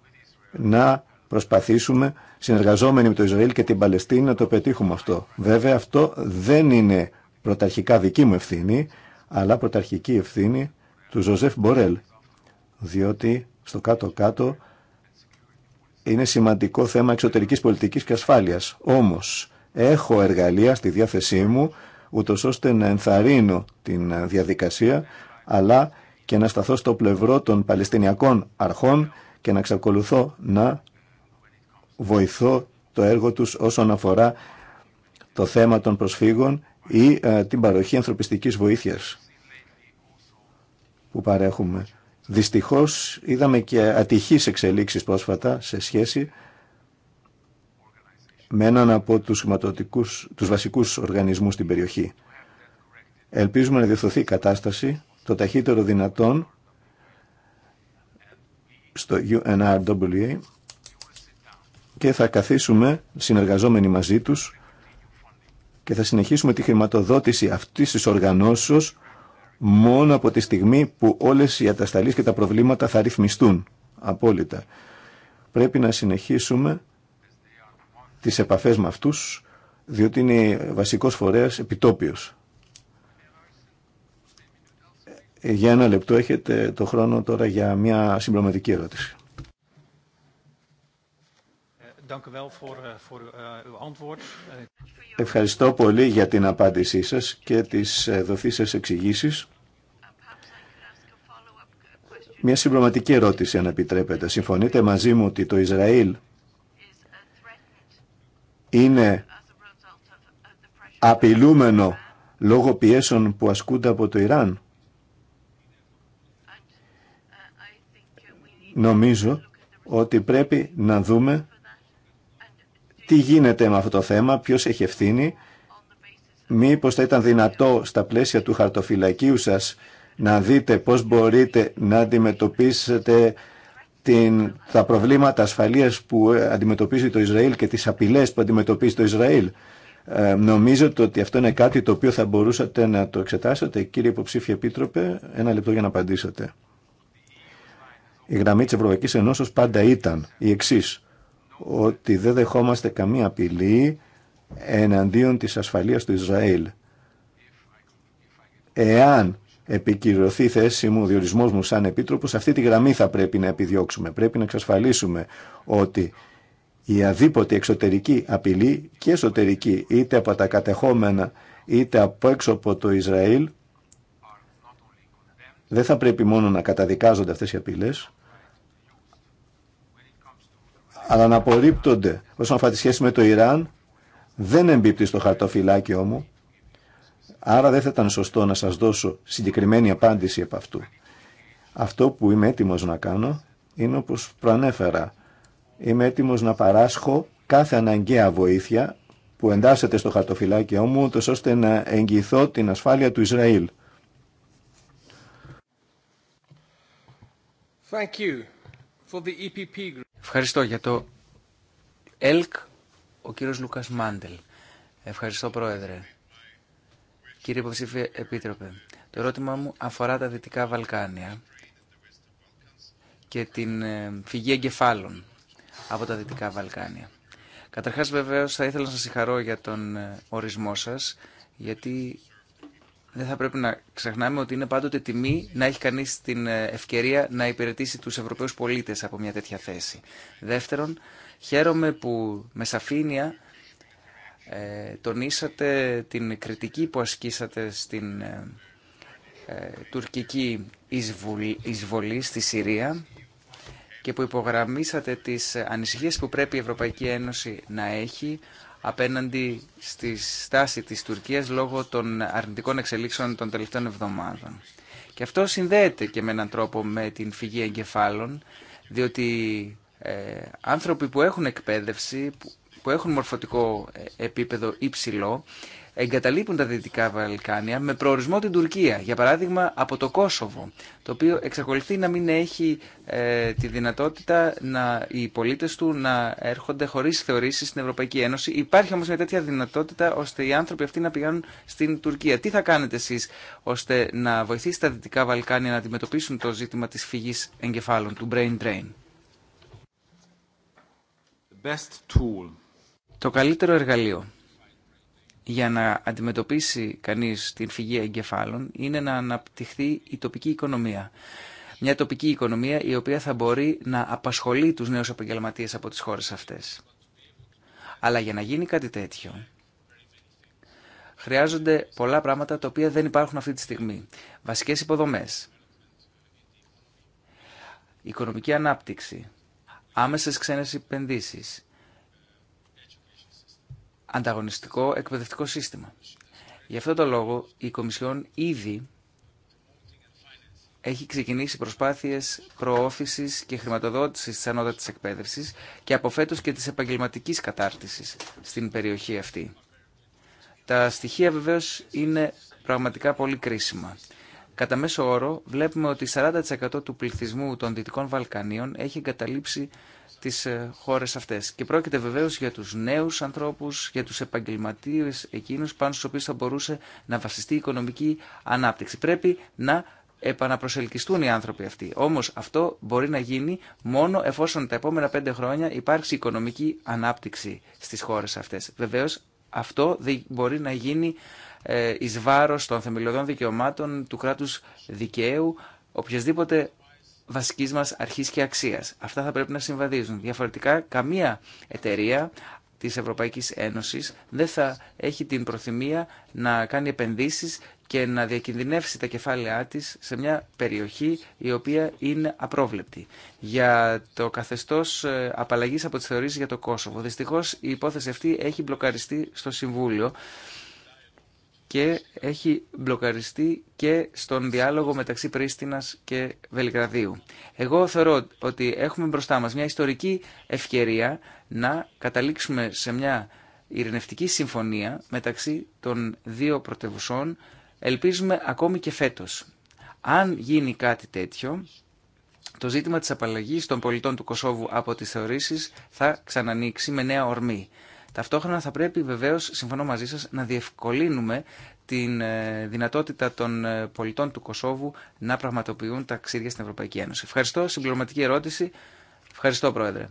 να προσπαθήσουμε συνεργαζόμενοι με το Ισραήλ και την Παλαιστίνη να το πετύχουμε αυτό. Βέβαια αυτό δεν είναι πρωταρχικά δική μου ευθύνη, αλλά πρωταρχική ευθύνη του Ζωζεφ Μπορέλ, διότι στο κάτω-κάτω είναι σημαντικό θέμα εξωτερικής πολιτικής και ασφάλειας. Όμως έχω εργαλεία στη διάθεσή μου ούτω ώστε να ενθαρρύνω την ε, διαδικασία, αλλά και να σταθώ στο πλευρό των Παλαιστινιακών αρχών και να ξεκολουθώ να βοηθώ το έργο τους όσον αφορά το θέμα των προσφύγων ή ε, την παροχή ανθρωπιστικής βοήθειας που παρέχουμε. Δυστυχώς είδαμε και ατυχείς εξελίξεις πρόσφατα σε σχέση με έναν από τους, τους βασικούς οργανισμούς στην περιοχή. Ελπίζουμε να διευθωθεί η κατάσταση το ταχύτερο δυνατόν στο UNRWA και θα καθίσουμε συνεργαζόμενοι μαζί τους και θα συνεχίσουμε τη χρηματοδότηση αυτής της οργανώσεως μόνο από τη στιγμή που όλες οι ατασταλείς και τα προβλήματα θα ρυθμιστούν απόλυτα. Πρέπει να συνεχίσουμε τις επαφές με αυτούς, διότι είναι βασικός φορέας επιτόπιος. Ε, για ένα λεπτό έχετε το χρόνο τώρα για μια συμπληρωματική ερώτηση. Ε, eh, eh, Ευχαριστώ πολύ για την απάντησή σας και τις ε, δοθήσεις εξηγήσεις. Μια συμπληρωματική ερώτηση αν επιτρέπετε. Συμφωνείτε μαζί μου ότι το Ισραήλ είναι απειλούμενο λόγω πιέσεων που ασκούνται από το Ιράν. Νομίζω ότι πρέπει να δούμε τι γίνεται με αυτό το θέμα, ποιος έχει ευθύνη, μήπως θα ήταν δυνατό στα πλαίσια του χαρτοφυλακίου σας να δείτε πώς μπορείτε να αντιμετωπίσετε την, τα προβλήματα ασφαλείας που ε, αντιμετωπίζει το Ισραήλ και τις απειλές που αντιμετωπίζει το Ισραήλ. Ε, νομίζω ότι αυτό είναι κάτι το οποίο θα μπορούσατε να το εξετάσετε. Κύριε Υποψήφιε Επίτροπε, ένα λεπτό για να απαντήσετε. Η γραμμή της Ευρωπαϊκής Ενώσεως πάντα ήταν η εξή ότι δεν δεχόμαστε καμία απειλή εναντίον της ασφαλείας του Ισραήλ. Εάν επικυρωθεί θέση μου, διορισμός μου σαν επίτροπος, αυτή τη γραμμή θα πρέπει να επιδιώξουμε. Πρέπει να εξασφαλίσουμε ότι η αδίποτη εξωτερική απειλή και εσωτερική, είτε από τα κατεχόμενα είτε από έξω από το Ισραήλ, δεν θα πρέπει μόνο να καταδικάζονται αυτές οι απειλές, αλλά να απορρίπτονται όσον αφορά τη σχέση με το Ιράν, δεν εμπίπτει στο χαρτοφυλάκιό μου Άρα δεν θα ήταν σωστό να σας δώσω συγκεκριμένη απάντηση από αυτού. Αυτό που είμαι έτοιμος να κάνω είναι όπως προανέφερα. Είμαι έτοιμος να παράσχω κάθε αναγκαία βοήθεια που εντάσσεται στο χαρτοφυλάκιό μου, ώστε να εγγυηθώ την ασφάλεια του Ισραήλ.
Thank you
for the EPP. Ευχαριστώ για το ΕΛΚ, ο κύριος Λουκάς Μάντελ. Ευχαριστώ, Πρόεδρε. Κύριε Υποψήφιε Επίτροπε, το ερώτημά μου αφορά τα Δυτικά Βαλκάνια και την ε, φυγή εγκεφάλων από τα Δυτικά Βαλκάνια. Καταρχάς βεβαίως θα ήθελα να σας συγχαρώ για τον ε, ορισμό σας, γιατί δεν θα πρέπει να ξεχνάμε ότι είναι πάντοτε τιμή να έχει κανείς την ε, ευκαιρία να υπηρετήσει τους Ευρωπαίους πολίτες από μια τέτοια θέση. Δεύτερον, χαίρομαι που με σαφήνεια ε, τονίσατε την κριτική που ασκήσατε στην ε, ε, τουρκική εισβολή στη Συρία και που υπογραμμίσατε τις ανησυχίες που πρέπει η Ευρωπαϊκή Ένωση να έχει απέναντι στη στάση της Τουρκίας λόγω των αρνητικών εξελίξεων των τελευταίων εβδομάδων. Και αυτό συνδέεται και με έναν τρόπο με την φυγή εγκεφάλων, διότι άνθρωποι που έχουν εκπαίδευση, που έχουν μορφωτικό ε, επίπεδο υψηλό εγκαταλείπουν τα Δυτικά Βαλκάνια με προορισμό την Τουρκία, για παράδειγμα από το Κόσοβο, το οποίο εξακολουθεί να μην έχει ε, τη δυνατότητα να, οι πολίτες του να έρχονται χωρίς θεωρήσεις στην Ευρωπαϊκή Ένωση. Υπάρχει όμως μια τέτοια δυνατότητα ώστε οι άνθρωποι αυτοί να πηγαίνουν στην Τουρκία. Τι θα κάνετε εσείς ώστε να βοηθήσει τα Δυτικά Βαλκάνια να αντιμετωπίσουν το ζήτημα της φυγής εγκεφάλων, του brain drain.
best tool
το καλύτερο εργαλείο για να αντιμετωπίσει κανείς την φυγή εγκεφάλων είναι να αναπτυχθεί η τοπική οικονομία. Μια τοπική οικονομία η οποία θα μπορεί να απασχολεί τους νέους επαγγελματίε από τις χώρες αυτές. Αλλά για να γίνει κάτι τέτοιο χρειάζονται πολλά πράγματα τα οποία δεν υπάρχουν αυτή τη στιγμή. Βασικές υποδομές, οικονομική ανάπτυξη, άμεσες ξένες επενδύσεις, ανταγωνιστικό εκπαιδευτικό σύστημα. Γι' αυτό το λόγο η Κομισιόν ήδη έχει ξεκινήσει προσπάθειες προώθησης και χρηματοδότησης της ανώτατης εκπαίδευσης και από και της επαγγελματικής κατάρτισης στην περιοχή αυτή. Τα στοιχεία βεβαίως είναι πραγματικά πολύ κρίσιμα. Κατά μέσο όρο βλέπουμε ότι 40% του πληθυσμού των Δυτικών Βαλκανίων έχει εγκαταλείψει τις ε, χώρες αυτές. Και πρόκειται βεβαίως για τους νέους ανθρώπους, για τους επαγγελματίες εκείνους πάνω στους οποίους θα μπορούσε να βασιστεί η οικονομική ανάπτυξη. Πρέπει να επαναπροσελκυστούν οι άνθρωποι αυτοί. Όμως αυτό μπορεί να γίνει μόνο εφόσον τα επόμενα πέντε χρόνια υπάρξει οικονομική ανάπτυξη στις χώρες αυτές. Βεβαίως αυτό μπορεί να γίνει ε, εις βάρος των θεμελιωδών δικαιωμάτων του κράτους δικαίου, οποιασδήποτε Βασική μα αρχή και αξία. Αυτά θα πρέπει να συμβαδίζουν. Διαφορετικά, καμία εταιρεία της Ευρωπαϊκής Ένωσης δεν θα έχει την προθυμία να κάνει επενδύσεις και να διακινδυνεύσει τα κεφάλαιά της σε μια περιοχή η οποία είναι απρόβλεπτη. Για το καθεστώς ε, απαλλαγή από τι θεωρίες για το Κόσοβο. Δυστυχώ, η υπόθεση αυτή έχει μπλοκαριστεί στο Συμβούλιο και έχει μπλοκαριστεί και στον διάλογο μεταξύ Πρίστινας και Βελιγραδίου. Εγώ θεωρώ ότι έχουμε μπροστά μας μια ιστορική ευκαιρία να καταλήξουμε σε μια ειρηνευτική συμφωνία μεταξύ των δύο πρωτευουσών, ελπίζουμε ακόμη και φέτος. Αν γίνει κάτι τέτοιο, το ζήτημα της απαλλαγής των πολιτών του Κωσόβου από τις θεωρήσεις θα ξανανοίξει με νέα ορμή. Ταυτόχρονα θα πρέπει βεβαίως, συμφωνώ μαζί σας, να διευκολύνουμε την ε, δυνατότητα των ε, πολιτών του Κωσόβου να πραγματοποιούν ταξίδια στην Ευρωπαϊκή Ένωση. Ευχαριστώ. Συμπληρωματική ερώτηση. Ευχαριστώ, Πρόεδρε.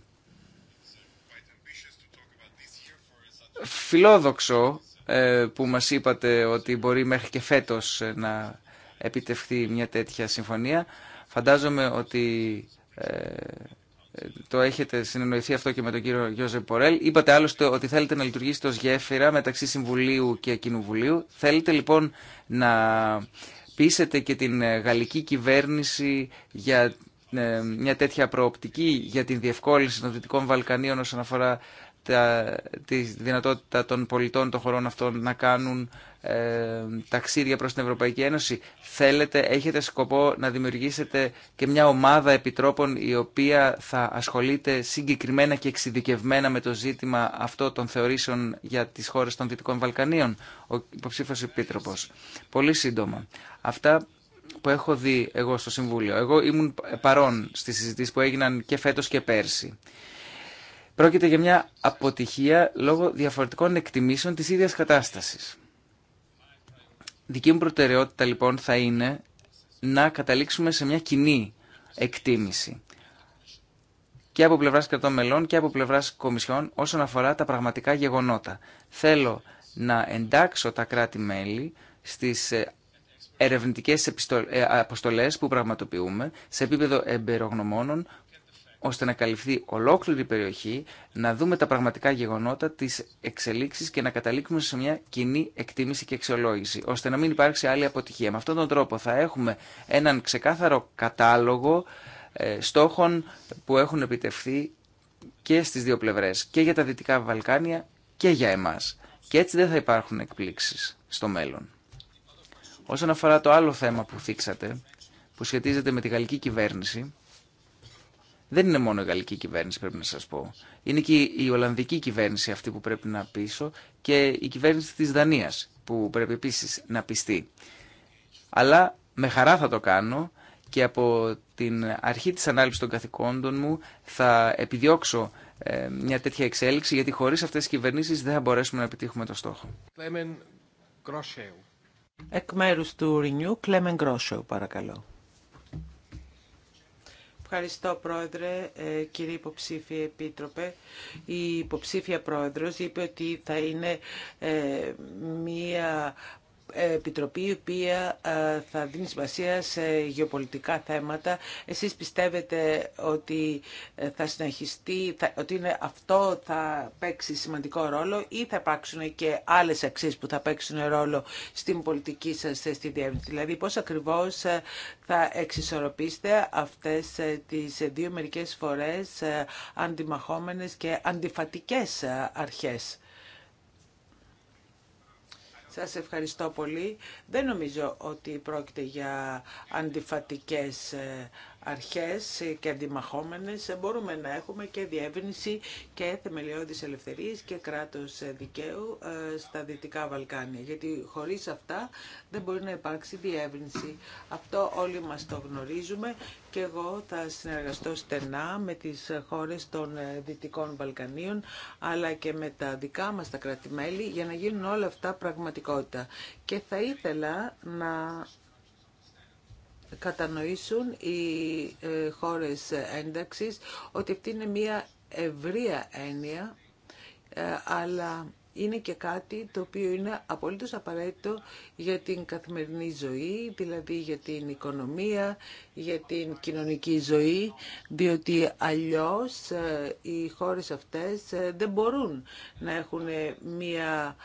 Φιλόδοξο ε, που μας είπατε ότι μπορεί μέχρι και φέτος να επιτευχθεί μια τέτοια συμφωνία. Φαντάζομαι ότι το έχετε συνεννοηθεί αυτό και με τον κύριο Γιώζε Πορέλ. Είπατε άλλωστε ότι θέλετε να λειτουργήσετε ω γέφυρα μεταξύ Συμβουλίου και Κοινοβουλίου. Θέλετε λοιπόν να πείσετε και την ε, γαλλική κυβέρνηση για ε, μια τέτοια προοπτική για την διευκόλυνση των Δυτικών Βαλκανίων όσον αφορά τη δυνατότητα των πολιτών των χωρών αυτών να κάνουν ε, ταξίδια προς την Ευρωπαϊκή Ένωση. Θέλετε, έχετε σκοπό να δημιουργήσετε και μια ομάδα επιτρόπων η οποία θα ασχολείται συγκεκριμένα και εξειδικευμένα με το ζήτημα αυτό των θεωρήσεων για τις χώρες των Δυτικών Βαλκανίων, ο υποψήφιος επίτροπος. Πολύ σύντομα. Αυτά που έχω δει εγώ στο Συμβούλιο. Εγώ ήμουν παρόν στις συζητήσεις που έγιναν και φέτος και πέρσι. Πρόκειται για μια αποτυχία λόγω διαφορετικών εκτιμήσεων της ίδιας κατάστασης. Δική μου προτεραιότητα λοιπόν θα είναι να καταλήξουμε σε μια κοινή εκτίμηση και από πλευράς κρατών μελών και από πλευράς κομισιών όσον αφορά τα πραγματικά γεγονότα. Θέλω να εντάξω τα κράτη-μέλη στις ε, ερευνητικές ε, αποστολές που πραγματοποιούμε σε επίπεδο εμπειρογνωμόνων ώστε να καλυφθεί ολόκληρη η περιοχή, να δούμε τα πραγματικά γεγονότα, τι εξελίξει και να καταλήξουμε σε μια κοινή εκτίμηση και αξιολόγηση, ώστε να μην υπάρξει άλλη αποτυχία. Με αυτόν τον τρόπο θα έχουμε έναν ξεκάθαρο κατάλογο ε, στόχων που έχουν επιτευχθεί και στις δύο πλευρές, και για τα Δυτικά Βαλκάνια και για εμάς. Και έτσι δεν θα υπάρχουν εκπλήξεις στο μέλλον. Όσον αφορά το άλλο θέμα που θίξατε, που σχετίζεται με τη γαλλική κυβέρνηση, δεν είναι μόνο η γαλλική κυβέρνηση, πρέπει να σας πω. Είναι και η Ολλανδική κυβέρνηση αυτή που πρέπει να πείσω και η κυβέρνηση της Δανίας που πρέπει επίσης να πιστεί. Αλλά με χαρά θα το κάνω και από την αρχή της ανάλυσης των καθηκόντων μου θα επιδιώξω ε, μια τέτοια εξέλιξη γιατί χωρίς αυτές τις κυβερνήσεις δεν θα
μπορέσουμε να επιτύχουμε το στόχο. Εκ μέρους του Renew, Κλέμεν Γκρόσεου, παρακαλώ. Ευχαριστώ Πρόεδρε, ε, κύριε υποψήφιε Επίτροπε. Η υποψήφια Πρόεδρος είπε ότι θα είναι ε, μία επιτροπή η οποία θα δίνει σημασία σε γεωπολιτικά θέματα. Εσείς πιστεύετε ότι ε, θα συνεχιστεί, ότι είναι αυτό θα παίξει σημαντικό ρόλο ή θα υπάρξουν και άλλες αξίες που θα παίξουν ρόλο στην πολιτική σας ε, στη διεύθυνση. Δηλαδή πώς ακριβώς ε, θα εξισορροπήσετε αυτές τις δύο μερικές φορές αντιμαχόμενες και αντιφατικές αρχές. Σας ευχαριστώ πολύ. Δεν νομίζω ότι πρόκειται για αντιφατικές ε, αρχές και αντιμαχόμενες μπορούμε να έχουμε και διεύρυνση και θεμελιώδης ελευθερίες και κράτος δικαίου ε, στα Δυτικά Βαλκάνια. Γιατί χωρίς αυτά δεν μπορεί να υπάρξει διεύρυνση. Αυτό όλοι μας το γνωρίζουμε και εγώ θα συνεργαστώ στενά με τις χώρες των ε, Δυτικών Βαλκανίων αλλά και με τα δικά μας τα κρατημέλη για να γίνουν όλα αυτά πραγματικότητα. Και θα ήθελα να κατανοήσουν οι ε, χώρες ένταξης ότι αυτή είναι μια ευρεία έννοια, ε, αλλά είναι και κάτι το οποίο είναι απολύτως απαραίτητο για την καθημερινή ζωή, δηλαδή για την οικονομία, για την κοινωνική ζωή, διότι αλλιώς ε, οι χώρες αυτές δεν μπορούν να έχουν μια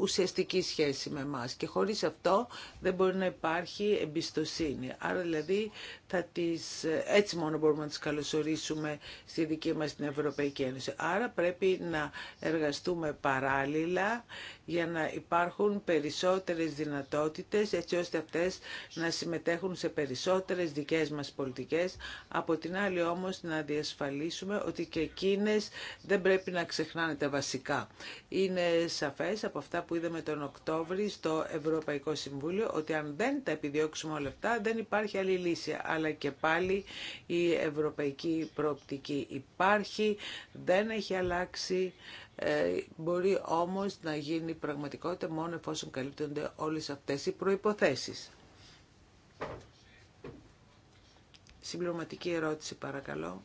ουσιαστική σχέση με εμά. Και χωρίς αυτό δεν μπορεί να υπάρχει εμπιστοσύνη. Άρα δηλαδή θα τις, έτσι μόνο μπορούμε να τις καλωσορίσουμε στη δική μας την Ευρωπαϊκή Ένωση. Άρα πρέπει να εργαστούμε παράλληλα για να υπάρχουν περισσότερες δυνατότητες έτσι ώστε αυτές να συμμετέχουν σε περισσότερες δικές μας πολιτικές. Από την άλλη όμως να διασφαλίσουμε ότι και εκείνε δεν πρέπει να ξεχνάνε τα βασικά. Είναι σαφές από αυτά που είδαμε τον Οκτώβρη στο Ευρωπαϊκό Συμβούλιο ότι αν δεν τα επιδιώξουμε όλα αυτά δεν υπάρχει άλλη λύση αλλά και πάλι η ευρωπαϊκή προοπτική υπάρχει, δεν έχει αλλάξει, ε, μπορεί όμως να γίνει πραγματικότητα μόνο εφόσον καλύπτονται όλες αυτές οι προϋποθέσεις. Συμπληρωματική ερώτηση παρακαλώ.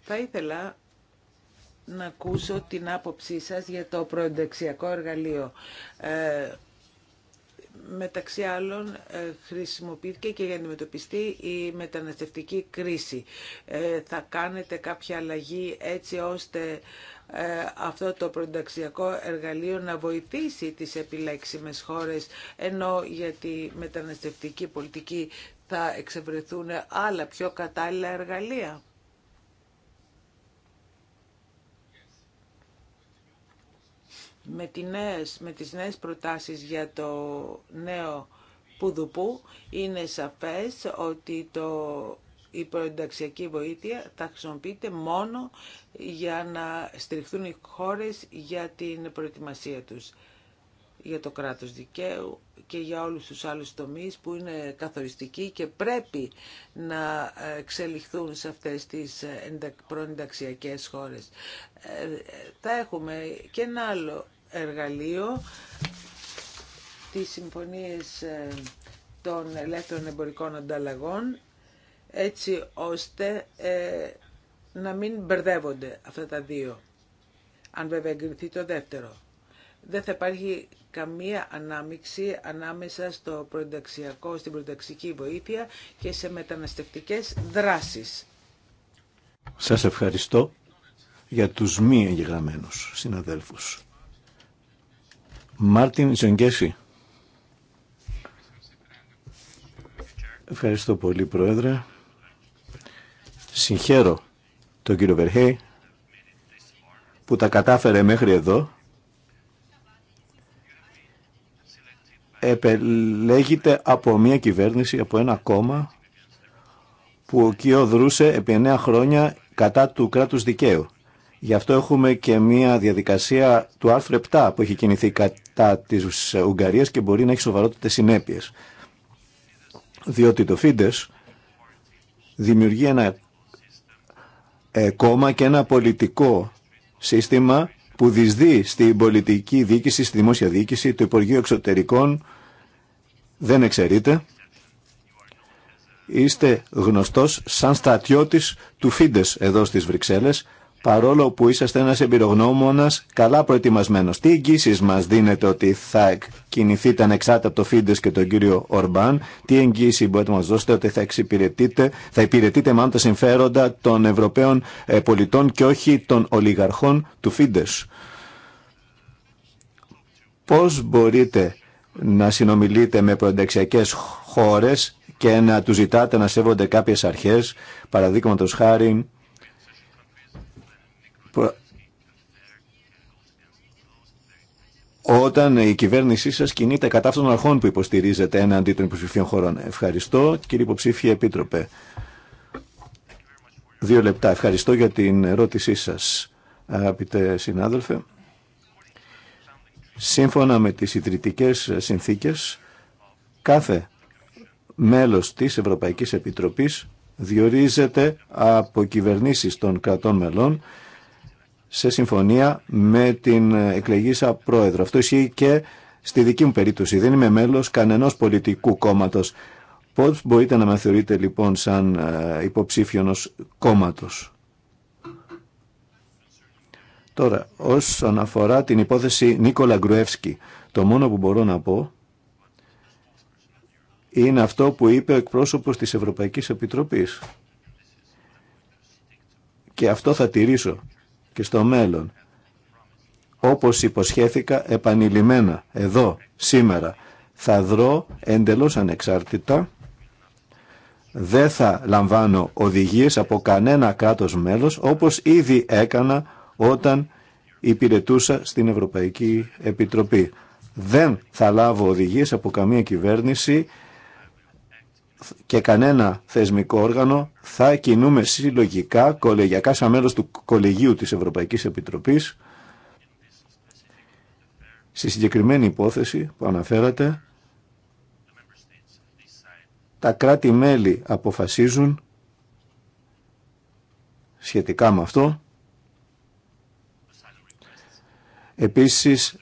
Θα ήθελα να ακούσω την άποψή σας για το προενταξιακό εργαλείο. Ε, μεταξύ άλλων ε, χρησιμοποιήθηκε και για να αντιμετωπιστεί η μεταναστευτική κρίση. Ε, θα κάνετε κάποια αλλαγή έτσι ώστε ε, αυτό το προενταξιακό εργαλείο να βοηθήσει τις επιλέξιμες χώρες, ενώ για τη μεταναστευτική πολιτική θα εξευρεθούν άλλα πιο κατάλληλα εργαλεία. με, τις νέες, με τις νέες προτάσεις για το νέο πουδουπού είναι σαφές ότι το, η προενταξιακή βοήθεια θα χρησιμοποιείται μόνο για να στηριχθούν οι χώρες για την προετοιμασία τους για το κράτος δικαίου και για όλους τους άλλους τομείς που είναι καθοριστικοί και πρέπει να εξελιχθούν σε αυτές τις προενταξιακές χώρες. Ε, θα έχουμε και ένα άλλο εργαλείο, τις συμφωνίες ε, των ελεύθερων εμπορικών ανταλλαγών, έτσι ώστε ε, να μην μπερδεύονται αυτά τα δύο, αν βέβαια εγκριθεί το δεύτερο δεν θα υπάρχει καμία ανάμειξη ανάμεσα στο προενταξιακό, στην προενταξική βοήθεια και σε μεταναστευτικές δράσεις.
Σας ευχαριστώ για τους μη εγγεγραμμένους συναδέλφους. Μάρτιν Ζεγκέση. Ευχαριστώ πολύ Πρόεδρε. Συγχαίρω τον κύριο Βερχέη που τα κατάφερε μέχρι εδώ επελέγεται από μια κυβέρνηση, από ένα κόμμα που ο Κίο δρούσε επί 9 χρόνια κατά του κράτους δικαίου. Γι' αυτό έχουμε και μια διαδικασία του άρθρου 7 που έχει κινηθεί κατά της Ουγγαρίας και μπορεί να έχει σοβαρότητες συνέπειες. Διότι το Φίντες δημιουργεί ένα ε, κόμμα και ένα πολιτικό σύστημα που δυσδεί στην πολιτική διοίκηση, στη δημόσια διοίκηση, το Υπουργείο Εξωτερικών δεν εξαιρείται. Είστε γνωστός σαν στρατιώτης του Φίντες εδώ στις Βρυξέλλες παρόλο που είσαστε ένας εμπειρογνώμονα καλά προετοιμασμένος. Τι εγγύσει μας δίνετε ότι θα κινηθείτε ανεξάρτητα από το Φίντες και τον κύριο Ορμπάν, τι εγγύσει μπορείτε να μας δώσετε ότι θα εξυπηρετείτε, θα υπηρετείτε μάλλον τα συμφέροντα των Ευρωπαίων ε, πολιτών και όχι των ολιγαρχών του Φίντες. Πώς μπορείτε να συνομιλείτε με προενταξιακές χώρες και να τους ζητάτε να σέβονται κάποιες αρχές, παραδείγματος χάρη όταν η κυβέρνησή σας κινείται κατά αυτών των αρχών που υποστηρίζετε έναντι των υποψηφίων χωρών. Ευχαριστώ κύριε υποψήφιε επίτροπε. Δύο λεπτά. Ευχαριστώ για την ερώτησή σας αγαπητέ συνάδελφε. Σύμφωνα με τις ιδρυτικές συνθήκες, κάθε μέλος της Ευρωπαϊκής Επιτροπής διορίζεται από κυβερνήσει των κρατών μελών σε συμφωνία με την εκλεγήσα πρόεδρο. Αυτό ισχύει και στη δική μου περίπτωση. Δεν είμαι μέλος κανενός πολιτικού κόμματος. Πώς μπορείτε να με θεωρείτε λοιπόν σαν ε, ως κόμματος. Τώρα, όσον αφορά την υπόθεση Νίκολα Γκρουεύσκη, το μόνο που μπορώ να πω είναι αυτό που είπε ο εκπρόσωπος της Ευρωπαϊκής Επιτροπής. Και αυτό θα τηρήσω και στο μέλλον. Όπως υποσχέθηκα επανειλημμένα εδώ, σήμερα, θα δρώ εντελώς ανεξάρτητα, δεν θα λαμβάνω οδηγίες από κανένα κράτος μέλος, όπως ήδη έκανα όταν υπηρετούσα στην Ευρωπαϊκή Επιτροπή. Δεν θα λάβω οδηγίες από καμία κυβέρνηση και κανένα θεσμικό όργανο θα κινούμε συλλογικά, κολεγιακά, σαν μέλος του κολεγίου της Ευρωπαϊκής Επιτροπής στη συγκεκριμένη υπόθεση που αναφέρατε τα κράτη-μέλη αποφασίζουν σχετικά με αυτό επίσης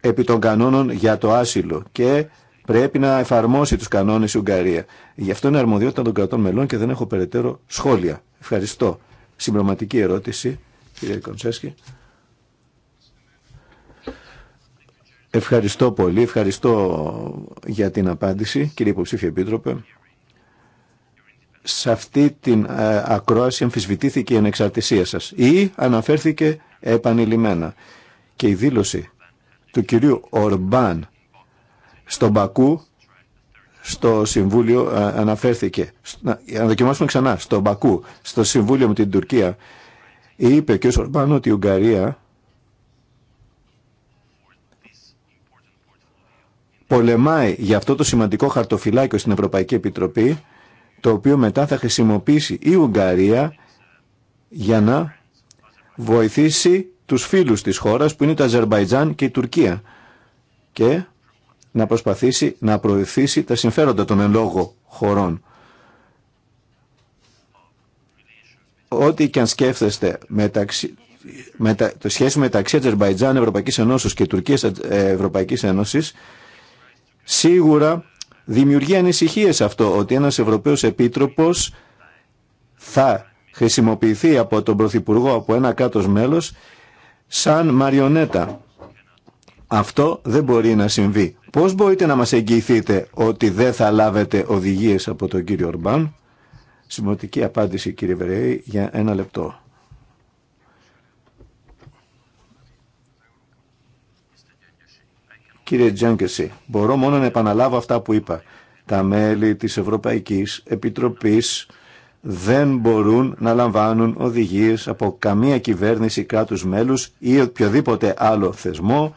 επί των κανόνων για το άσυλο και πρέπει να εφαρμόσει τους κανόνες η Ουγγαρία. Γι' αυτό είναι αρμοδιότητα των κρατών μελών και δεν έχω περαιτέρω σχόλια. Ευχαριστώ. Συμπληρωματική ερώτηση, κύριε Κονσέσκη. Ευχαριστώ πολύ, ευχαριστώ για την απάντηση, κύριε Υποψήφια Επίτροπε. Σε αυτή την ε, ακρόαση αμφισβητήθηκε η ανεξαρτησία σας ή αναφέρθηκε επανειλημμένα. Και η δήλωση του κυρίου Ορμπάν στον Πακού, στο Συμβούλιο ε, αναφέρθηκε, να, δοκιμάσουμε ξανά, στον Πακού, στο Συμβούλιο με την Τουρκία, είπε και ο Σορμπάν ότι η Ουγγαρία πολεμάει για αυτό το σημαντικό χαρτοφυλάκιο στην Ευρωπαϊκή Επιτροπή, το οποίο μετά θα χρησιμοποιήσει η Ουγγαρία για να βοηθήσει τους φίλους της χώρας που είναι το Αζερβαϊτζάν και η Τουρκία. Και να προσπαθήσει να προωθήσει τα συμφέροντα των εν λόγω χωρών. Ό,τι και αν σκέφτεστε μεταξύ, το σχέση μεταξύ Αζερβαϊτζάν, Ευρωπαϊκής Ενώσης και Τουρκίας ε, Ευρωπαϊκή Ένωση, σίγουρα δημιουργεί ανησυχίες αυτό ότι ένας Ευρωπαίος Επίτροπος θα χρησιμοποιηθεί από τον Πρωθυπουργό από ένα κάτω μέλο σαν μαριονέτα. Αυτό δεν μπορεί να συμβεί. Πώς μπορείτε να μας εγγυηθείτε ότι δεν θα λάβετε οδηγίες από τον κύριο Ορμπάν. Σημαντική απάντηση κύριε Βερέη για ένα λεπτό. Κύριε Τζέγκεση, μπορώ μόνο να επαναλάβω αυτά που είπα. Τα μέλη της Ευρωπαϊκής Επιτροπής δεν μπορούν να λαμβάνουν οδηγίες από καμία κυβέρνηση κράτους μέλους ή οποιοδήποτε άλλο θεσμό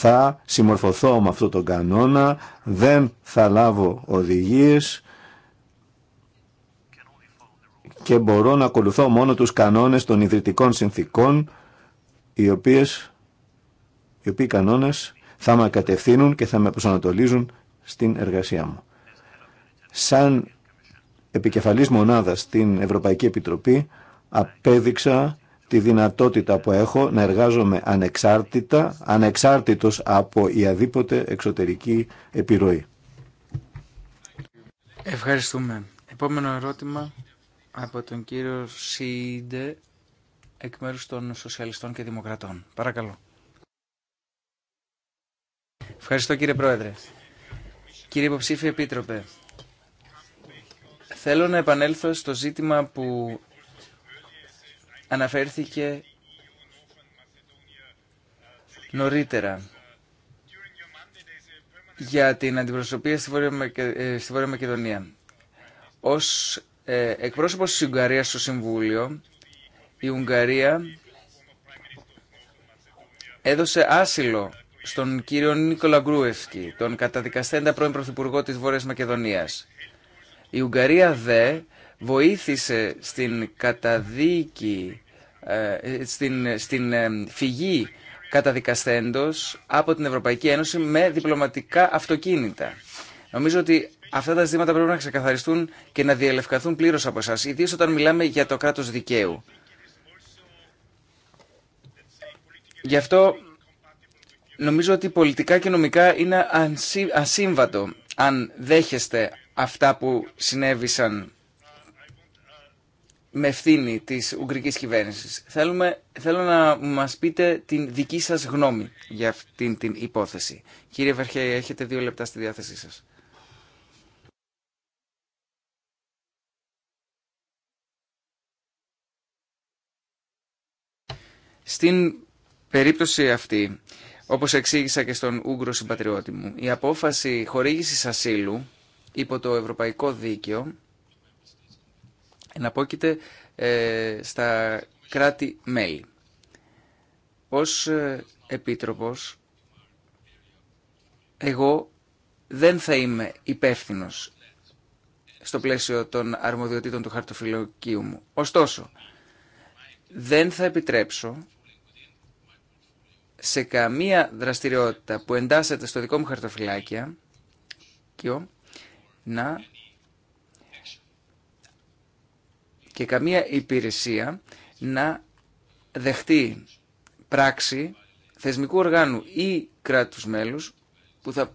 θα συμμορφωθώ με αυτό τον κανόνα, δεν θα λάβω οδηγίες και μπορώ να ακολουθώ μόνο τους κανόνες των ιδρυτικών συνθήκων, οι, οποίες, οι οποίοι κανόνες θα με κατευθύνουν και θα με προσανατολίζουν στην εργασία μου. Σαν επικεφαλής μονάδας στην Ευρωπαϊκή Επιτροπή απέδειξα τη δυνατότητα που έχω να εργάζομαι ανεξάρτητα, ανεξάρτητος από η αδίποτε εξωτερική επιρροή.
Ευχαριστούμε. Επόμενο ερώτημα από τον κύριο Σίντε εκ μέρους των Σοσιαλιστών και Δημοκρατών. Παρακαλώ. Ευχαριστώ κύριε Πρόεδρε. Κύριε Υποψήφιε Επίτροπε, θέλω να επανέλθω στο ζήτημα που αναφέρθηκε νωρίτερα για την αντιπροσωπεία στη Βόρεια, ε, Μακεδονία. Ως ε, εκπρόσωπος της Ουγγαρίας στο Συμβούλιο, η Ουγγαρία έδωσε άσυλο στον κύριο Νίκολα Γκρούευσκι, τον καταδικαστέντα πρώην Πρωθυπουργό της Βόρειας Μακεδονίας. Η Ουγγαρία δε βοήθησε στην καταδίκη, ε, στην, στην ε, φυγή καταδικαστέντος από την Ευρωπαϊκή Ένωση με διπλωματικά αυτοκίνητα. Νομίζω ότι αυτά τα ζητήματα πρέπει να ξεκαθαριστούν και να διελευκαθούν πλήρως από εσάς, ιδίως όταν μιλάμε για το κράτος δικαίου. Γι' αυτό νομίζω ότι πολιτικά και νομικά είναι ασύμβατο αν δέχεστε αυτά που συνέβησαν με ευθύνη της Ουγγρικής κυβέρνηση. θέλω να μας πείτε την δική σας γνώμη για αυτήν την υπόθεση. Κύριε Βαρχέ, έχετε δύο λεπτά στη διάθεσή σας. Στην περίπτωση αυτή, όπως εξήγησα και στον Ούγγρο συμπατριώτη μου, η απόφαση χορήγησης ασύλου υπό το Ευρωπαϊκό Δίκαιο εναπόκειται ε, στα κράτη-μέλη. Ως ε, Επίτροπος, εγώ δεν θα είμαι υπεύθυνος στο πλαίσιο των αρμοδιοτήτων του χαρτοφυλλοκίου μου. Ωστόσο, δεν θα επιτρέψω σε καμία δραστηριότητα που εντάσσεται στο δικό μου χαρτοφυλάκιο να και καμία υπηρεσία να δεχτεί πράξη θεσμικού οργάνου ή κράτους μέλους που θα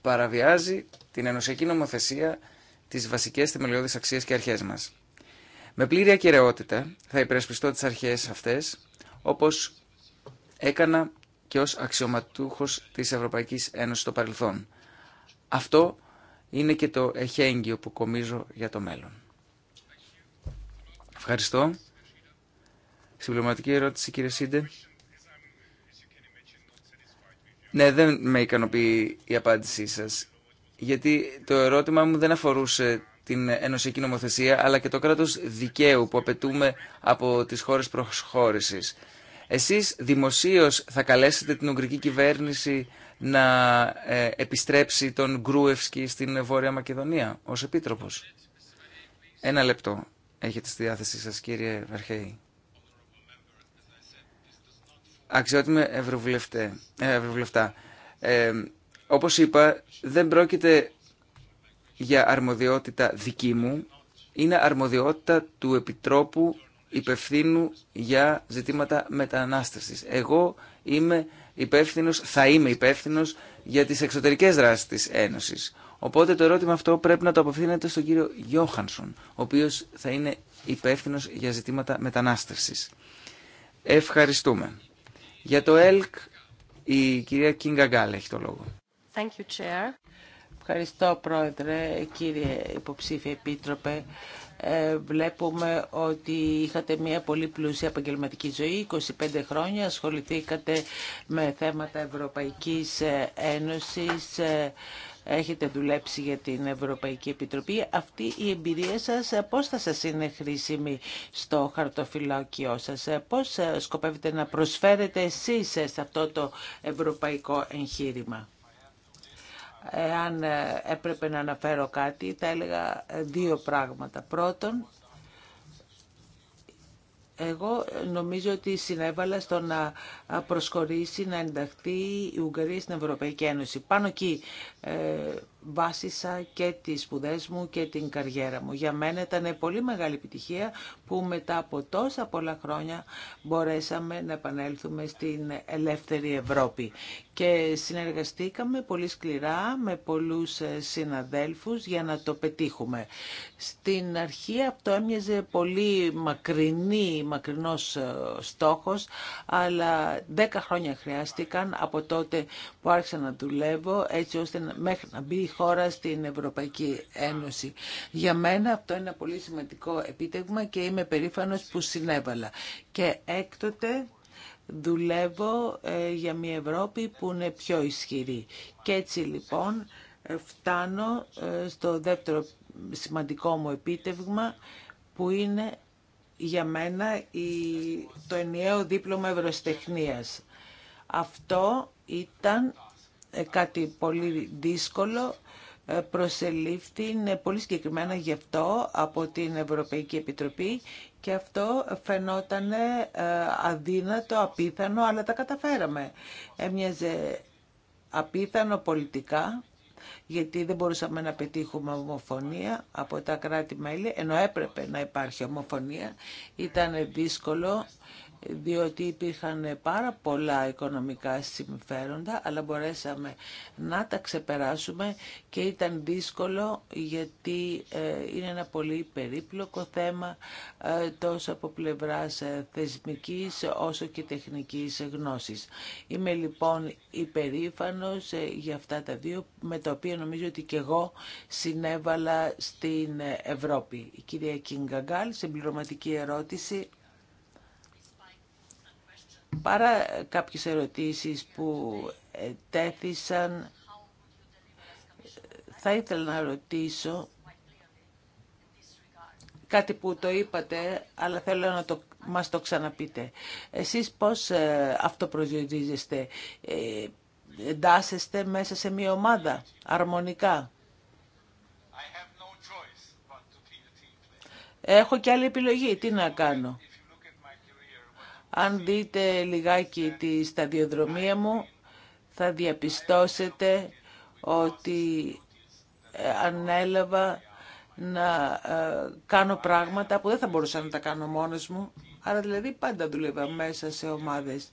παραβιάζει την ενωσιακή νομοθεσία τις βασικές θεμελιώδεις αξίες και αρχές μας. Με πλήρη ακεραιότητα θα υπερασπιστώ τις αρχές αυτές όπως έκανα και ως αξιωματούχος της Ευρωπαϊκής Ένωσης στο παρελθόν. Αυτό είναι και το εχέγγυο που κομίζω για το μέλλον. Ευχαριστώ. Συμπληρωματική ερώτηση, κύριε Σίντε. Ναι, δεν με ικανοποιεί η απάντησή σας. Γιατί το ερώτημα μου δεν αφορούσε την ενωσιακή νομοθεσία, αλλά και το κράτος δικαίου που απαιτούμε από τις χώρες προσχώρησης. Εσείς δημοσίως θα καλέσετε την Ουγγρική κυβέρνηση να ε, επιστρέψει τον Γκρούευσκι στην Βόρεια Μακεδονία ως επίτροπος. Ένα λεπτό έχετε στη διάθεσή σας κύριε Βαρχέη. Αξιότιμε ε, ευρωβουλευτά. Ε, όπως είπα, δεν πρόκειται για αρμοδιότητα δική μου. Είναι αρμοδιότητα του Επιτρόπου υπευθύνου για ζητήματα μετανάστευσης. Εγώ είμαι υπεύθυνος, θα είμαι υπεύθυνος για τις εξωτερικές δράσεις της Ένωσης. Οπότε το ερώτημα αυτό πρέπει να το απευθύνεται στον κύριο Γιώχανσον, ο οποίος θα είναι υπεύθυνο για ζητήματα μετανάστευση. Ευχαριστούμε. Για το ΕΛΚ, η κυρία Κίνγκα Γκάλ έχει το λόγο.
Thank you, Chair.
Ευχαριστώ, Πρόεδρε, κύριε υποψήφιε επίτροπε. Ε, βλέπουμε ότι είχατε μια πολύ πλούσια επαγγελματική ζωή, 25 χρόνια, ασχοληθήκατε με θέματα Ευρωπαϊκής ε, Ένωσης, ε, έχετε δουλέψει για την Ευρωπαϊκή Επιτροπή. Αυτή η εμπειρία σας ε, πώς θα σας είναι χρήσιμη στο χαρτοφυλάκιό σας. Ε, πώς ε, σκοπεύετε να προσφέρετε εσείς σε αυτό το ευρωπαϊκό εγχείρημα. Αν έπρεπε να αναφέρω κάτι, θα έλεγα δύο πράγματα. Πρώτον, εγώ νομίζω ότι συνέβαλα στο να προσχωρήσει, να ενταχθεί η Ουγγαρία στην Ευρωπαϊκή Ένωση. Πάνω εκεί ε, βάσισα και τις σπουδέ μου και την καριέρα μου. Για μένα ήταν πολύ μεγάλη επιτυχία που μετά από τόσα πολλά χρόνια μπορέσαμε να επανέλθουμε στην ελεύθερη Ευρώπη. Και συνεργαστήκαμε πολύ σκληρά με πολλούς ε, συναδέλφους για να το πετύχουμε. Στην αρχή αυτό έμοιαζε πολύ μακρινή, μακρινός ε, στόχος, αλλά δέκα χρόνια χρειάστηκαν από τότε που άρχισα να δουλεύω έτσι ώστε μέχρι να μπει χώρα στην Ευρωπαϊκή Ένωση. Για μένα αυτό είναι ένα πολύ σημαντικό επίτευγμα και είμαι περήφανος που συνέβαλα. Και έκτοτε δουλεύω ε, για μια Ευρώπη που είναι πιο ισχυρή. Και έτσι λοιπόν ε, φτάνω ε, στο δεύτερο σημαντικό μου επίτευγμα που είναι για μένα το ενιαίο δίπλωμα ευρωστεχνίας. Αυτό ήταν κάτι πολύ δύσκολο ε, προσελήφθη ναι, πολύ συγκεκριμένα γι' αυτό από την Ευρωπαϊκή Επιτροπή και αυτό φαινόταν ε, αδύνατο, απίθανο, αλλά τα καταφέραμε. Έμοιαζε απίθανο πολιτικά, γιατί δεν μπορούσαμε να πετύχουμε ομοφωνία από τα κράτη-μέλη, ενώ έπρεπε να υπάρχει ομοφωνία. Ήταν δύσκολο διότι υπήρχαν πάρα πολλά οικονομικά συμφέροντα, αλλά μπορέσαμε να τα ξεπεράσουμε και ήταν δύσκολο γιατί ε, είναι ένα πολύ περίπλοκο θέμα ε, τόσο από πλευράς ε, θεσμικής όσο και τεχνικής γνώσης. Είμαι λοιπόν υπερήφανος για αυτά τα δύο με τα οποία νομίζω ότι και εγώ συνέβαλα στην Ευρώπη. Η κυρία Κινγκαγκάλ, συμπληρωματική ερώτηση. Παρά κάποιες ερωτήσεις που τέθησαν, θα ήθελα να ρωτήσω κάτι που το είπατε, αλλά θέλω να το, μας το ξαναπείτε. Εσείς πώς ε, αυτοπροσδιορίζεστε, ε, εντάσσεστε μέσα σε μια ομάδα, αρμονικά. Έχω και άλλη επιλογή, τι να κάνω. Αν δείτε λιγάκι τη σταδιοδρομία μου, θα διαπιστώσετε ότι ε, ανέλαβα να ε, κάνω πράγματα που δεν θα μπορούσα να τα κάνω μόνος μου. Άρα δηλαδή πάντα δούλευα μέσα σε ομάδες,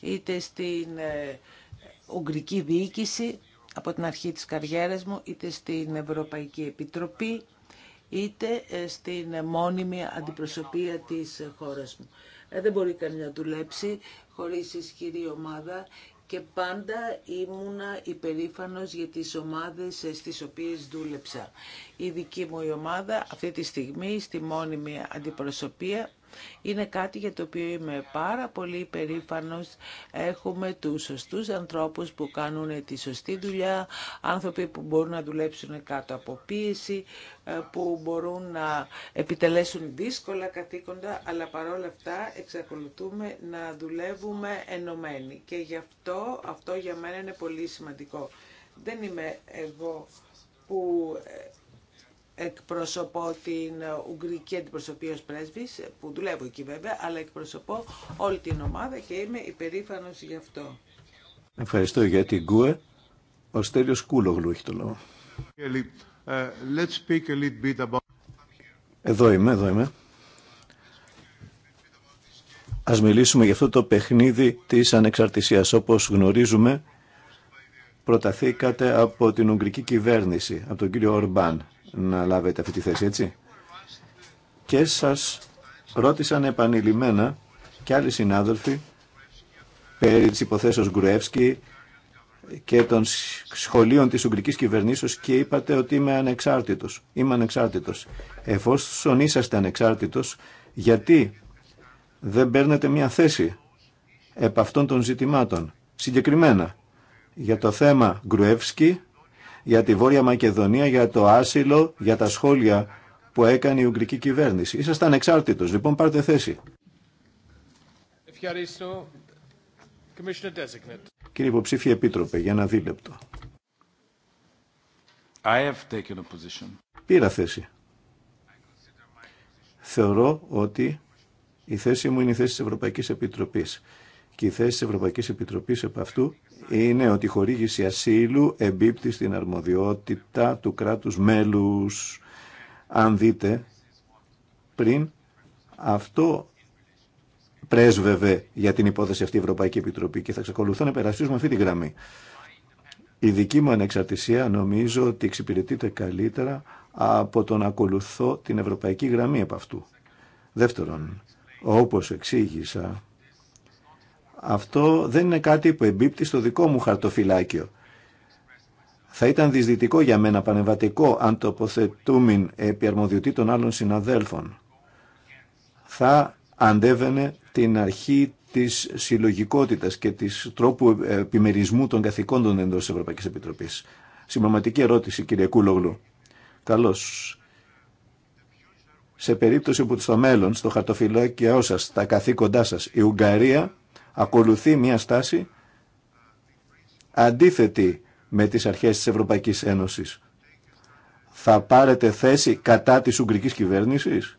είτε στην ε, Ουγγρική Διοίκηση από την αρχή της καριέρας μου, είτε στην Ευρωπαϊκή Επιτροπή, είτε στην μόνιμη αντιπροσωπεία της χώρας μου. Ε, δεν μπορεί κανείς να δουλέψει χωρίς ισχυρή ομάδα και πάντα ήμουνα υπερήφανος για τις ομάδες ε, στις οποίες δούλεψα. Η δική μου η ομάδα αυτή τη στιγμή στη μόνιμη αντιπροσωπεία είναι κάτι για το οποίο είμαι πάρα πολύ περήφανος. Έχουμε τους σωστούς ανθρώπους που κάνουν τη σωστή δουλειά, άνθρωποι που μπορούν να δουλέψουν κάτω από πίεση, ε, που μπορούν να επιτελέσουν δύσκολα καθήκοντα, αλλά παρόλα αυτά εξακολουθούμε να δουλεύουμε ενωμένοι. Και γι' αυτό, αυτό για μένα είναι πολύ σημαντικό. Δεν είμαι εγώ που ε, εκπροσωπώ την Ουγγρική Αντιπροσωπή ως πρέσβης, που δουλεύω εκεί βέβαια, αλλά εκπροσωπώ όλη την ομάδα και είμαι υπερήφανος γι' αυτό.
Ευχαριστώ για την ΚΟΕ. Ο Στέλιος Κούλογλου έχει το λόγο. Εδώ είμαι, εδώ είμαι. Ας μιλήσουμε για αυτό το παιχνίδι της ανεξαρτησίας. Όπως γνωρίζουμε, προταθήκατε από την Ουγγρική κυβέρνηση, από τον κύριο Ορμπάν να λάβετε αυτή τη θέση, έτσι. Και σας ρώτησαν επανειλημμένα και άλλοι συνάδελφοι περί της υποθέσεως Γκουρεύσκη και των σχολείων της Ουγγρικής κυβερνήσεως και είπατε ότι είμαι ανεξάρτητος. Είμαι ανεξάρτητος. Εφόσον είσαστε ανεξάρτητος, γιατί δεν παίρνετε μια θέση επ' αυτών των ζητημάτων. Συγκεκριμένα, για το θέμα Γκρουεύσκη για τη Βόρεια Μακεδονία, για το άσυλο, για τα σχόλια που έκανε η Ουγγρική κυβέρνηση. Ήσασταν εξάρτητος, λοιπόν πάρτε θέση. Κύριε υποψήφιε επίτροπε, για ένα δίλεπτο. Πήρα θέση. Θεωρώ ότι η θέση μου είναι η θέση της Ευρωπαϊκής Επιτροπής και η θέση της Ευρωπαϊκής Επιτροπής επ' αυτού είναι ότι η χορήγηση ασύλου εμπίπτει στην αρμοδιότητα του κράτους μέλους. Αν δείτε, πριν αυτό πρέσβευε για την υπόθεση αυτή η Ευρωπαϊκή Επιτροπή και θα ξεκολουθώ να περασπίζουμε αυτή τη γραμμή. Η δική μου ανεξαρτησία νομίζω ότι εξυπηρετείται καλύτερα από το να ακολουθώ την ευρωπαϊκή γραμμή από αυτού. Δεύτερον, όπως εξήγησα, αυτό δεν είναι κάτι που εμπίπτει στο δικό μου χαρτοφυλάκιο. Θα ήταν δυσδυτικό για μένα πανεβατικό αν τοποθετούμεν επί των άλλων συναδέλφων. Θα αντέβαινε την αρχή της συλλογικότητας και της τρόπου επιμερισμού των καθηκόντων εντός Ευρωπαϊκής Επιτροπής. Συμπροματική ερώτηση, κύριε Κούλογλου. Καλώς. Σε περίπτωση που στο μέλλον, στο χαρτοφυλάκιό σας, τα καθήκοντά σας, η Ουγγαρία ακολουθεί μια στάση αντίθετη με τις αρχές της Ευρωπαϊκής Ένωσης. Θα πάρετε θέση κατά της Ουγγρικής κυβέρνησης.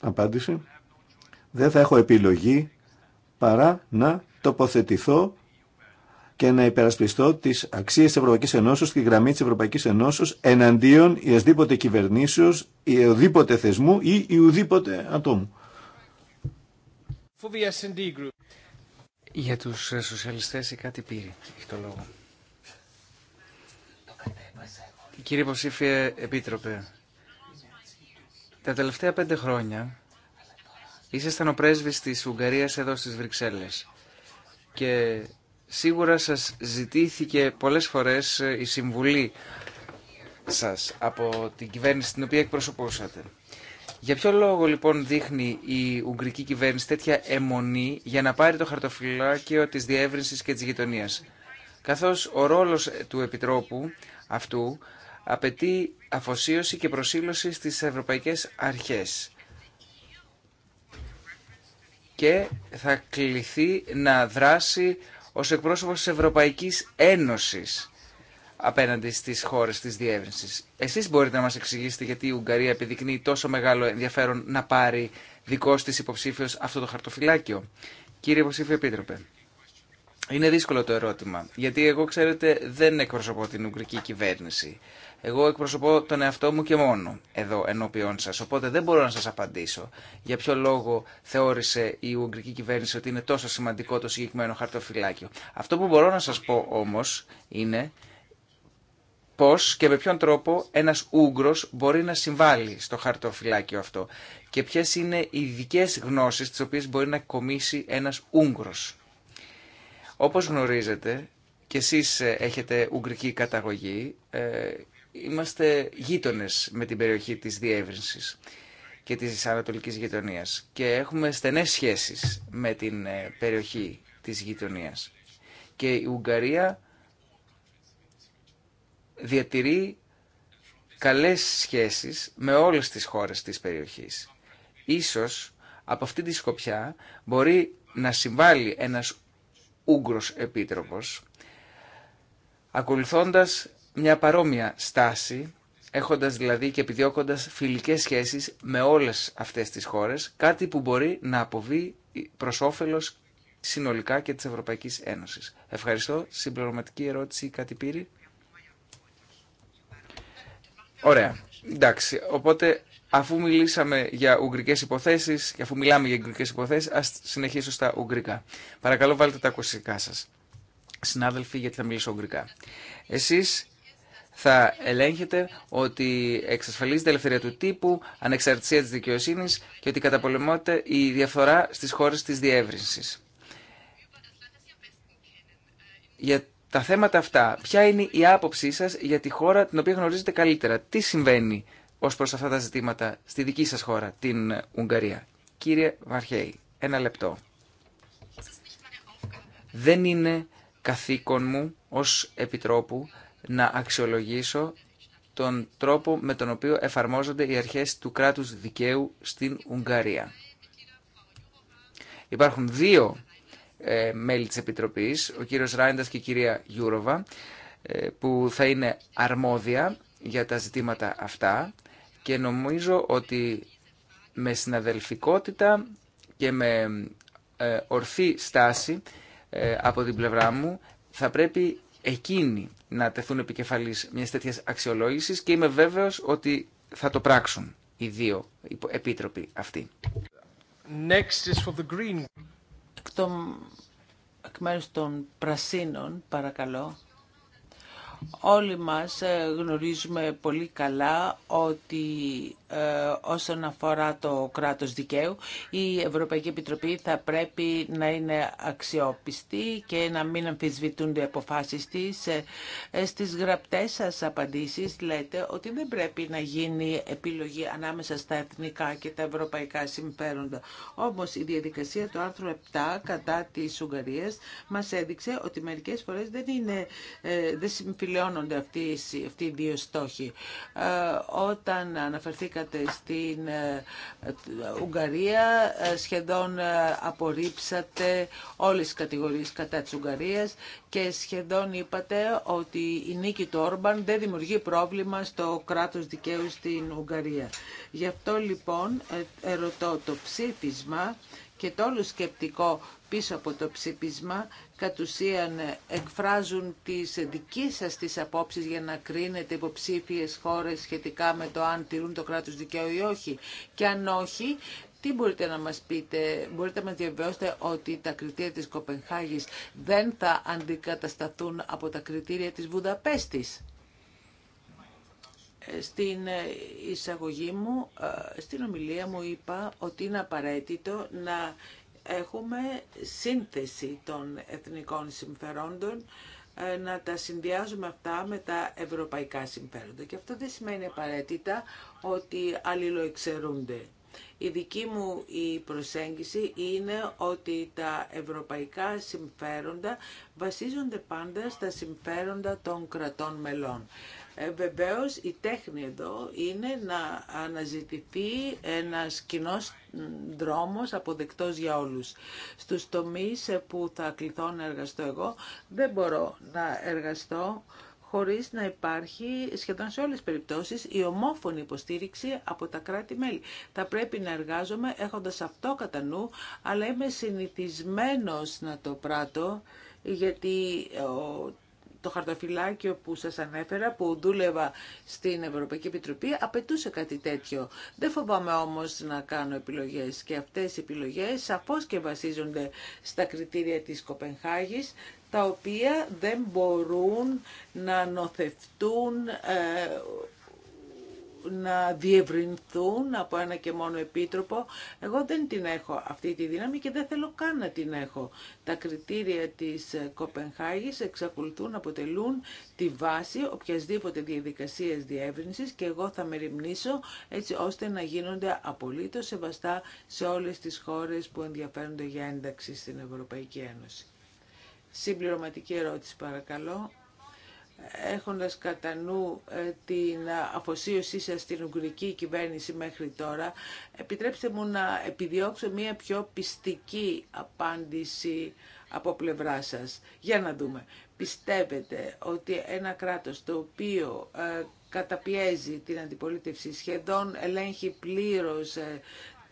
Απάντηση. Δεν θα έχω επιλογή παρά να τοποθετηθώ και να υπερασπιστώ τι αξίε τη Ευρωπαϊκή Ενώσεω και τη γραμμή τη Ευρωπαϊκή Ενώσεω εναντίον ιασδήποτε κυβερνήσεω, οδήποτε θεσμού ή ουδήποτε ατόμου.
Για τους ε, σοσιαλιστές η κάτι πηρε Έχει το λόγο. Κύριε Υποψήφιε Επίτροπε, τα τελευταία πέντε χρόνια ήσασταν ο πρέσβης της Ουγγαρίας εδώ στις Βρυξέλλες και σίγουρα σας ζητήθηκε πολλές φορές ε, η συμβουλή σας από την κυβέρνηση την οποία εκπροσωπούσατε. Για ποιο λόγο λοιπόν δείχνει η Ουγγρική κυβέρνηση τέτοια αιμονή για να πάρει το χαρτοφυλάκιο της διεύρυνσης και της γειτονίας. Καθώς ο ρόλος του Επιτρόπου αυτού απαιτεί αφοσίωση και προσήλωση στις ευρωπαϊκές αρχές και θα κληθεί να δράσει ως εκπρόσωπος της Ευρωπαϊκής Ένωσης απέναντι στι χώρε τη διεύρυνση. Εσεί μπορείτε να μα εξηγήσετε γιατί η Ουγγαρία επιδεικνύει τόσο μεγάλο ενδιαφέρον να πάρει δικό τη υποψήφιο αυτό το χαρτοφυλάκιο. Κύριε υποψήφιο επίτροπε, είναι δύσκολο το ερώτημα, γιατί εγώ ξέρετε δεν εκπροσωπώ την Ουγγρική κυβέρνηση. Εγώ εκπροσωπώ τον εαυτό μου και μόνο εδώ ενώπιον σα. οπότε δεν μπορώ να σα απαντήσω για ποιο λόγο θεώρησε η Ουγγρική κυβέρνηση ότι είναι τόσο σημαντικό το συγκεκριμένο χαρτοφυλάκιο. Αυτό που μπορώ να σα πω όμω είναι πώς και με ποιον τρόπο ένας Ούγγρος μπορεί να συμβάλλει στο χαρτοφυλάκιο αυτό και ποιες είναι οι ειδικέ γνώσεις τις οποίες μπορεί να κομίσει ένας Ούγγρος. Όπως γνωρίζετε, και εσείς ε, έχετε ουγγρική καταγωγή, ε, είμαστε γείτονε με την περιοχή της διεύρυνσης και της ανατολικής γειτονία και έχουμε στενές σχέσεις με την ε, περιοχή της γειτονία. Και η Ουγγαρία διατηρεί καλές σχέσεις με όλες τις χώρες της περιοχής. Ίσως από αυτή τη σκοπιά μπορεί να συμβάλλει ένας Ουγγρος Επίτροπος ακολουθώντας μια παρόμοια στάση έχοντας δηλαδή και επιδιώκοντας φιλικές σχέσεις με όλες αυτές τις χώρες, κάτι που μπορεί να αποβεί προς όφελος συνολικά και της Ευρωπαϊκής Ένωσης. Ευχαριστώ. Συμπληρωματική ερώτηση, κάτι Ωραία. Εντάξει. Οπότε αφού μιλήσαμε για ουγγρικές υποθέσεις και αφού μιλάμε για ουγγρικές υποθέσεις, ας συνεχίσω στα ουγγρικά. Παρακαλώ βάλτε τα ακουστικά σα. Συνάδελφοι, γιατί θα μιλήσω ουγγρικά. Εσείς θα ελέγχετε ότι εξασφαλίζεται η ελευθερία του τύπου, ανεξαρτησία τη δικαιοσύνη και ότι καταπολεμάται η διαφθορά στι χώρε τη διεύρυνση τα θέματα αυτά, ποια είναι η άποψή σα για τη χώρα την οποία γνωρίζετε καλύτερα. Τι συμβαίνει ω προ αυτά τα ζητήματα στη δική σα χώρα, την Ουγγαρία. Κύριε Βαρχέη, ένα λεπτό. Δεν είναι καθήκον μου ως Επιτρόπου να αξιολογήσω τον τρόπο με τον οποίο εφαρμόζονται οι αρχές του κράτους δικαίου στην Ουγγαρία. Υπάρχουν δύο ε, μέλη της Επιτροπής, ο κύριος Ράιντας και η κυρία Γιούροβα, ε, που θα είναι αρμόδια για τα ζητήματα αυτά και νομίζω ότι με συναδελφικότητα και με ε, ορθή στάση από την πλευρά μου θα πρέπει εκείνοι να τεθούν επικεφαλής μιας τέτοιας αξιολόγησης και είμαι βέβαιος ότι θα το πράξουν οι δύο επίτροποι αυτοί.
Next green εκ μέρους των πρασίνων, παρακαλώ, όλοι μας ε, γνωρίζουμε πολύ καλά ότι ε, όσον αφορά το κράτος δικαίου. Η Ευρωπαϊκή Επιτροπή θα πρέπει να είναι αξιόπιστη και να μην αμφισβητούνται οι αποφάσεις της. Ε, ε, στις γραπτές σας απαντήσεις λέτε ότι δεν πρέπει να γίνει επιλογή ανάμεσα στα εθνικά και τα ευρωπαϊκά συμφέροντα. Όμως η διαδικασία του άρθρου 7 κατά τη Ουγγαρίας μας έδειξε ότι μερικές φορές δεν, είναι, δεν συμφιλαιώνονται αυτοί, αυτοί οι δύο στόχοι. Όταν αναφερθήκα στην ε, ε, Ουγγαρία, ε, σχεδόν απορρίψατε όλες τις κατηγορίες κατά της Ουγγαρίας και σχεδόν είπατε ότι η νίκη του Όρμπαν δεν δημιουργεί πρόβλημα στο κράτος δικαίου στην Ουγγαρία. Γι' αυτό λοιπόν ερωτώ το ψήφισμα και το όλο σκεπτικό πίσω από το ψηφίσμα, κατ' ουσίαν εκφράζουν τις δικές σας τις απόψεις για να κρίνετε υποψήφιες χώρες σχετικά με το αν τηρούν το κράτος δικαίου ή όχι. Και αν όχι, τι μπορείτε να μας πείτε, μπορείτε να μας διαβεβαιώσετε ότι τα κριτήρια της Κοπενχάγης δεν θα αντικατασταθούν από τα κριτήρια της Βουδαπέστης. Ε, στην εισαγωγή μου, ε, στην ομιλία μου είπα ότι είναι απαραίτητο να έχουμε σύνθεση των εθνικών συμφερόντων ε, να τα συνδυάζουμε αυτά με τα ευρωπαϊκά συμφέροντα. Και αυτό δεν σημαίνει απαραίτητα ότι αλληλοεξαιρούνται. Η δική μου η προσέγγιση είναι ότι τα ευρωπαϊκά συμφέροντα βασίζονται πάντα στα συμφέροντα των κρατών μελών. Ε, Βεβαίω η τέχνη εδώ είναι να αναζητηθεί ένας κοινό δρόμος αποδεκτός για όλους. Στους τομείς ε, που θα κληθώ να εργαστώ εγώ δεν μπορώ να εργαστώ χωρίς να υπάρχει σχεδόν σε όλες τις περιπτώσεις η ομόφωνη υποστήριξη από τα κράτη-μέλη. Θα πρέπει να εργάζομαι έχοντας αυτό κατά νου, αλλά είμαι συνηθισμένος να το πράττω, γιατί το χαρτοφυλάκιο που σας ανέφερα, που δούλευα στην Ευρωπαϊκή Επιτροπή, απαιτούσε κάτι τέτοιο. Δεν φοβάμαι όμως να κάνω επιλογές και αυτές οι επιλογές σαφώς και βασίζονται στα κριτήρια της Κοπενχάγης, τα οποία δεν μπορούν να νοθευτούν ε, να διευρυνθούν από ένα και μόνο επίτροπο. Εγώ δεν την έχω αυτή τη δύναμη και δεν θέλω καν να την έχω. Τα κριτήρια της Κοπενχάγης εξακολουθούν να αποτελούν τη βάση οποιασδήποτε διαδικασίας διεύρυνσης και εγώ θα μεριμνήσω έτσι ώστε να γίνονται απολύτως σεβαστά σε όλες τις χώρες που ενδιαφέρονται για ένταξη στην Ευρωπαϊκή Ένωση. Συμπληρωματική ερώτηση παρακαλώ έχοντας κατά νου ε, την αφοσίωσή σας στην Ουγγρική κυβέρνηση μέχρι τώρα, επιτρέψτε μου να επιδιώξω μια πιο πιστική απάντηση από πλευρά σας. Για να δούμε. Πιστεύετε ότι ένα κράτος το οποίο ε, καταπιέζει την αντιπολίτευση, σχεδόν ελέγχει πλήρως ε,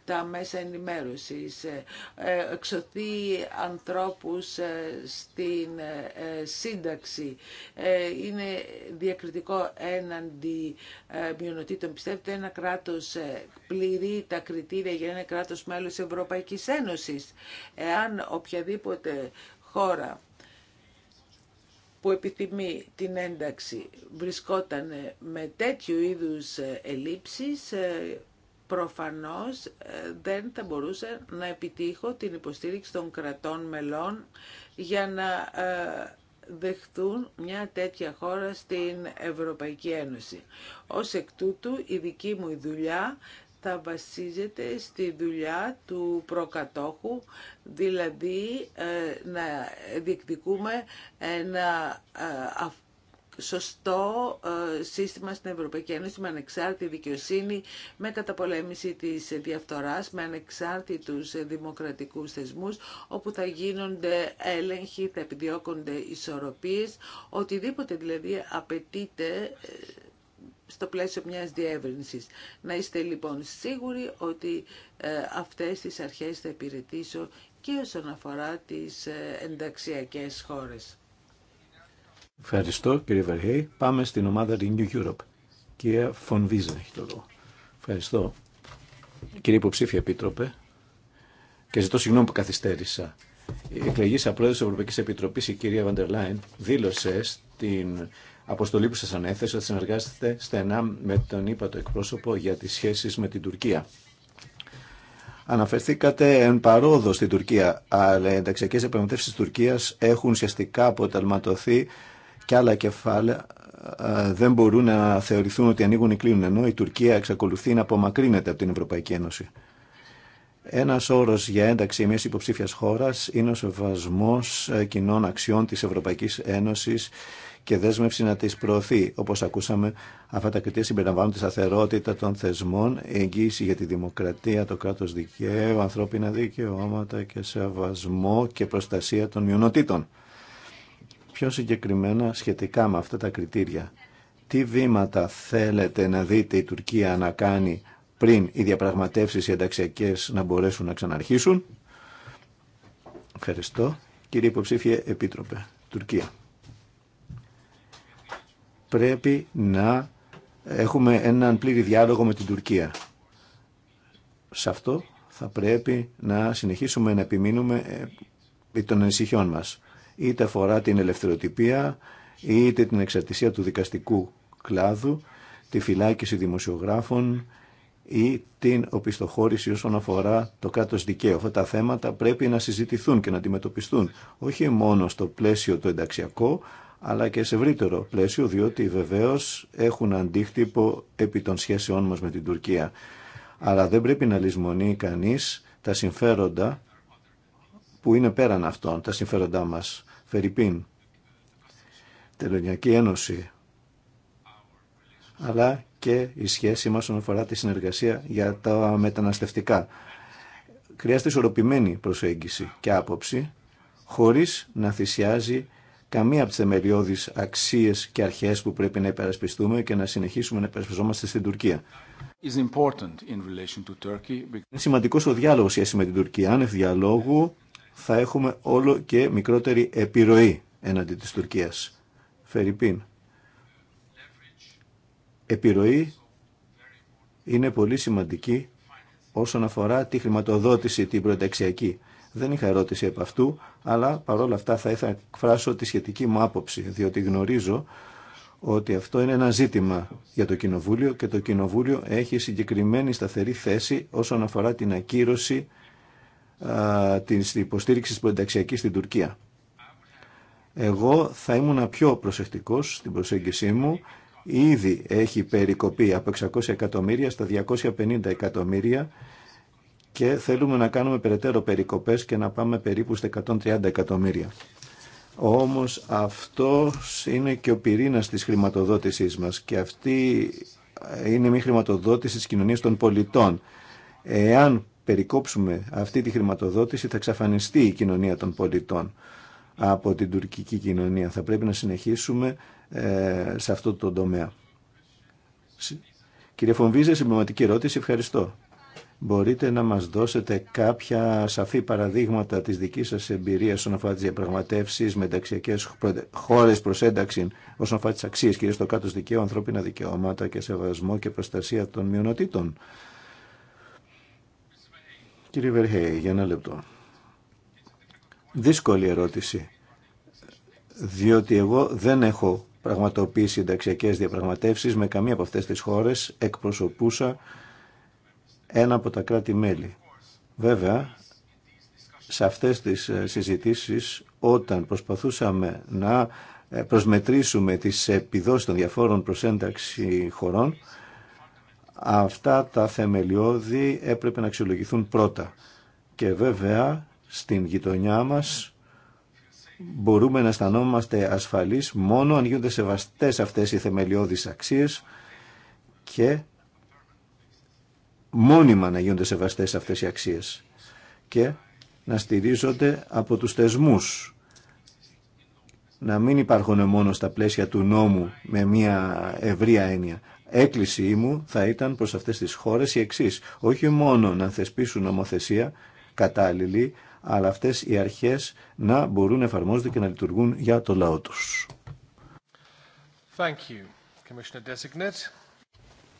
τα μέσα ενημέρωσης, ε, ε, εξωθεί ανθρώπους ε, στην σύνταξη, είναι διακριτικό έναντι μειονοτήτων. Πιστεύετε ένα κράτος πληρεί τα κριτήρια για ένα κράτος μέλος Ευρωπαϊκής Ένωσης. Εάν οποιαδήποτε χώρα που επιθυμεί την ένταξη βρισκόταν με τέτοιου είδους ελλείψεις, προφανώς ε, δεν θα μπορούσα να επιτύχω την υποστήριξη των κρατών μελών για να ε, δεχτούν μια τέτοια χώρα στην Ευρωπαϊκή Ένωση. Ως εκ τούτου η δική μου δουλειά θα βασίζεται στη δουλειά του προκατόχου, δηλαδή ε, να διεκδικούμε ένα σωστό ε, σύστημα στην Ευρωπαϊκή Ένωση με ανεξάρτητη δικαιοσύνη, με καταπολέμηση της διαφθοράς, με ανεξάρτητους δημοκρατικούς θεσμούς, όπου θα γίνονται έλεγχοι, θα επιδιώκονται ισορροπίες, οτιδήποτε δηλαδή απαιτείται ε, στο πλαίσιο μιας διεύρυνσης. Να είστε λοιπόν σίγουροι ότι ε, αυτές τις αρχές θα υπηρετήσω και όσον αφορά τις ενταξιακές χώρες.
Ευχαριστώ κύριε Βερχέη. Πάμε στην ομάδα Renew Europe. Κυρία Φονβίζα έχει το λόγο. Ευχαριστώ. Κύριε Υποψήφια Επίτροπε, και ζητώ συγγνώμη που καθυστέρησα. Η εκλεγή σαν πρόεδρο τη Ευρωπαϊκή Επιτροπή, η κυρία Βαντερ Λάιν, δήλωσε στην αποστολή που σα ανέθεσε ότι συνεργάζεται στενά με τον ύπατο εκπρόσωπο για τι σχέσει με την Τουρκία. Αναφερθήκατε εν παρόδο στην Τουρκία, αλλά οι ενταξιακέ επεμβατεύσει τη Τουρκία έχουν ουσιαστικά αποτελματωθεί και άλλα κεφάλαια ε, δεν μπορούν να θεωρηθούν ότι ανοίγουν ή κλείνουν, ενώ η Τουρκία εξακολουθεί να απομακρύνεται από την Ευρωπαϊκή Ένωση. Ένα όρο για ένταξη μια υποψήφια χώρα είναι ο σεβασμό ε, κοινών αξιών τη Ευρωπαϊκή Ένωση και δέσμευση να τη προωθεί. Όπω ακούσαμε, αυτά τα κριτήρια συμπεριλαμβάνουν τη σταθερότητα των θεσμών, εγγύηση για τη δημοκρατία, το κράτο δικαίου, ανθρώπινα δικαιώματα και σεβασμό και προστασία των μειονοτήτων πιο συγκεκριμένα σχετικά με αυτά τα κριτήρια. Τι βήματα θέλετε να δείτε η Τουρκία να κάνει πριν οι διαπραγματεύσεις οι ενταξιακές να μπορέσουν να ξαναρχίσουν. Ευχαριστώ. Κύριε Υποψήφιε Επίτροπε, Τουρκία. Πρέπει να έχουμε έναν πλήρη διάλογο με την Τουρκία. Σε αυτό θα πρέπει να συνεχίσουμε να επιμείνουμε ε, των ενσυχιών μας είτε αφορά την ελευθεροτυπία, είτε την εξαρτησία του δικαστικού κλάδου, τη φυλάκιση δημοσιογράφων ή την οπισθοχώρηση όσον αφορά το κράτος δικαίου. Αυτά τα θέματα πρέπει να συζητηθούν και να αντιμετωπιστούν όχι μόνο στο πλαίσιο το ενταξιακό, αλλά και σε ευρύτερο πλαίσιο, διότι βεβαίω έχουν αντίκτυπο επί των σχέσεών μα με την Τουρκία. Αλλά δεν πρέπει να λησμονεί κανεί τα συμφέροντα που είναι πέραν αυτών, τα συμφέροντά μας. Φερρυπίν, Τελωνιακή Ένωση, αλλά και η σχέση μας όσον αφορά τη συνεργασία για τα μεταναστευτικά. Χρειάζεται ισορροπημένη προσέγγιση και άποψη, χωρίς να θυσιάζει καμία από τις θεμελιώδεις αξίες και αρχές που πρέπει να υπερασπιστούμε και να συνεχίσουμε να υπερασπιζόμαστε στην Τουρκία. Είναι σημαντικός ο διάλογος σχέση με την Τουρκία. Αν διαλόγου θα έχουμε όλο και μικρότερη επιρροή έναντι της Τουρκίας. Φερρυπίν. Επιρροή είναι πολύ σημαντική όσον αφορά τη χρηματοδότηση την πρωταξιακή. Δεν είχα ερώτηση επ' αυτού, αλλά παρόλα αυτά θα ήθελα να εκφράσω τη σχετική μου άποψη, διότι γνωρίζω ότι αυτό είναι ένα ζήτημα για το Κοινοβούλιο και το Κοινοβούλιο έχει συγκεκριμένη σταθερή θέση όσον αφορά την ακύρωση την υποστήριξη της πρωταξιακή στην Τουρκία. Εγώ θα ήμουν πιο προσεκτικός στην προσέγγιση μου. Ήδη έχει περικοπεί από 600 εκατομμύρια στα 250 εκατομμύρια και θέλουμε να κάνουμε περαιτέρω περικοπές και να πάμε περίπου στα 130 εκατομμύρια. Όμως αυτό είναι και ο πυρήνας της χρηματοδότησής μας και αυτή είναι μια χρηματοδότηση της κοινωνίας των πολιτών. Εάν περικόψουμε αυτή τη χρηματοδότηση θα εξαφανιστεί η κοινωνία των πολιτών από την τουρκική κοινωνία. Θα πρέπει να συνεχίσουμε ε, σε αυτό το τομέα. Κύριε Φομβίζε, συμπληρωματική ερώτηση. Ευχαριστώ. Μπορείτε να μας δώσετε κάποια σαφή παραδείγματα της δικής σας εμπειρίας όσον αφορά τις διαπραγματεύσεις μεταξιακές χώρες προς ένταξη όσον αφορά τις αξίες κυρίως το κάτω δικαίου, ανθρώπινα δικαιώματα και σεβασμό και προστασία των μειονοτήτων. Κύριε Βερχέη, για ένα λεπτό. Δύσκολη ερώτηση, διότι εγώ δεν έχω πραγματοποιήσει συνταξιακέ διαπραγματεύσεις με καμία από αυτές τις χώρες, εκπροσωπούσα ένα από τα κράτη-μέλη. Βέβαια, σε αυτές τις ε, συζητήσεις, όταν προσπαθούσαμε να ε, προσμετρήσουμε τις επιδόσεις των διαφόρων προσένταξη χωρών, Αυτά τα θεμελιώδη έπρεπε να αξιολογηθούν πρώτα. Και βέβαια στην γειτονιά μας μπορούμε να αισθανόμαστε ασφαλείς μόνο αν γίνονται σεβαστές αυτές οι θεμελιώδεις αξίες και μόνιμα να γίνονται σεβαστές αυτές οι αξίες και να στηρίζονται από τους θεσμούς. Να μην υπάρχουν μόνο στα πλαίσια του νόμου με μια ευρία έννοια, Έκκλησή μου θα ήταν προς αυτές τις χώρες η εξής. Όχι μόνο να θεσπίσουν νομοθεσία κατάλληλη, αλλά αυτές οι αρχές να μπορούν να εφαρμόζονται και να λειτουργούν για το λαό τους.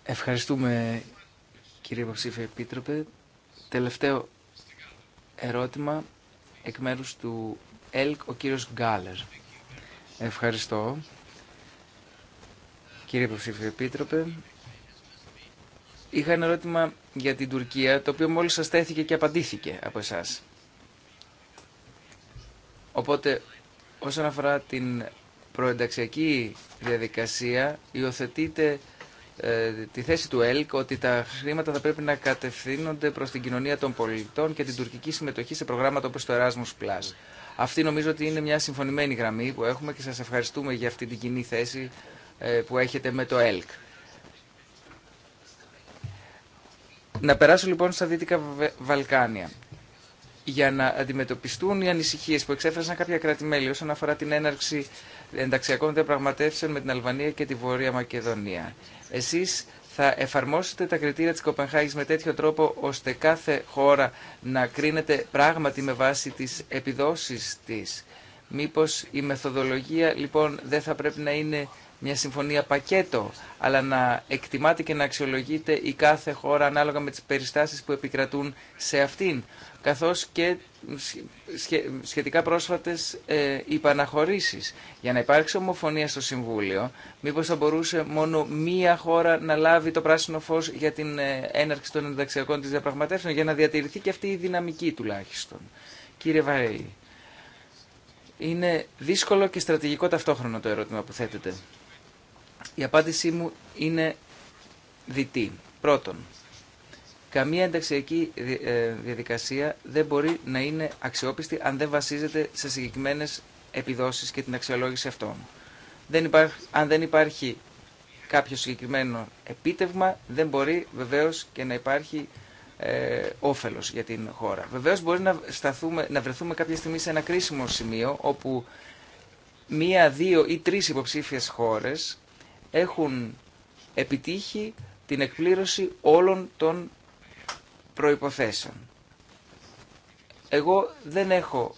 Ευχαριστούμε κύριε υποψήφια επίτροπε. Τελευταίο ερώτημα εκ μέρους του ΕΛΚ, ο κύριος Γκάλερ. Ευχαριστώ κύριε Υποψήφιο Επίτροπε. Είχα ένα ερώτημα για την Τουρκία, το οποίο μόλις σας τέθηκε και απαντήθηκε από εσάς. Οπότε, όσον αφορά την προενταξιακή διαδικασία, υιοθετείτε ε, τη θέση του ΕΛΚ ότι τα χρήματα θα πρέπει να κατευθύνονται προς την κοινωνία των πολιτών και την τουρκική συμμετοχή σε προγράμματα όπως το Erasmus+. Plus. Αυτή νομίζω ότι είναι μια συμφωνημένη γραμμή που έχουμε και σας ευχαριστούμε για αυτή την κοινή θέση ε, που έχετε με το ΕΛΚ. Να περάσω λοιπόν στα Δυτικά Βαλκάνια. Για να αντιμετωπιστούν οι ανησυχίε που εξέφρασαν κάποια κράτη-μέλη όσον αφορά την έναρξη ενταξιακών διαπραγματεύσεων με την Αλβανία και τη Βόρεια Μακεδονία. Εσείς θα εφαρμόσετε τα κριτήρια τη Κοπενχάγης με τέτοιο τρόπο ώστε κάθε χώρα να κρίνεται πράγματι με βάση τις επιδόσεις τη. Μήπω η μεθοδολογία λοιπόν δεν θα πρέπει να είναι μια συμφωνία πακέτο, αλλά να εκτιμάται και να αξιολογείται η κάθε χώρα ανάλογα με τις περιστάσεις που επικρατούν σε αυτήν, καθώς και σχετικά πρόσφατες ε, υπαναχωρήσεις. Για να υπάρξει ομοφωνία στο Συμβούλιο, μήπως θα μπορούσε μόνο μία χώρα να λάβει το πράσινο φως για την ε, έναρξη των ενταξιακών της διαπραγματεύσεων, για να διατηρηθεί και αυτή η δυναμική τουλάχιστον. Κύριε Βαρέη, είναι δύσκολο και στρατηγικό ταυτόχρονο το ερώτημα που θέτεται. Η απάντησή μου είναι διτή. Πρώτον, καμία ενταξιακή ε, διαδικασία δεν μπορεί να είναι αξιόπιστη αν δεν βασίζεται σε συγκεκριμένες επιδόσεις και την αξιολόγηση αυτών. Δεν αν δεν υπάρχει κάποιο συγκεκριμένο επίτευγμα, δεν μπορεί βεβαίως και να υπάρχει ε, όφελος για την χώρα. Βεβαίως μπορεί να, σταθούμε, να βρεθούμε κάποια στιγμή σε ένα κρίσιμο σημείο όπου μία, δύο ή τρει υποψήφιε χώρες έχουν επιτύχει την εκπλήρωση όλων των προϋποθέσεων. Εγώ δεν έχω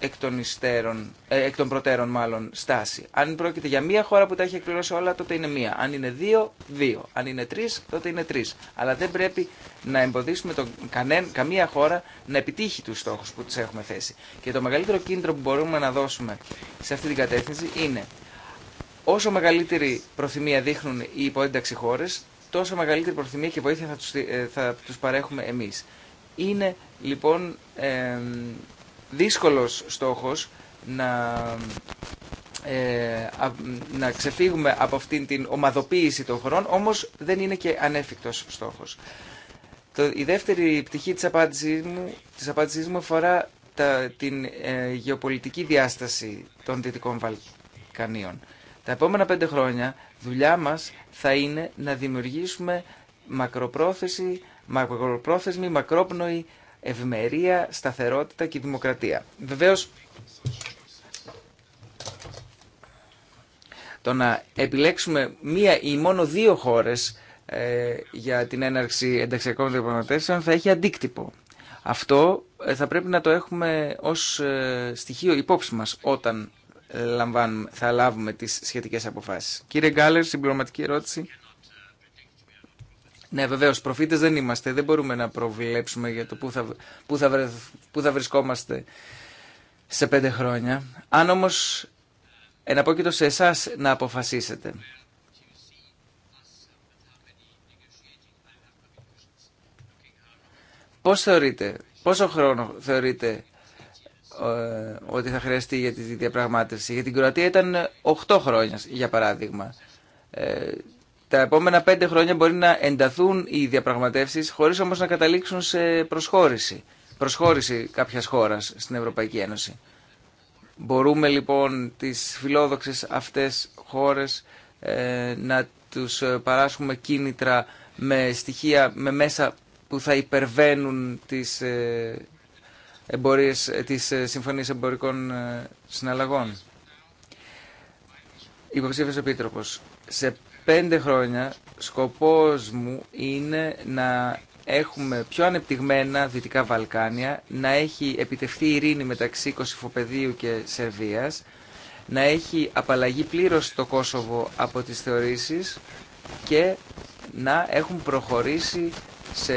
εκ των, υστέρων, ε, προτέρων μάλλον στάση. Αν πρόκειται για μία χώρα που τα έχει εκπληρώσει όλα, τότε είναι μία. Αν είναι δύο, δύο. Αν είναι τρεις, τότε είναι τρεις. Αλλά δεν πρέπει να εμποδίσουμε τον, καμία χώρα να επιτύχει τους στόχους που τους έχουμε θέσει. Και το μεγαλύτερο κίνητρο που μπορούμε να δώσουμε σε αυτή την κατεύθυνση είναι όσο μεγαλύτερη προθυμία δείχνουν οι υποένταξη χώρε, τόσο μεγαλύτερη προθυμία και βοήθεια θα τους, ε, θα τους παρέχουμε εμείς. Είναι λοιπόν ε, δύσκολος στόχος να, ε, να ξεφύγουμε από αυτήν την ομαδοποίηση των χωρών, όμως δεν είναι και ανέφικτος στόχος. Το, η δεύτερη πτυχή της απάντησής μου, της μου αφορά την ε, γεωπολιτική διάσταση των Δυτικών Βαλκανίων. Τα επόμενα πέντε χρόνια δουλειά μας θα είναι να δημιουργήσουμε μακροπρόθεση, μακροπρόθεσμη, μακρόπνοη ευμερία, σταθερότητα και δημοκρατία. Βεβαίως, το να επιλέξουμε μία ή μόνο δύο χώρες ε, για την έναρξη ενταξιακών διαπραγματεύσεων θα έχει αντίκτυπο. Αυτό ε, θα πρέπει να το έχουμε ως ε, στοιχείο υπόψη μας όταν λαμβάνουμε, θα λάβουμε τις σχετικές αποφάσεις. Κύριε Γκάλερ, συμπληρωματική ερώτηση. Ναι, βεβαίω, προφήτε δεν είμαστε. Δεν μπορούμε να προβλέψουμε για το πού θα, θα, θα βρισκόμαστε σε πέντε χρόνια. Αν όμω εναπόκειτο σε εσά να αποφασίσετε. Πώς θεωρείτε, πόσο χρόνο θεωρείτε ε, ότι θα χρειαστεί για τη διαπραγμάτευση. Για την Κροατία ήταν 8 χρόνια, για παράδειγμα. Ε, τα επόμενα 5 χρόνια μπορεί να ενταθούν οι διαπραγματεύσει χωρί όμω να καταλήξουν σε προσχώρηση, προσχώρηση κάποια χώρας στην Ευρωπαϊκή Ένωση. Μπορούμε λοιπόν τις φιλόδοξες αυτές χώρες ε, να τους παράσχουμε κίνητρα με στοιχεία, με μέσα που θα υπερβαίνουν τις εμπορίες, ε, της ε, Συμφωνίας Εμπορικών ε, Συναλλαγών. Υποψήφιος Επίτροπος, σε πέντε χρόνια σκοπός μου είναι να έχουμε πιο ανεπτυγμένα Δυτικά Βαλκάνια, να έχει επιτευχθεί ειρήνη μεταξύ Κωσυφοπεδίου και Σερβίας, να έχει απαλλαγή πλήρως το Κόσοβο από τις θεωρήσεις και να έχουν προχωρήσει σε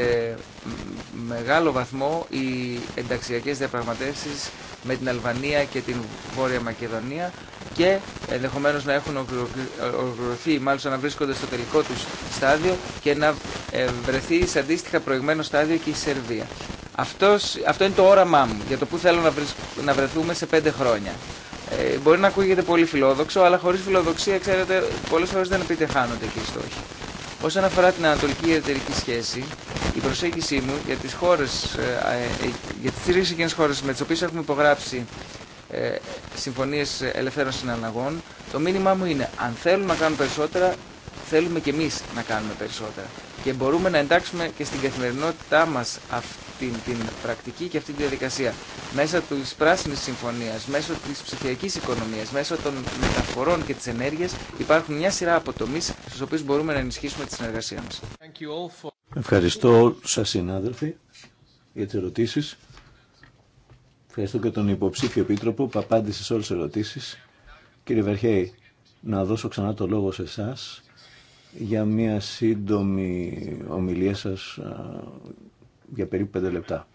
μεγάλο βαθμό οι ενταξιακές διαπραγματεύσεις με την Αλβανία και την Βόρεια Μακεδονία και ενδεχομένως να έχουν ολοκληρωθεί, μάλιστα να βρίσκονται στο τελικό τους στάδιο και να ε, βρεθεί σε αντίστοιχα προηγμένο στάδιο και η Σερβία. Αυτός, αυτό είναι το όραμά μου για το που θέλω να, να βρεθούμε σε πέντε χρόνια. Ε, μπορεί να ακούγεται πολύ φιλόδοξο, αλλά χωρίς φιλοδοξία, ξέρετε, πολλές φορές δεν επιτεχάνονται και οι στόχοι. Όσον αφορά την ανατολική εταιρική σχέση, η προσέγγιση μου για τις, χώρες, ε, ε, για τις τρεις εκείνες χώρες με τις οποίες έχουμε υπογράψει ε, συμφωνίες ελευθέρων συναλλαγών, το μήνυμά μου είναι αν θέλουμε να κάνουμε περισσότερα, θέλουμε και εμείς να κάνουμε περισσότερα. Και μπορούμε να εντάξουμε και στην καθημερινότητά μας αυτή την πρακτική και αυτή τη διαδικασία. μέσα τη πράσινη συμφωνία, μέσω τη ψηφιακή οικονομία, μέσω των μεταφορών και τη ενέργεια υπάρχουν μια σειρά από τομεί στου οποίου μπορούμε να ενισχύσουμε τη συνεργασία μα.
Ευχαριστώ σα συνάδελφοι για τι ερωτήσει. Ευχαριστώ και τον υποψήφιο επίτροπο που απάντησε σε όλε τι ερωτήσει. Κύριε Βερχέη, να δώσω ξανά το λόγο σε εσά για μια σύντομη ομιλία σας για περίπου 5 λεπτά.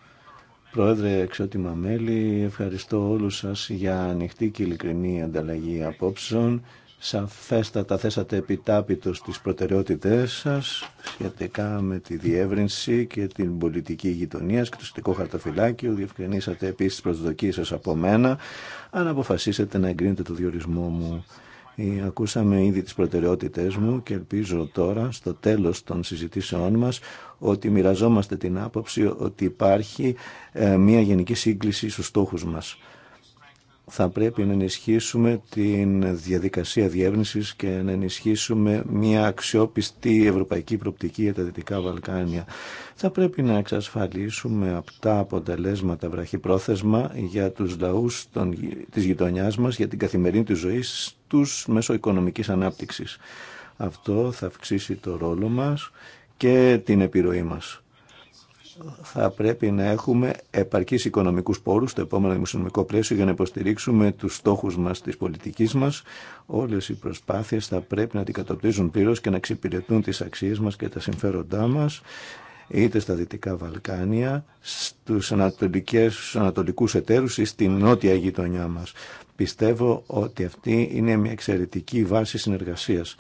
Πρόεδρε, εξότιμα μέλη, ευχαριστώ όλους σας για ανοιχτή και ειλικρινή ανταλλαγή απόψεων. Σαφέστατα θέσατε επιτάπητο στις προτεραιότητές σας σχετικά με τη διεύρυνση και την πολιτική γειτονία και το σχετικό χαρτοφυλάκιο. Διευκρινίσατε επίσης τις προσδοκίες σας από μένα αν αποφασίσετε να εγκρίνετε το διορισμό μου. Ε, ακούσαμε ήδη τις προτεραιότητες μου και ελπίζω τώρα στο τέλος των συζητήσεών μας ότι μοιραζόμαστε την άποψη ότι υπάρχει ε, μια γενική σύγκληση στους στόχους μας θα πρέπει να ενισχύσουμε την διαδικασία διεύνησης και να ενισχύσουμε μια αξιόπιστη ευρωπαϊκή προπτική για τα Δυτικά Βαλκάνια. Θα πρέπει να εξασφαλίσουμε αυτά αποτελέσματα βραχυπρόθεσμα για τους λαούς των, της γειτονιάς μας, για την καθημερινή τη ζωή τους μέσω οικονομικής ανάπτυξης. Αυτό θα αυξήσει το ρόλο μας και την επιρροή μας θα πρέπει να έχουμε επαρκείς οικονομικούς πόρους στο επόμενο δημοσιονομικό πλαίσιο για να υποστηρίξουμε τους στόχους μας τη πολιτικής μας. Όλες οι προσπάθειες θα πρέπει να αντικατοπτρίζουν πλήρω και να εξυπηρετούν τις αξίες μας και τα συμφέροντά μας είτε στα Δυτικά Βαλκάνια, στους, Ανατολικού στους ανατολικούς εταίρους ή στην νότια γειτονιά μας. Πιστεύω ότι αυτή είναι μια εξαιρετική βάση συνεργασίας.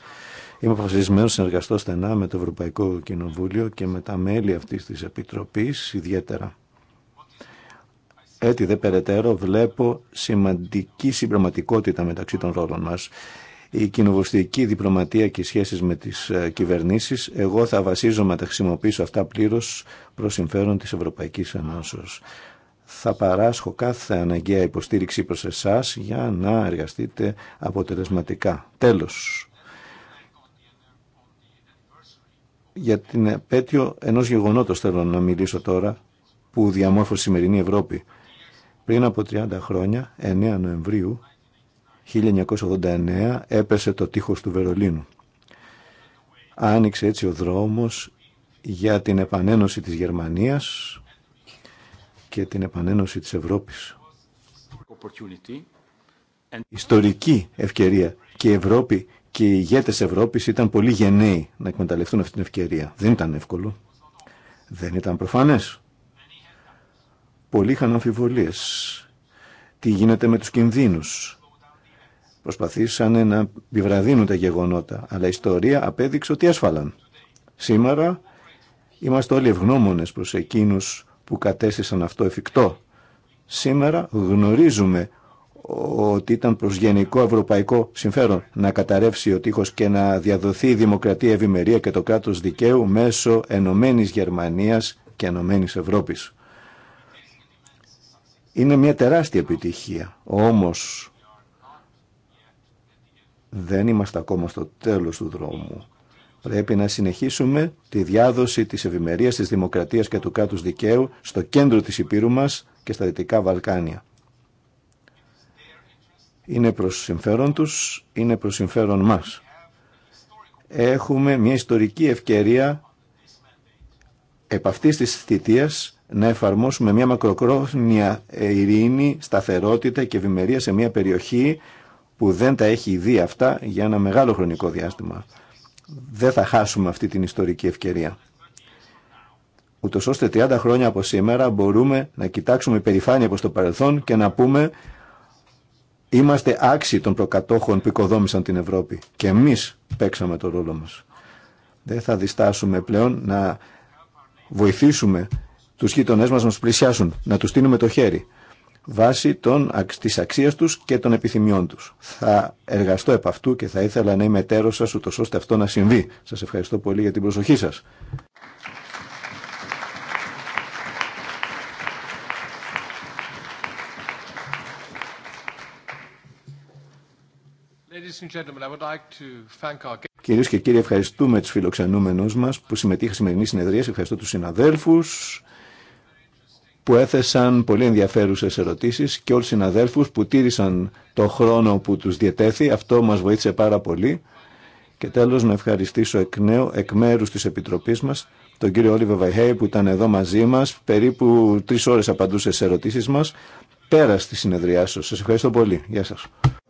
Είμαι αποφασισμένο να συνεργαστώ στενά με το Ευρωπαϊκό Κοινοβούλιο και με τα μέλη αυτή τη επιτροπή ιδιαίτερα. Έτσι δε περαιτέρω βλέπω σημαντική συμπραγματικότητα μεταξύ των ρόλων μα. Η κοινοβουλευτική διπλωματία και οι σχέσει με τι ε, κυβερνήσει. εγώ θα βασίζομαι να τα χρησιμοποιήσω αυτά πλήρω προ συμφέρον τη Ευρωπαϊκή Ενώσεω. Θα παράσχω κάθε αναγκαία υποστήριξη προς εσάς για να εργαστείτε αποτελεσματικά. Τέλος. για την επέτειο ενός γεγονότος θέλω να μιλήσω τώρα που διαμόρφωσε η σημερινή Ευρώπη. Πριν από 30 χρόνια, 9 Νοεμβρίου 1989, έπεσε το τείχος του Βερολίνου. Άνοιξε έτσι ο δρόμος για την επανένωση της Γερμανίας και την επανένωση της Ευρώπης. Ιστορική ευκαιρία και η Ευρώπη και οι ηγέτες Ευρώπης ήταν πολύ γενναίοι να εκμεταλλευτούν αυτή την ευκαιρία. Δεν ήταν εύκολο. Δεν ήταν προφανές. Πολλοί είχαν αμφιβολίες. Τι γίνεται με τους κινδύνους. Προσπαθήσανε να επιβραδύνουν τα γεγονότα, αλλά η ιστορία απέδειξε ότι έσφαλαν. Σήμερα είμαστε όλοι ευγνώμονες προς εκείνους που κατέστησαν αυτό εφικτό. Σήμερα γνωρίζουμε ότι ήταν προς γενικό ευρωπαϊκό συμφέρον να καταρρεύσει ο τείχος και να διαδοθεί η δημοκρατία, ευημερία και το κράτος δικαίου μέσω Ενωμένης Γερμανίας και Ενωμένης Ευρώπης. Είναι μια τεράστια επιτυχία, όμως δεν είμαστε ακόμα στο τέλος του δρόμου. Πρέπει να συνεχίσουμε τη διάδοση της ευημερίας, της δημοκρατίας και του κράτους δικαίου στο κέντρο της Υπήρου μας και στα Δυτικά Βαλκάνια είναι προς συμφέρον τους, είναι προς συμφέρον μας. Έχουμε μια ιστορική ευκαιρία επ' αυτής της θητείας να εφαρμόσουμε μια μακροκρόνια ειρήνη, σταθερότητα και ευημερία σε μια περιοχή που δεν τα έχει δει αυτά για ένα μεγάλο χρονικό διάστημα. Δεν θα χάσουμε αυτή την ιστορική ευκαιρία. Ούτω ώστε 30 χρόνια από σήμερα μπορούμε να κοιτάξουμε υπερηφάνεια προς το παρελθόν και να πούμε Είμαστε άξιοι των προκατόχων που οικοδόμησαν την Ευρώπη και εμείς παίξαμε τον ρόλο μα. Δεν θα διστάσουμε πλέον να βοηθήσουμε τους γειτονέ μας να του πλησιάσουν, να τους στείλουμε το χέρι βάσει των, της αξίας τους και των επιθυμιών τους. Θα εργαστώ επ' αυτού και θα ήθελα να είμαι εταίρος σας ούτως ώστε αυτό να συμβεί. Σας ευχαριστώ πολύ για την προσοχή σας. Κυρίε και κύριοι, ευχαριστούμε του φιλοξενούμενους μα που συμμετείχαν σημερινή συνεδρία. Ευχαριστώ του συναδέλφου που έθεσαν πολύ ενδιαφέρουσε ερωτήσει και όλου του συναδέλφους που τήρησαν το χρόνο που του διετέθη. Αυτό μα βοήθησε πάρα πολύ. Και τέλο να ευχαριστήσω εκ νέου, εκ μέρου τη Επιτροπή μα, τον κύριο Όλιβε Βαϊχέη που ήταν εδώ μαζί μα, περίπου τρει ώρε απαντούσε στι ερωτήσει μα, πέρα στη συνεδριά σα. Σα ευχαριστώ πολύ. Γεια σα.